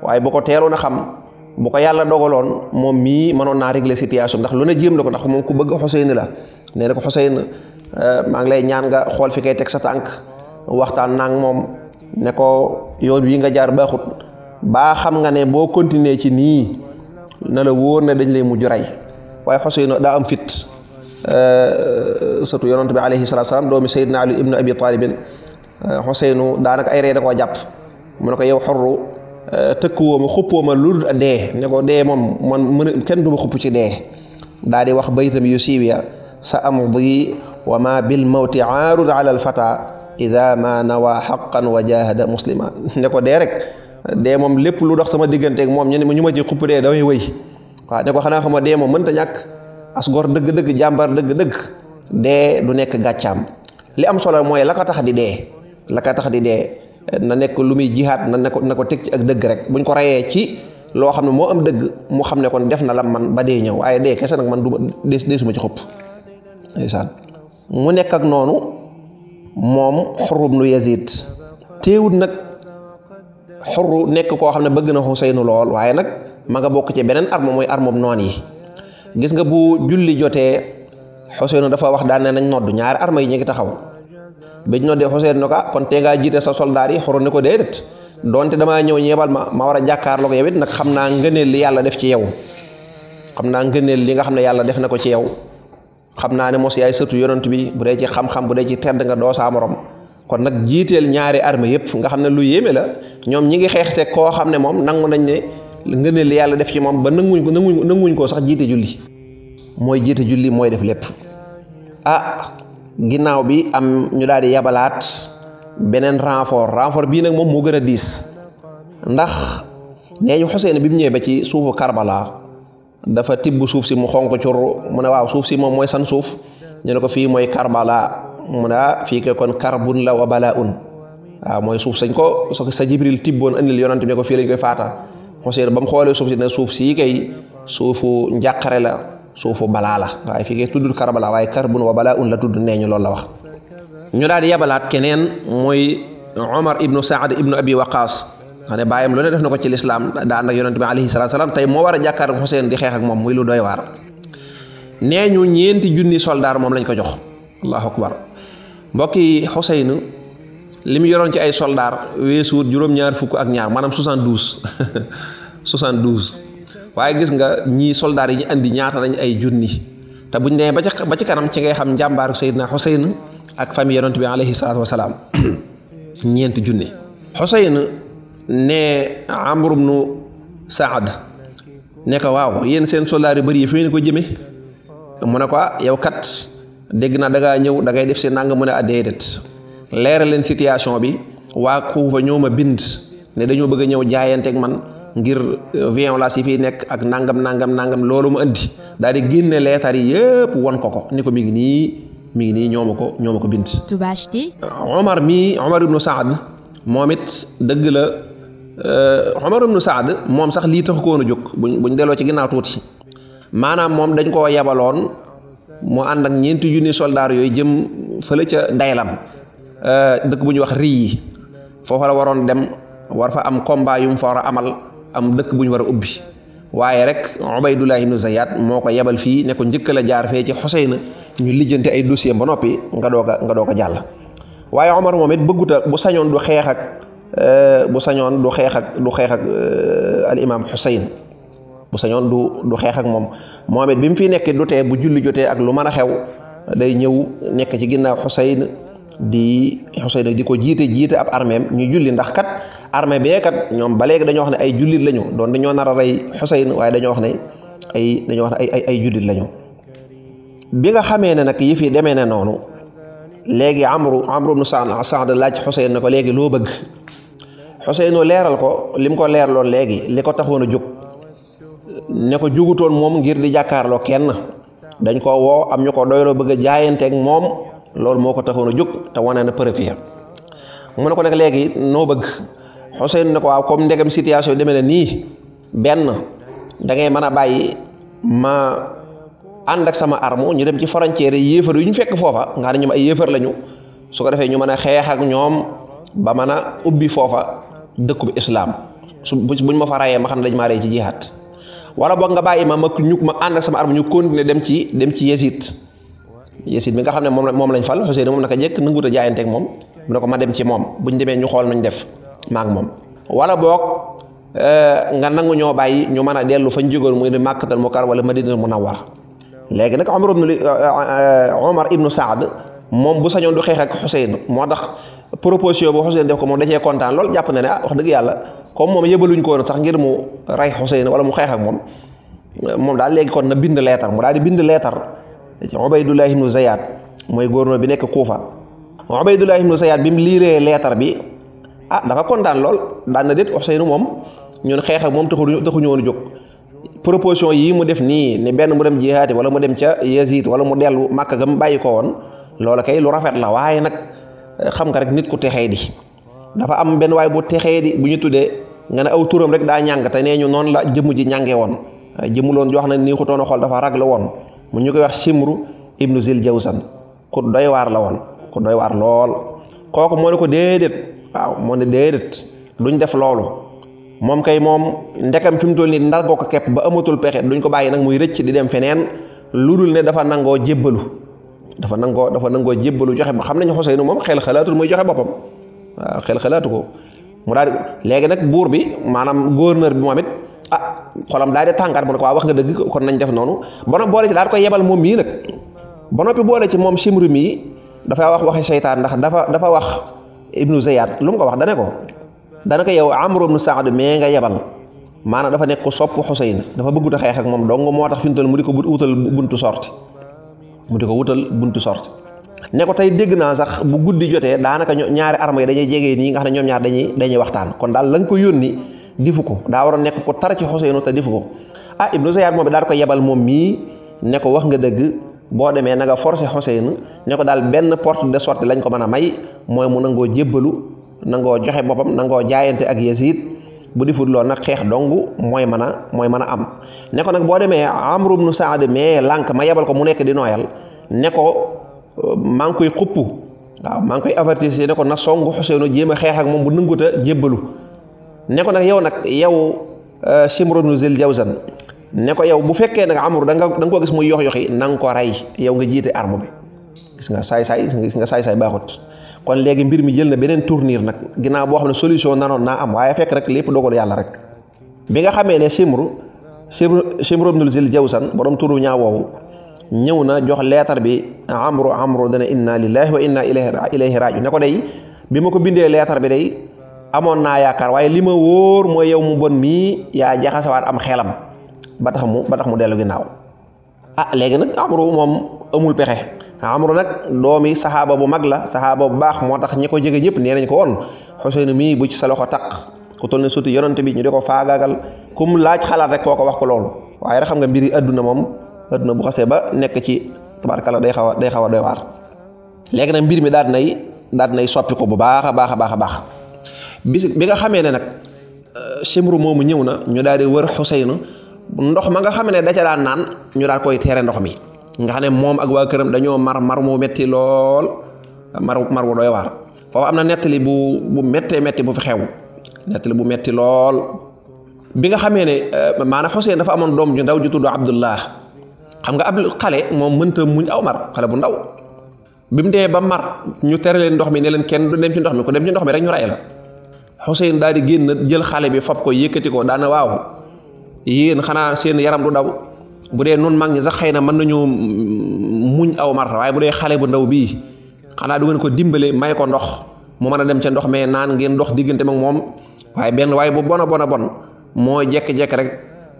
waaye bu ko teeloon a xam bu ko yàlla dogaloon moom mii mënoon naa régler situation ndax lu ne jéem la ko ndax moom ku bëgg Xuseyn la nee na ko Xuseyn euh, maa ngi lay ñaan nga xool fi kay teg sa tànk waxtaan naa moom ne ko yoon wi nga jaar baaxut baa xam nga ne boo continuer ci nii na la wóor ne dañ lay mujj rey waaye Xuseyn daa am fit euh, sëtu yonent bi alayhi salaatu salaam doomi Seydina Ali ibnu Abi Talibin Xuseyn euh, daanaka ay rey koo jàpp mu ne ko yow xorru Euh, tëkkuwoo ma xuppoo ma lu dul dee ne ko dee moom man mën kenn du ma xupp ci dee daa di wax baytam yu siiw ya sa amdi wa ma bil mawti aarud ala al fata ida ma nawa xaqan wa jahada muslima ne ko dee rek dee moom lépp lu dox sama digganteeg moom ñu ne ñu ma ci xupp dee damay wëy waaw ne ko xanaa xama dee moom mënta ñàkk as dëgg-dëgg jàmbar dëgg-dëgg dee du nekk gàccaam li am solo mooy la ko tax di dee la tax di dee na nekk lu muy jihaat na ko na ko teg ci ak dëgg rek ñu ko rayee ci loo xam ne moo am dëgg mu xam ne kon def na la man ba dee ñëw waaye dee kese nag man du ma dee suma ci xëpp ndeysaan mu nekk ak noonu moom xurub nu Yazid teewut nag xurru nekk koo xam ne bëgg na Xuseynu lool waaye nag ma nga bokk ci beneen arme mooy armoom noon yi gis nga bu julli jotee Xuseynu dafa wax daan ne nañ nodd ñaari arme yi ñu ngi taxaw ba ñu noddee Xuseyn ne ko ah, kon tee ngaa jiite sa soldaar yi xoroon ne ko déedéet donte damaa ñëw ñeebal ma ma war a jàkkaarloo ko yow nag xam naa ngëneel li yàlla def ci yow xam naa ngëneel li nga xam ne yàlla def na ko ci yow xam naa ne mos yaay sëtu yonent bi bu dee ci xam-xam bu dee ci tedd nga doo saa morom kon nag jiiteel ñaari arme yëpp nga xam ne lu yéeme la ñoom ñi ngi xeex xeexse koo xam ne moom nangu nañ ne ngëneel li yàlla def ci moom ba nënguñ ko nanguñ nanguñ koo sax jiite julli mooy jiite julli mooy def lépp ah, ginnaaw bi am ñu daal di yabalaat beneen renfort renfort bii nag moom moo gën a diis ndax nee ñu bi mu ñëwee ba ci suufu Karbala dafa tibb suuf si mu xonk cur mu ne waaw suuf si moom mooy san suuf ñu ne ko fii mooy Karbala mu ne fi ah, fii kon karbun la wa balaun un waaw mooy suuf sañ ko so sa Jibril tibboon andil yonante bi ne ko fii lañ koy faata xoseen ba mu xoolee suuf si ne suuf sii kay suufu njàqare la sofo balala la waaye fi ngay tuddul karbala way karbun wa balaun la tudd neñu lol la wax ñu dal yabalat keneen ibnu saad ibnu abi Waqas, ane bayem lo ne def nako ci l'islam da nak yaronte bi alayhi salatu salaam tay mo wara a hussein di xex ak mom muy lu doy war neñu ñu ñeenti junni soldar mom lañ ko jox allahu akbar mbokki hussein li yoron ci ay soldar ñaar fuk ak ñaar manam 72 72 waye gis nga ñi soldat yi ñi andi ñaata lañ ay jooni ta buñ demee ba ci kanam ci ngay xam njàmbaaru Seydina Xuseyn ak fami yaronte bi alayhi salatu wasalaam ñent jooni Xuseyn ne Amr ibn Saad ne ko waaw yeen seen soldat yu bari yi fu ko jëme mu ne ko ah, yow kat dégg na daga ñew da ngay def ci nang mu ne ah, déedéet leeral leen situation bi wa Kuufa ñoo ma bind ne dañu bëgg ñew jaayante ak man ngir eh, vin la si ak nangam nangam nangam lolou mu andi daal di lettre yépp won koko niko mi ngi ni mi ngi ni ñomako ñomako bint Tubashti. Euh, Omar mi Omar ibnu Saad momit deug la euh Omar ibnu Saad mom sax li tax ko a jóg buñ delo ci ginaaw tuti manam mom dañ ko yabalon mu and ak ñent junni soldaar yoy jëm fele ca Ndaylam euh dekk buñ wax ri fofu la waron dem war fa am combat yum fa amal. am dëkk bu ñu war a ubbi waaye rek Ubaydullah ibnu Ziyad moo ko yebal fii ne ko njëkkal a jaar fee ci Xuseyna ñu lijjante ay dossier ba noppi nga doog a nga doog a jàll waaye Omar moom it bëgguta bu sañoon du xeex ak euh, bu sañoon du xeexak ak du xeex ak euh, al imaam Xuseyn bu sañoon du du xeex moom moom it bi mu fi nekk du tee bu julli jotee ak lu mën a xew day ñëw nekk ci ginnaaw Xuseyn di Xuseyn di ko jiite jiite ab armeem ñu julli ndax kat armée bi kat ñoom ba léegi dañoo wax ne ay jullit lañu doon dañoo nar a rey Xuseyn waaye dañoo wax ne ay dañoo wax ne ay ay jullit lañu bi nga xamee ne nag yi yi demee ne noonu léegi amru amru ibnu Saad laaj Xuseyn ne ko léegi loo bëgg leeral ko li mu ko leerloon léegi li ko taxoon a jóg ne ko jugutoon moom ngir di jàkkaarloo kenn dañ ko woo am ñu ko doyloo bëgg a jaayanteeg moom loolu moo ko taxoon a jóg te wane na preuve mu ne ko nag léegi noo bëgg Hussein ne ko waaw comme ndegam situation demene ni na da ngay meuna bayyi ma andak ak sama armo ñu dem ci frontière yi yéefar yu ñu fekk fofa nga ñu ay yéefar lañu su ko defé ñu meuna xex ak ñom ba meuna ubbi fofa dekk bi islam buñ ma fa rayé ma xam ne dañ maa rey ci jihad wala boog nga bayyi ma mak ñuk ma andak ak sama armo ñu continuer dem ci dem ci Yezid Yezid bi nga xamne mom mom lañ fal Xuseyn mom naka jekk nanguut jaayante ak mom mu ne ko ma dem ci mom buñ démé ñu xol nuñ def mak mom wala boog eh, nga nangu ñoo bayyi ñu mëna a dellu fañ jógoon muy di makatal mu wala madinatal munawwar léegi nak omar ibnu eh, eh, umar ibn saad mom bu sañon du xex ak xuseyn moo tax proposition bu xuseyn def ko mom da cee content lol japp na ne ah, wax deug yalla comme mom yebaluñ ko sax ngir mu ray xuseyn wala mu xex ak mom mom daal léegi kon na bind lettre mu daal di bind lettre ci ubaydullah ibnu zayyad moy gorno bi nek kufa ubaydullah ibn zayyad bim mu lettre bi ah dafa kontaan lool daan na déet Ousseynou moom ñun xeex ak moom taxu taxuñu woon yii mu def nii ne benn mu dem jihaati wala mu dem ca Yazid wala mu dellu Màkka ga mu bàyyi ko woon loola kay lu rafet la waaye nag eh, xam nga rek nit ku texee di dafa am benn waay bu texee di bu ñu tuddee nga ne aw turam rek daa ñàng te nee ñu noonu la jëmm ji ñàngee woon eh, jëmmu loon joo na ne nii xutoon a xool dafa raglu woon mu ñu koy wax Simru ibnu Zil Jawsan ku doy waar la woon ku doy waar lool kooku moo waaw moo ne déedéet duñ def loolu moom kay moom ndekam fi mu toll nii ndar ko kepp ba amatul pexe duñ ko bàyyi nag muy rëcc di dem feneen lu dul ne dafa nangoo jébbalu dafa nangoo dafa nangoo jébbalu joxe xam nañu Xuseynu moom xel xalaatul muy joxe boppam waaw xel xalaatu ko mu daal di léegi nag buur bi maanaam góor gouverneur bi moom it ah xolam daal di tànkaat mu ne ko waa wax nga dëgg kon nañ def noonu ba noppi boole ci daal koy yebal moom mii nag ba noppi boole ci moom ndax dafa dafa wax. ibnu zayat lu mu ko wax dane ko dane ko yow amru ibnu saad mee nga yebal maanaam dafa nekk ko sopp xuseyn dafa bëggut a xeex ak moom dong moo tax fi mu toll mu di ko wutal buntu sorti ne ko tey dégg naa sax bu guddi jotee daanaka ñaari arme yi dañuy jege nii nga xam ñoom ñaar dañuy dañuy waxtaan kon daal la nga ko yónni difu ko daa a nekk ko tar ci xuseynu te difu ko ah ibnu zayat moom bi daal ko yebal moom mii ne ko wax nga dëgg boo demee na nga forcé Xuseynu ne ko daal benn porte de sortie lañ ko mën a may mooy mu nangoo jébbalu nangoo joxe boppam nangoo jaayante ak Yasiid bu defut loolu nag xeex dong mooy mën a mooy mën a am ne nag boo demee Amru bnu Saad mais lànk ma yebal ko mu nekk di nooyal ne ko euh, maa ngi koy xupp waaw maa ngi koy avertir ne ko na songu Xuseynu jéem a xeex ak moom bu nangut a jébbalu ne ko nag yow nag yow euh, Simru bnu Zil Jawzan ne ko yow bu fekkee nag amur da nga da nga gis muy yox yoxi na nga ko rey yow nga jiite arme bi gis nga saay-saay gis nga saay-saay baaxut kon léegi mbir mi jël na beneen tournure nag ginnaaw boo xam ne solution nanoon naa am waaye fekk rek lépp dogal yàlla bi nga xamee ne simru simru ibnul zil jawsan borom turu ñaaw woowu ñëw na jox leetar bi amru amru dana inna lillahi wa inna ilayhi raaju ne ko day bi ma ko bindee leetar bi day amoon naa yaakaar waaye li ma wóor mooy yow mu bon mii yaa jaxasawaat am xeelam ba tax mu ba tax mu dellu ginnaaw ah léegi nag amru moom amul pexe amru nag doomi saxaaba bu mag la saxaaba bu baax moo tax ñi ko jege ñëpp nee nañ ko woon Xuseyn mii bu ci sa loxo taq ku toll ne suuti yonante bi ñu di ko faagaagal kum laaj xalaat rek koo ko wax ko loolu waaye rek xam nga mbiri adduna moom adduna bu xasee ba nekk ci tabarkala day xaw a day xaw a doy waar nag mbir mi daal nay daal nay soppi ko bu baax a baax a baax a baax bis bi nga xamee ne nag euh, Simru moomu ñëw na ñu daal di wër Xuseyn ndox ma nga xam ne da ca naan ñu daal koy teere ndox mi nga xam ne moom ak waa këram dañoo mar mar mu metti lool mar mar wu doy waar foofu am na nettali bu bu méttee métti bu fi xew nettali bu metti lool bi nga xamee ne eh, maanaam Xuseen dafa amoon doom ju ndaw ju tudd Abdullah xam nga ab xale moom mënta muñ aw mar xale bu ndaw bi mu dee ba mar ñu tere leen ndox mi ne leen kenn du dem ci ndox mi ku dem ci ndox mi rek ñu ray la Xuseen daal di génn jël xale bi fab ko yëkkati ko daana waaw yii yéen xanaa seen yaram du daw bu dee nun mag ñi sax xëy na mën nañu muñ aw mar waaye bu dee xale bu ndaw bii xanaa du ngeen ko dimbale may ko ndox mu mën a dem ca ndox mais naan ngeen ndox diggante mag moom waaye benn waaye bu bon a bon a bon moo jekk-jekk rek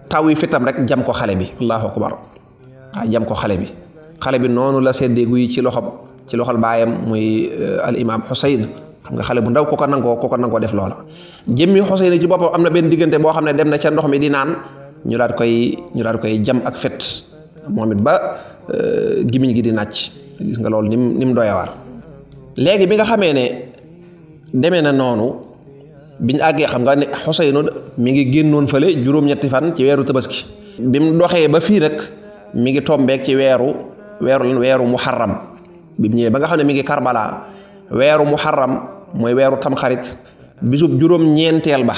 taw yi fitam rek jam ko xale bi allahu akbar waaw jam ko xale bi xale bi noonu la seddee guy ci loxo ci loxol baayam muy euh, al imam Xuseyn xam nga xale bu ndaw nango ko ko nango def loola jëmmi Xuseyn ci bopam amna na benn bo xamne dem na ci ndox mi di naan ñu daal koy ñu daal koy jam ak fet momit ba euh, gimiñ gi di nacc gis nga lol nim nim doya war legi bi nga xamé ne demee na nonu biñ agge xam nga ne Xuseynu mi ngi gennon fele juróom-ñetti fan ci wéru tabaski bim doxé ba fi nag mi ngi tombé ci wéru wéru lan wéru muharram bim mu ba nga mi ngi karbala wéru muharram mooy weeru tamxarit bisub juróom-ñeenteel ba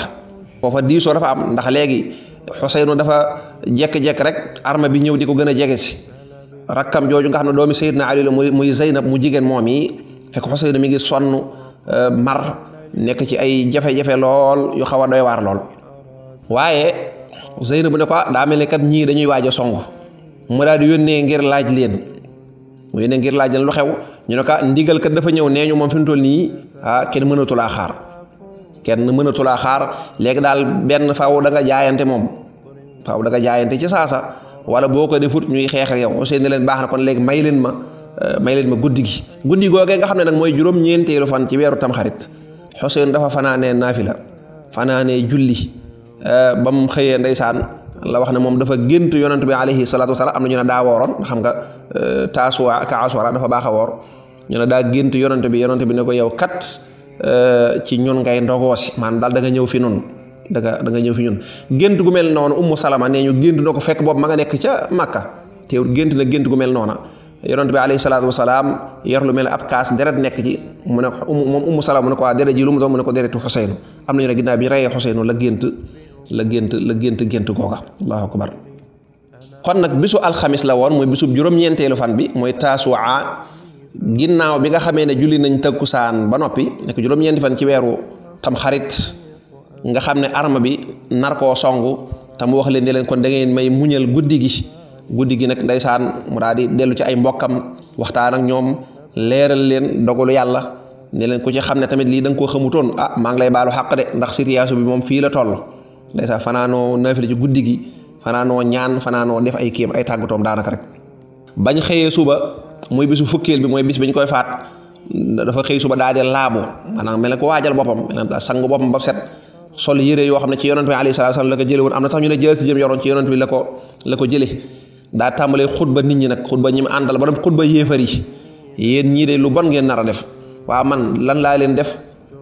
foofa diisoo dafa am ndax léegi xoseynu dafa jekk-jekk rek arma bi ñëw di ko gën a jege si rakkam jooju nga xam ne doomi Seydina Ali la muy muy Zeynab mu jigéen moom yi fekk xoseynu mi ngi sonn euh, mar nekk ci ay jafe-jafe lool yu xaw a doy waar lool waaye Zeynab bu ne ko ah, daa mel ne kat ñii dañuy waaj a song mu daal di yónnee ngir laaj leen mu yéene ngir laaj lu xew ñu ne ka ah, ndigal kat dafa ñëw nee ñu moom fi mu toll nii ah kenn mënatulaa xaar kenn mënatulaa xaar léegi daal benn faaw da nga jaayante moom faaw da nga jaayante ci saasa wala boo ko defut ñuy xeex ak yow aussi ne leen baax na kon léegi may leen euh, may leen ma guddi gi guddi googee nga xam ne nag mooy juróom-ñeenteelu ci weeru tamxarit Xuseyn dafa fanaanee naafila fanaanee julli euh, ba mu xëyee ndeysaan la wax ne moom dafa gént yonent bi alayhi salatu wasalaam am na ñu ne daa wooroon xam nga euh, taasuwa ka aswara dafa baax a woor ñu ne daa gént yonent bi yonent bi ne ko yow kat euh, ci ñun ngay ndogoo si maanaam daal da nga ñëw fi nun da nga da nga ñëw fi ñun gént gu mel noonu ummu salama nee ñu gént na ko fekk boobu ma nga nekk ca màkka teewul gént na gént gu mel noona yonent bi alayhi salatu wasalaam yor lu mel ab kaas deret nekk ci mu ne ko moom ummu salama mu ne ko waa deret ji lu mu doon mu ne ko deretu xuseynu am na ñu ne ginnaaw bi ñu xuseynu la gént la gént la gént gént googa allahu akbar kon nag bisu alxamis la woon bisu bisub juróom-ñeenteelu fan bi mooy taasuwaa ginnaaw bi nga xamee ne julli nañ takkusaan ba noppi nekk juróom-ñeenti fan ci weeru tam xarit nga xam ne arme bi nar koo songu tam wax leen ne leen kon da ngeen may muñal guddi gi guddi gi nag ndeysaan mu daal di dellu ci ay mbokkam waxtaan ak ñoom leeral leen dogalu yàlla ne leen ku ci xam tamit lii da nga koo ah maa ngi lay baalu xàq de ndax situation bi moom fii la toll ndaysa fanano naafila ci guddi gi fanaanoo ñaan fanano def ay kiyam ay tagutom tàggatoom daanaka rek bañ xëyee suba moy bisu fukkeel bi moy bis biñ koy faat dafa xey suba daade di laabu maanaam mel ko wajal bopam manam ne sang bopam ba set sol yere yo xamne ci yonent bi sallallahu alaihi wasallam la ko jele won amna sax ñu ne jël ci jëm yoroon ci yonent bi la ko la ko jele da tambale khutba nit ñi nak khutba ñi andal ba dem khutba yéefar yeen ñi de lu ban ngeen nara def wa man lan la leen def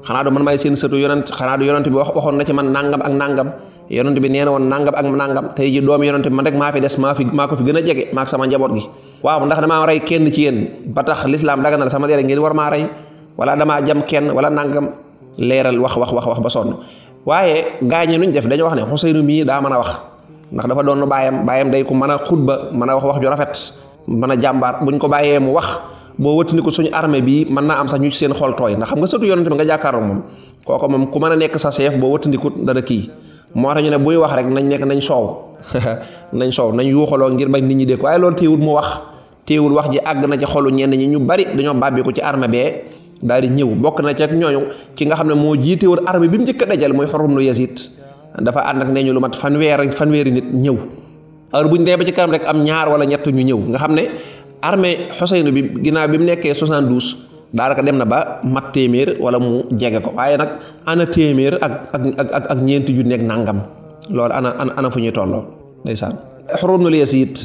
xana do man may seen sëtu yonent xana do yonent bi wax waxon na ci man nangam ak nangam yonent bi neena won nangam ak nangam tay ji doom yonent man rek ma fi dess ma fi ma ko fi gëna jégué jege maak sama njabot gi waaw ndax dama ray kenn ci yeen ba tax lislaam daganal sama dér ngeen war ma ray wala dama jam kenn wala nangam leeral wax wax wax wax ba son waye gañu nuñ def dañu wax ne husaynu mi da mëna wax ndax dafa doon bayam bayam day ku mëna khutba mëna wax wax ju rafet mëna jambar buñ ko bayé mu wax boo wëtti ko suñu armee bi mën naa am sax ñu ci seen xol tooy ndax xam nga sëtu yonent bi nga jàkkaaroo moom kooku moom ku mën a nekk sa chef boo wëttandiku dana kii moo ñu ne buy wax rek nañ nekk nañ soow nañ soow nañ yuuxaloo ngir bañ nit ñi dégg ko waaye loolu téewul mu wax téewul wax ji àgg na ci xolu ñenn ñi ñu bari dañoo bàbbi ko ci bee daal di ñëw bokk na ci ñooñu ki nga xam ne moo jiite woon armée bi mu njëkk a dajal mooy Xurrum nu Yasid dafa ànd ak nee ñu lu mat fanweer fanweeri nit ñëw heure buñ dee ba ci kanam rek am ñaar wala ñett ñu ñëw nga xam ne armée Xuseynu bi ginnaaw bi mu nekkee 72 daanaka dem na ba mat téeméer wala mu jege ko waaye nag ana téeméer ak ak ak ak ñeenti ju nekk nangam loolu ana ana fu ñuy tolloo ndeysaan. Xurun nul Yasiid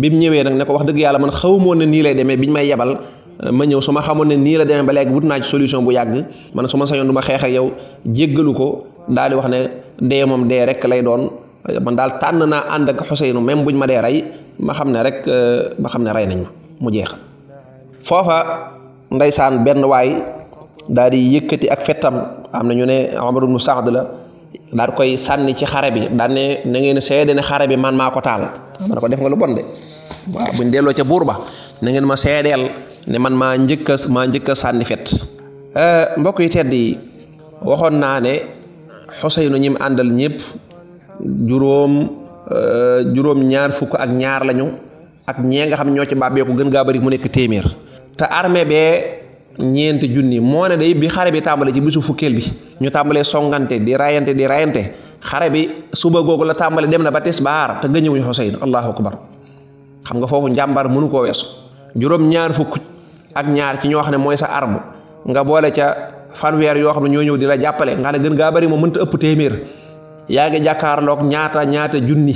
bi mu ñëwee nag ne ko wax dëgg yàlla man xawmoon ne nii lay demee bi ñu may yebal. Eh, ma ñëw su ma xamoon ne nii la demee ba léegi wut naa solution bu yàgg man su ma sañoon du ma xeex ak yow jéggalu ko daal di wax ne dee moom dee rek lay doon eh, man daal tànn naa ànd ak Xuseynu même buñ ma rey ma xam ne rek euh, ma xam ne rey nañ ma mu jeex foofa ndeysaan benn waay daal di yëkkati ak fettam am na ñu ne Omar ibn Saad la daal koy sànni ci xare bi daan ne na ngeen seede ne xare bi man maa ko taal ma ne ko def nga lu bon de waaw buñ delloo ca buur ba nangeen ma seedeel ne man maa njëkk a maa njëkk sànni fet euh, mbokk yi tedd yi waxoon naa ne Xuseynu ñim àndal ñëpp juróom Eh, juróom ñaar fukk ak ñaar lañu ak ñee nga xam ñoo ci ko gën gaa bari mu nekk téeméer te armée bee ñeenti junni moo ne day bi xare bi tàmbale ci bisu fukkeel bi ñu tàmbalee songante di rayante di rayante xare bi suba googu la tàmbale dem na ba tes baar te gëñëwuñu xoseyn allahu akbar xam nga foofu njàmbar mënu koo weesu juróom ñaar fukk ak ñaar ci ñoo xam ne mooy sa arme nga boole ca fanweer yoo xam ne ñoo ñëw di la jàppale nga ne gën gaa bari moo mënta ëpp téeméer yaa ngi jàkkaarloog ñaata ñaata junni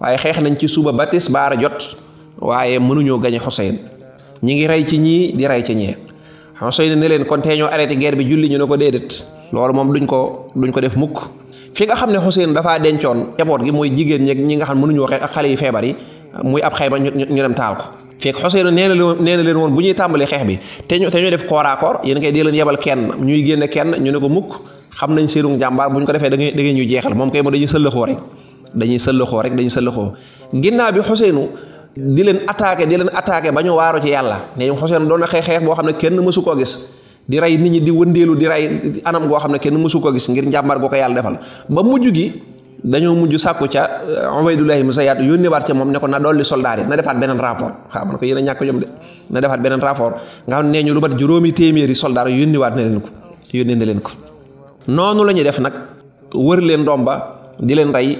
waaye xeex nañ ci suba ba tisbaar jot waaye mënuñoo gañe Xuseyn ñi ngi rey ci ñii di rey ci ñee Xuseyn ne leen kon tee ñoo arrêté guerre bi julli ñu ne ko dee déedéet loolu moom duñ ko duñ ko def mukk fi nga xam ne Xuseyn dafaa dencoon njaboot gi mooy jigéen ñi ñi nga xam mënuñoo xeex ak xale yi feebar yi muy ab xayma ñu ñu dem taal ko fekk Xuseyn nee na leen leen woon bu ñuy tàmbalee xeex bi te ñu te ñu def kooraakoor yéen kay dee leen kenn ñuy génne kenn ñu ne ko mukk xam nañ seenug jàmbaar bu ñu ko defee da ngay da ngay ñu jeexal moom kay mo dañuy sëllëxoo rek dañuy sëllëxoo rek dañuy sëllëxoo ginnaaw bi Xuseynu di leen attaqué di leen attaqué ba ñu waaro ci yàlla ne ñu Xuseynu doon na xeex xeex boo xam ne kenn mësu koo gis di rey nit ñi di wëndeelu di rey anam goo xam ne kenn mësu koo gis ngir njàmbaar goo ko yàlla defal ba mujj gi dañoo mujj sàkku ca euh, ca moom ne ko na dolli soldaar yi na defaat beneen rapport xaa man ko yéen a ñàkk jom de na defaat beneen rapport nga xam ne nee ñu lu mat juróomi téeméeri soldaar yónnewaat na leen ko yónnee na leen ko noonu la ñuy def nag wër leen ba di leen rey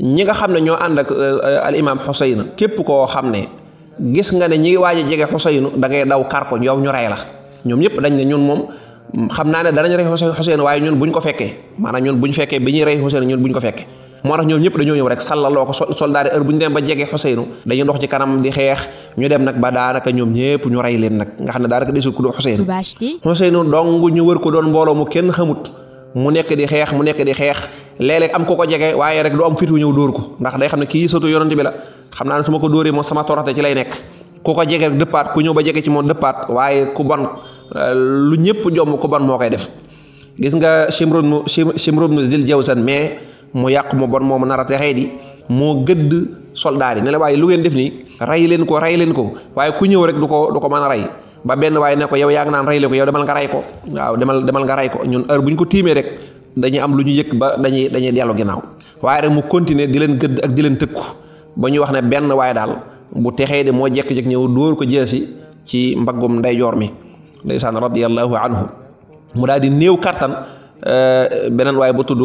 ñi nga xam ne ñoo ànd ak euh, al imaam Xuseynu képp koo xam ne gis nga ne ñi ngi waaj a jege Xuseynu da ngay daw kar ko yow ñu rey la ñoom ñëpp dañ ne ñun moom xam naa ne danañ rey Xuseynu waaye ñun buñ ko fekkee maanaam ñun buñ fekkee bi ñuy rey Xuseynu ñun ko fekkee moo tax ñoom ñëpp dañoo ñëw rek sallaloo ko soldaari heure bu ñu dem ba jege Xuseynu dañuy dox ci kanam di xeex ñu dem nag ba daanaka ñoom ñëpp ñu rey leen nag nga xam ne daanaka desul ku dul Xuseynu Xuseynu dong ñu wër ko doon mbooloo mu nekk di xeex mu nekk di xeex léeg-léeg am ko ko jege waaye rek du am fitu ñëw dóor ko ndax day xam ne kii sotu yonent bi la xam naa ne su ma ko dóoree moom sama toroxte ci lay nekk ku ko jege rek dëppaat ku ñëw ba jege ci moom dëppaat waaye ku bon lu ñëpp jom ku bon moo koy def gis nga chimron shimrun mu dil jawsan mais mu yàq mu bon moomu nar a texee di moo gëdd soldat yi ne la waaye lu ngeen def ni ray leen ko ray leen ko waaye ku ñëw rek du ko du ko mën a ba benn waaye ne ko yow yaa ngi naan reyle ko yow demal nga ray ko waaw demal demal nga ray ko ñun heure bu ñu ko tiimee rek dañuy am lu ñu yëkk ba dañuy dañuy dellu ginnaaw waaye rek mu continuer di leen gëdd ak di leen tëkku ba ñu wax ne benn waaye daal bu texee de moo jekk-jekk ñëw dóor ko si ci mbaggum ndeyjoor mi ndeysaan radiyallahu anhu mu daal di néew kattan euh, beneen waaye bu tudd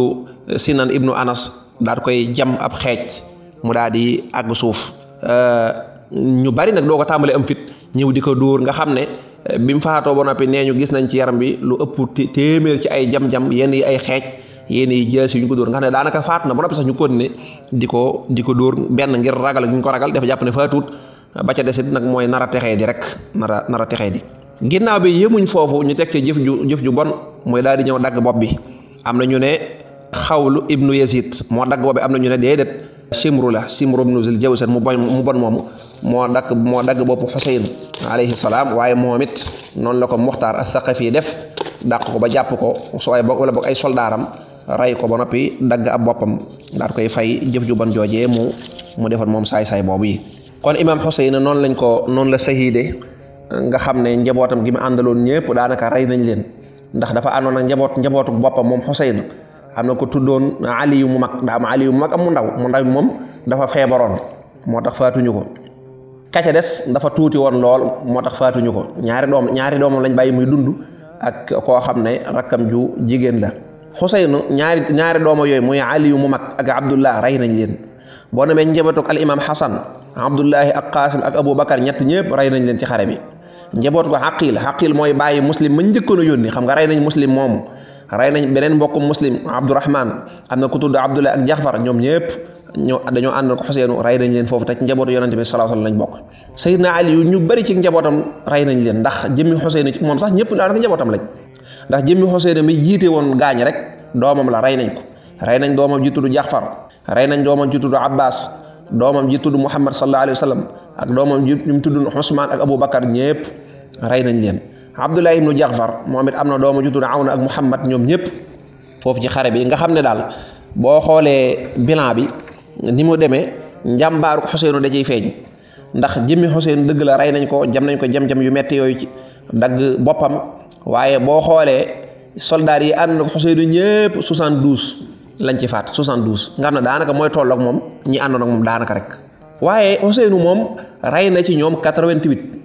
sinan ibnu anas daal koy jam ab xeej mu daal di àgg suuf euh, ñu bari nag doo ko tàmbalee am fit ñëw di ko dóor nga xam ne eh, bi mu faatoo ba noppi nee ñu gis nañ ci yaram bi lu ëpp téeméer ci ay jam-jam yenn yi ay xeej yenn yi jël si yu ñu ko dóor nga xam ne daanaka faat na ba noppi sax ñu continuer di ko di ko dóor benn ngir ragal gi ñu ko ragal def jàpp ne faatuut ba ca desit nag mooy nar a texee di rek nar a nar a texee di ginnaaw bi yëmuñ foofu ñu teg ci jëf ju jëf ju bon mooy daal di ñëw dagg bopp bi am na ñu ne xawlu ibnu yazid moo dagg bopp bi am na ñu ne déedéet simru la simru ibnu zil jawsan mu bon mu bon moomu moo dakk moo dagg boppu xuseyn alayhi salaam waaye moom it noonu la ko muxtaar a saqafi def daq ko ba jàpp ko soo ay wala boog ay soldaaram rey ko ba noppi dagg ab boppam daat koy fay jëf ju bon joojee mu mu defoon moom saay-saay boobu yi kon imam xuseyn noonu lañ ko noonu la sahiide nga xam ne njabootam gi àndaloon ñëpp daanaka rey nañ leen ndax dafa àndoon ak njaboot njabootuk boppam moom xuseyn am na ko tuddoon ali yu mu mag ndaa am ali yu mu mag am mu ndaw mu ndaw moom dafa feebaroon moo tax faatuñu ko kaca des dafa tuuti woon lool moo tax faatuñu ko ñaari doom ñaari doomam lañ bàyyi muy dund ak koo xam ne rakkam ju jigéen la xuseynu ñaari ñaari dooma yooyu muy aliyu mu mag ak abdullah rey nañ leen boo demee njabootu al imam xasan abdullahi ak qaasim ak abou bakar ñett ñëpp ray nañ leen ci xare bi njaboot ko xaqil xaqil mooy bàyyi muslim ma njëkkoon a yónni xam nga rey nañ muslim moomu rey nañ beneen muslim Abdurrahman, amna ku tuddu abdullah ak jaxfar ñom ñepp ñoo dañoo and ak husaynu ray nañ leen fofu te njabot yonante bi sallallahu alaihi wasallam lañ bok sayidna ali yu ñu bari ci njabotam ray nañ leen ndax jëmmi xuseenu mom sax ñëpp daanaka njabotam lañ ndax jëmmi husaynu mi jité won gañ rek domam la ray nañ ko ray nañ domam ji tudd jaxfar nañ domam ji abbas domam ji muhammad sallallahu Alaihi Wasallam, ak domam ji ñu tuddu usman ak abubakar bakar ray nañ leen abdullah ibnu jaxfar momit amna doomu ju awna ak muhammad ñom ñep fofu ci xare bi nga xamne dal bo boo bilan bi ni mo demee njambaru xoseenu da ciy feñ ndax jëmi xoseenu deug la ray nañ ko jam nañ ko jam-jam yu metti yoy ci dag bopam waye bo xoolee soldat yi and ak xoseenu ñep 72 lañ ci faat 72 nga xam danaka moy tollok mom ñi and ak mom danaka rek waye xoseenu mom ray na ci ñom 88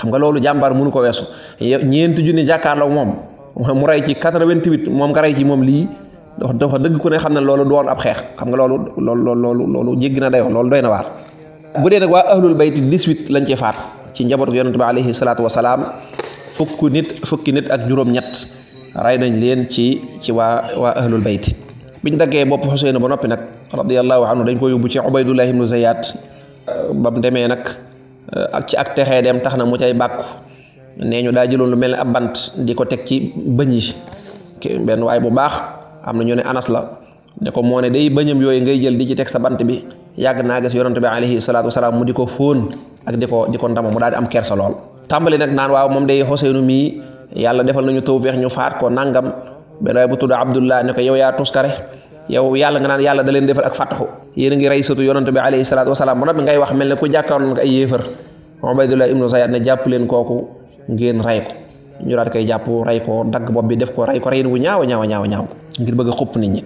xam nga loolu jàmbaar mënu ko weesu ñeenti junni jàkkaarloo moom mu rey ci 88 moom nga rey ci moom lii dafa dafa dëgg ku ne xam ne loolu doon ab xeex xam nga loolu loolu loolu loolu na dayoo loolu doy na waar bu dee nag waa ahlul bayti 18 lañ ci faat ci njabootu yonent bi alayhi salaatu wasalaam fukki nit nit ak juróom-ñett rey nañ leen ci ci waa waa ahlul bayti biñ daggee bopp Xuseyn ba noppi nag radiyallahu anhu dañ ko yóbbu ci Ubaydullah ibnu Ziyad ba mu demee nag ak ci ak texe dem tax na mu cay bàkku nee ñu daa jëloon lu mel ni ab bant di ko teg ci bëñ yi benn waay bu baax am na ñu ne anas la ne ko moo ne day bëñam yooyu ngay jël di ci teg sa bant bi yàgg naa gis yonante bi alayhi salaatu wasalaam mu di ko fóon ak di ko di ko ndama mu daal di am kersa lool tàmbali nag naan waaw moom day xoseenu mii yàlla defal nañu tawfeex ñu faat ko nangam benn waay bu tudd abdullah ne ko yow yaa tuskare yow yalla nga nan yalla da leen defal ak fatahu yéen ngi ray satu yonante bi alayhi salatu wassalam mo noppi ngay wax melni ne ku jakkaron nga ay yefer Ubaydullah ibn zayd ne japp len koku ngeen ray ko ñu rat kay japp ray ko dag bopp bi def ko ray ko ray wu ñaaw ñaaw ñaaw ñaaw ngir bëgg xop nit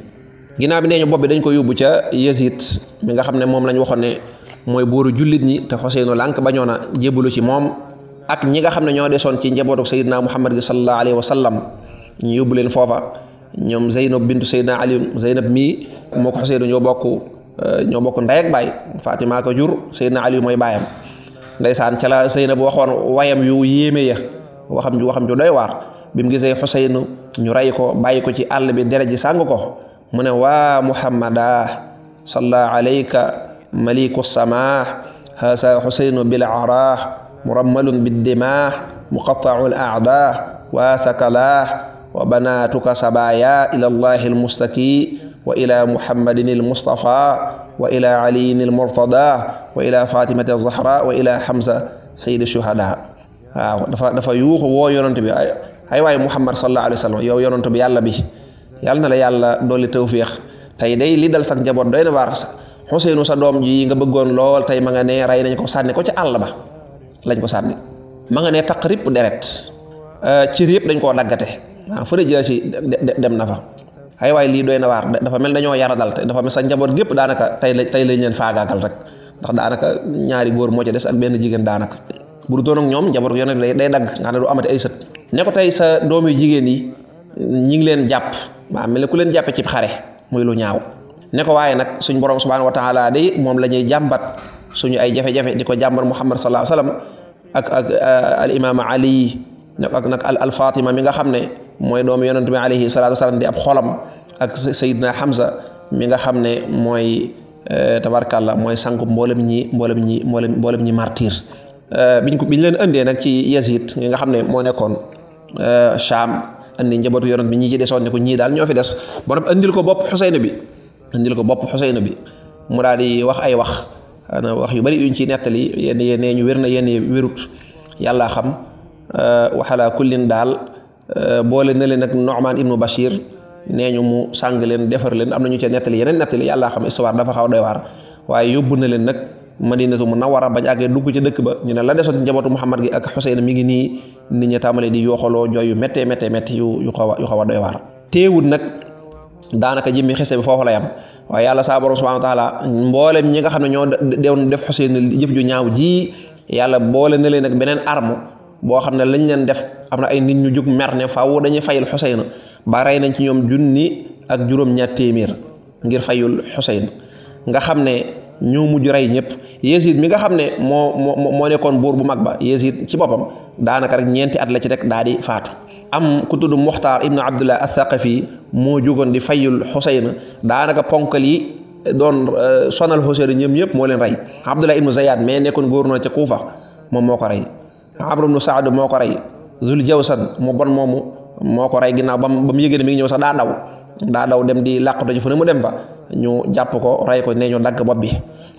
ñi bi neñu dañ ko yobbu ca Yazid mi nga xamne ne lañ waxone ne boru julit ñi te xoseenu lank bañona jebulu ci mom ak ñi nga xamne ño deson ci Sayyidina Muhammad sallallahu alayhi wasallam ñu ñom zainab bint Seydina Ali zainab mi moko ko ñoo bokku ñoo bokku nday ak bay Fatima ko jur Seydina Ali moy bayam ndaysan ci la zainab waxon wayam yu yeme ya waxam ju waxam ju doy war bim mu gisee Xuseynu ñu ray ko bàyyi ko ci àll bi dere sàng ko mune wa Muhammada salla alayka maliku samaah haasa Xuseynu bil araah murammalun bid dimaah muqatta'ul a'daah waa thakalaah وبناتك سبايا إلى الله المستكي وإلى محمد المصطفى وإلى علي المرتضى وإلى فاطمة الزهراء وإلى حمزة سيد الشهداء آه، دفا يوخ و يونت بي اي واي محمد صلى الله عليه وسلم يو يونت بي يالا بي يالنا لا يالا دولي توفيق تاي داي لي دال ساك جابور دوينا بار حسين سا دوم جي nga beggon lol tay ma nga ne ray nañ ko sanni ko ci Allah ba lañ ko sanni ma nga ne taqrib deret euh ci rip dañ ko ah fu ne jëlee ci dem na fa ay waay lii doy na waar dafa mel dañoo yara dal te dafa mel sa njaboot gépp daanaka tey la tey lañ leen faagaagal rek ndax daanaka ñaari góor moo ci des ak benn jigéen daanaka bu du doon ak ñoom njaboot yonent bi day dagg nga ne du amati ay sët ne ko tey sa doom yu jigéen yi ñi ngi leen jàpp maa mel ne ku leen jàppe ci xare muy lu ñaaw ne ko waaye nag suñ borom subhanahu wa taala day moom la ñuy jàmbat suñu ay jafe-jafe di ko jàmbat Muhammad sallallahu alayhi wa sallam ak ak euh, al imaam Ali ak nag al Fatima mi nga xam ne mooy doomu yonent bi alayhi salaatu wasalaam di ab xolam ak sayidna Hamza mi nga xam ne mooy tabarkàlla mooy sanku mboolem ñi mboolem ñi mboolem mboolem ñi martir biñ ko biñ leen indee nag ci Yazid mi nga xam ne moo nekkoon Sham andi njabootu yonent bi ñi ci desoon ne ko ñii daal ñoo fi des ba noppi indil ko bopp Xuseyn bi indil ko bopp Xuseyn bi mu daal di wax ay wax wax yu bari yuñ ciy nettali yenn yenn ñu wér na yenn wérut yàlla xam waxalaa kullin daal Euh, boole na leen ak Nu'man ibnu Bashir nee ñu mu sàng leen defar leen am na ñu cee nettali yeneen nettali yàllaa xam histoire dafa xaw doy waar waaye yóbbu na leen nag madinatu munawwara bañ àggee dugg ca dëkk ba ñu ne la desoon ci njabootu Muhammad gi ak Xuseyn mi ngi nii nit ñi tàmbalee di yooxaloo jooy yu méttee méttee métti yu yu xaw a yu xaw a doy waar teewul nag daanaka jëmmi xese bi foofu la yam waaye yàlla saa borom subhanahu wa taala ñi nga xam ne ñoo doon def Xuseyn jëf ju ñaaw ji yàlla boole na leen ak beneen arme boo xam ne lañ leen def am na ay nit ñu jug mer ne faaw dañuy fayul Xuseyna ba rey nañ ci ñoom junni ak juróom-ñaar téeméer ngir fayul Xuseyna nga xam ne ñoo mujj rey ñëpp Yezid mi nga xam ne moo moo nekkoon buur bu mag ba Yezid ci boppam daanaka rek ñeenti at la ci rekk daa di faatu am ku tudd Muxtaar ibnu Abdullah Athaqafi moo jógoon di fayul Xuseyna daanaka ponkal yi doon euh, sonal Xuseyna ñëm ñëpp moo leen rey Abdullah ibnu Zayad mais nekkoon góor na ca Kuufa moom moo ko rey Amru nu Saad moo ko rey Zul Jawsan mu bon moomu moo ko rey ginnaaw ba mu ba mu mi ngi ñëw sax daa daw daa daw dem di làqatu ji fu ne mu dem fa ñu jàpp ko rey ko ne ñu dagg bopp bi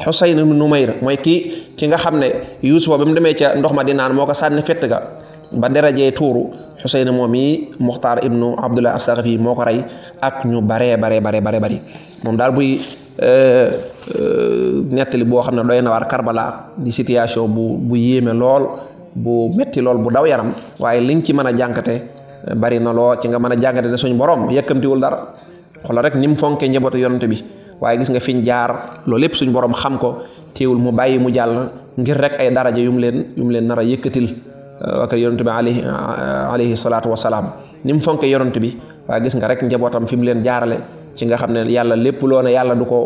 Xusayn bnu Numayr mooy kii ki nga xam ne Yuusufa ba mu demee ca ndox ma di naan moo ko sànni fett ga ba derajee tuuru Xusayn moom yi Muxtaar ibnu Abdullah Astaxafi moo ko rey ak ñu baree baree baree bare bari moom daal buy euh, euh, nettali boo xam ne doy na war Karbala di situation bu bu yéeme lool bu metti lol bu daw yaram waye liñ ci mëna a eh, bari na lo ci nga mëna a jànkate suñ borom wul dara xol rek nim fonké njabotu njabootu bi waye gis nga fiñ jaar loolu lepp suñ borom xam ko teewul mu bayyi mu jall ngir rek ay daraaje yum leen yum leen nara yëkëtil eh, wa ka kër bi alayhi eh, alayhi salatu wassalam nim fonké fonkee bi waye gis nga rek njabotam fim leen jaarale ci nga xam yalla lepp lépp loo ne duko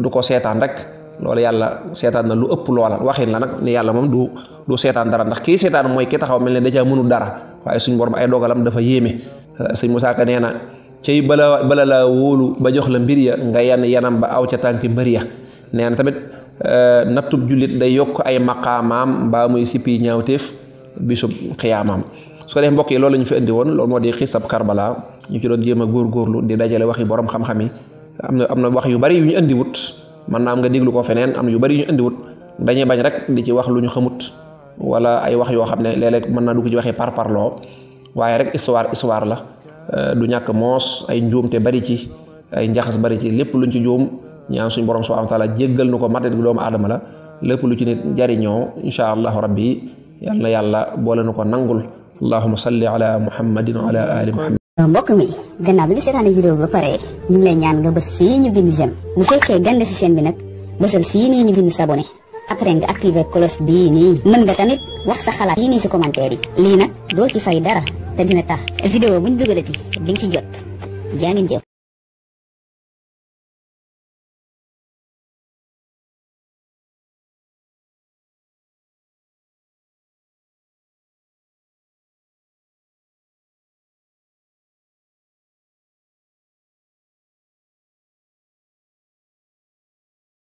duko rek loolu yàlla seetaan na lu ëpp loola waxin la nag ni yàlla moom du du seetaan dara ndax kii seetaan mooy ki taxaw mel ne dajaa mënu dara waaye suñ borom ay dogalam dafa yéeme eh, sëñ Musaa Ka nee na bala bala laa wóolu ba jox la mbir ya nga yenn yanam ba aw ca tànki mbër ya nee na tamit eh, nattub jullit day yokk ay maqaamaam mbaa muy sipi ñaawteef bisub xiyaamaam su ko def mbokk yi loolu lañu fi indi woon loolu moo di xisab Karbala ñu ci doon jéem a góorgóorlu di dajale waxi borom xam-xam yi am na am na wax yu bari yu ñu wut man na am nga déglu ko feneen am yu bari ñu ñu wut dañuy bañ rek di ci wax lu ñu xamut wala ay wax yoo xam ne léeg-léeg mën naa ci waxee par parloo waaye rek histoire histoire la euh, du ñàkk moos ay njuum te bari ci ay njaxas bari ci lépp luñ ci juum ñaan suñ borom subhanahu wa taala jéggal nu ko matet gi doomu aadama la lépp lu ci nit jariñoo insha allah rabbi yàlla boole nu nangul salli ala muhammadin wa ala ali muhammad mbok mi ganna bi nga video video ba pare ñu lay ñaan nga bëss fi ñu bind jëm mu fekkee gande si chaîne bi nak bëssal fi ni ñu bind s'abonné après nga activer cloche bi ni mën nga tamit wax sa xalaat fii nii commentaire yi lii nag ci fay dara te dina tax video buñu dugalati di nga ci jot jëf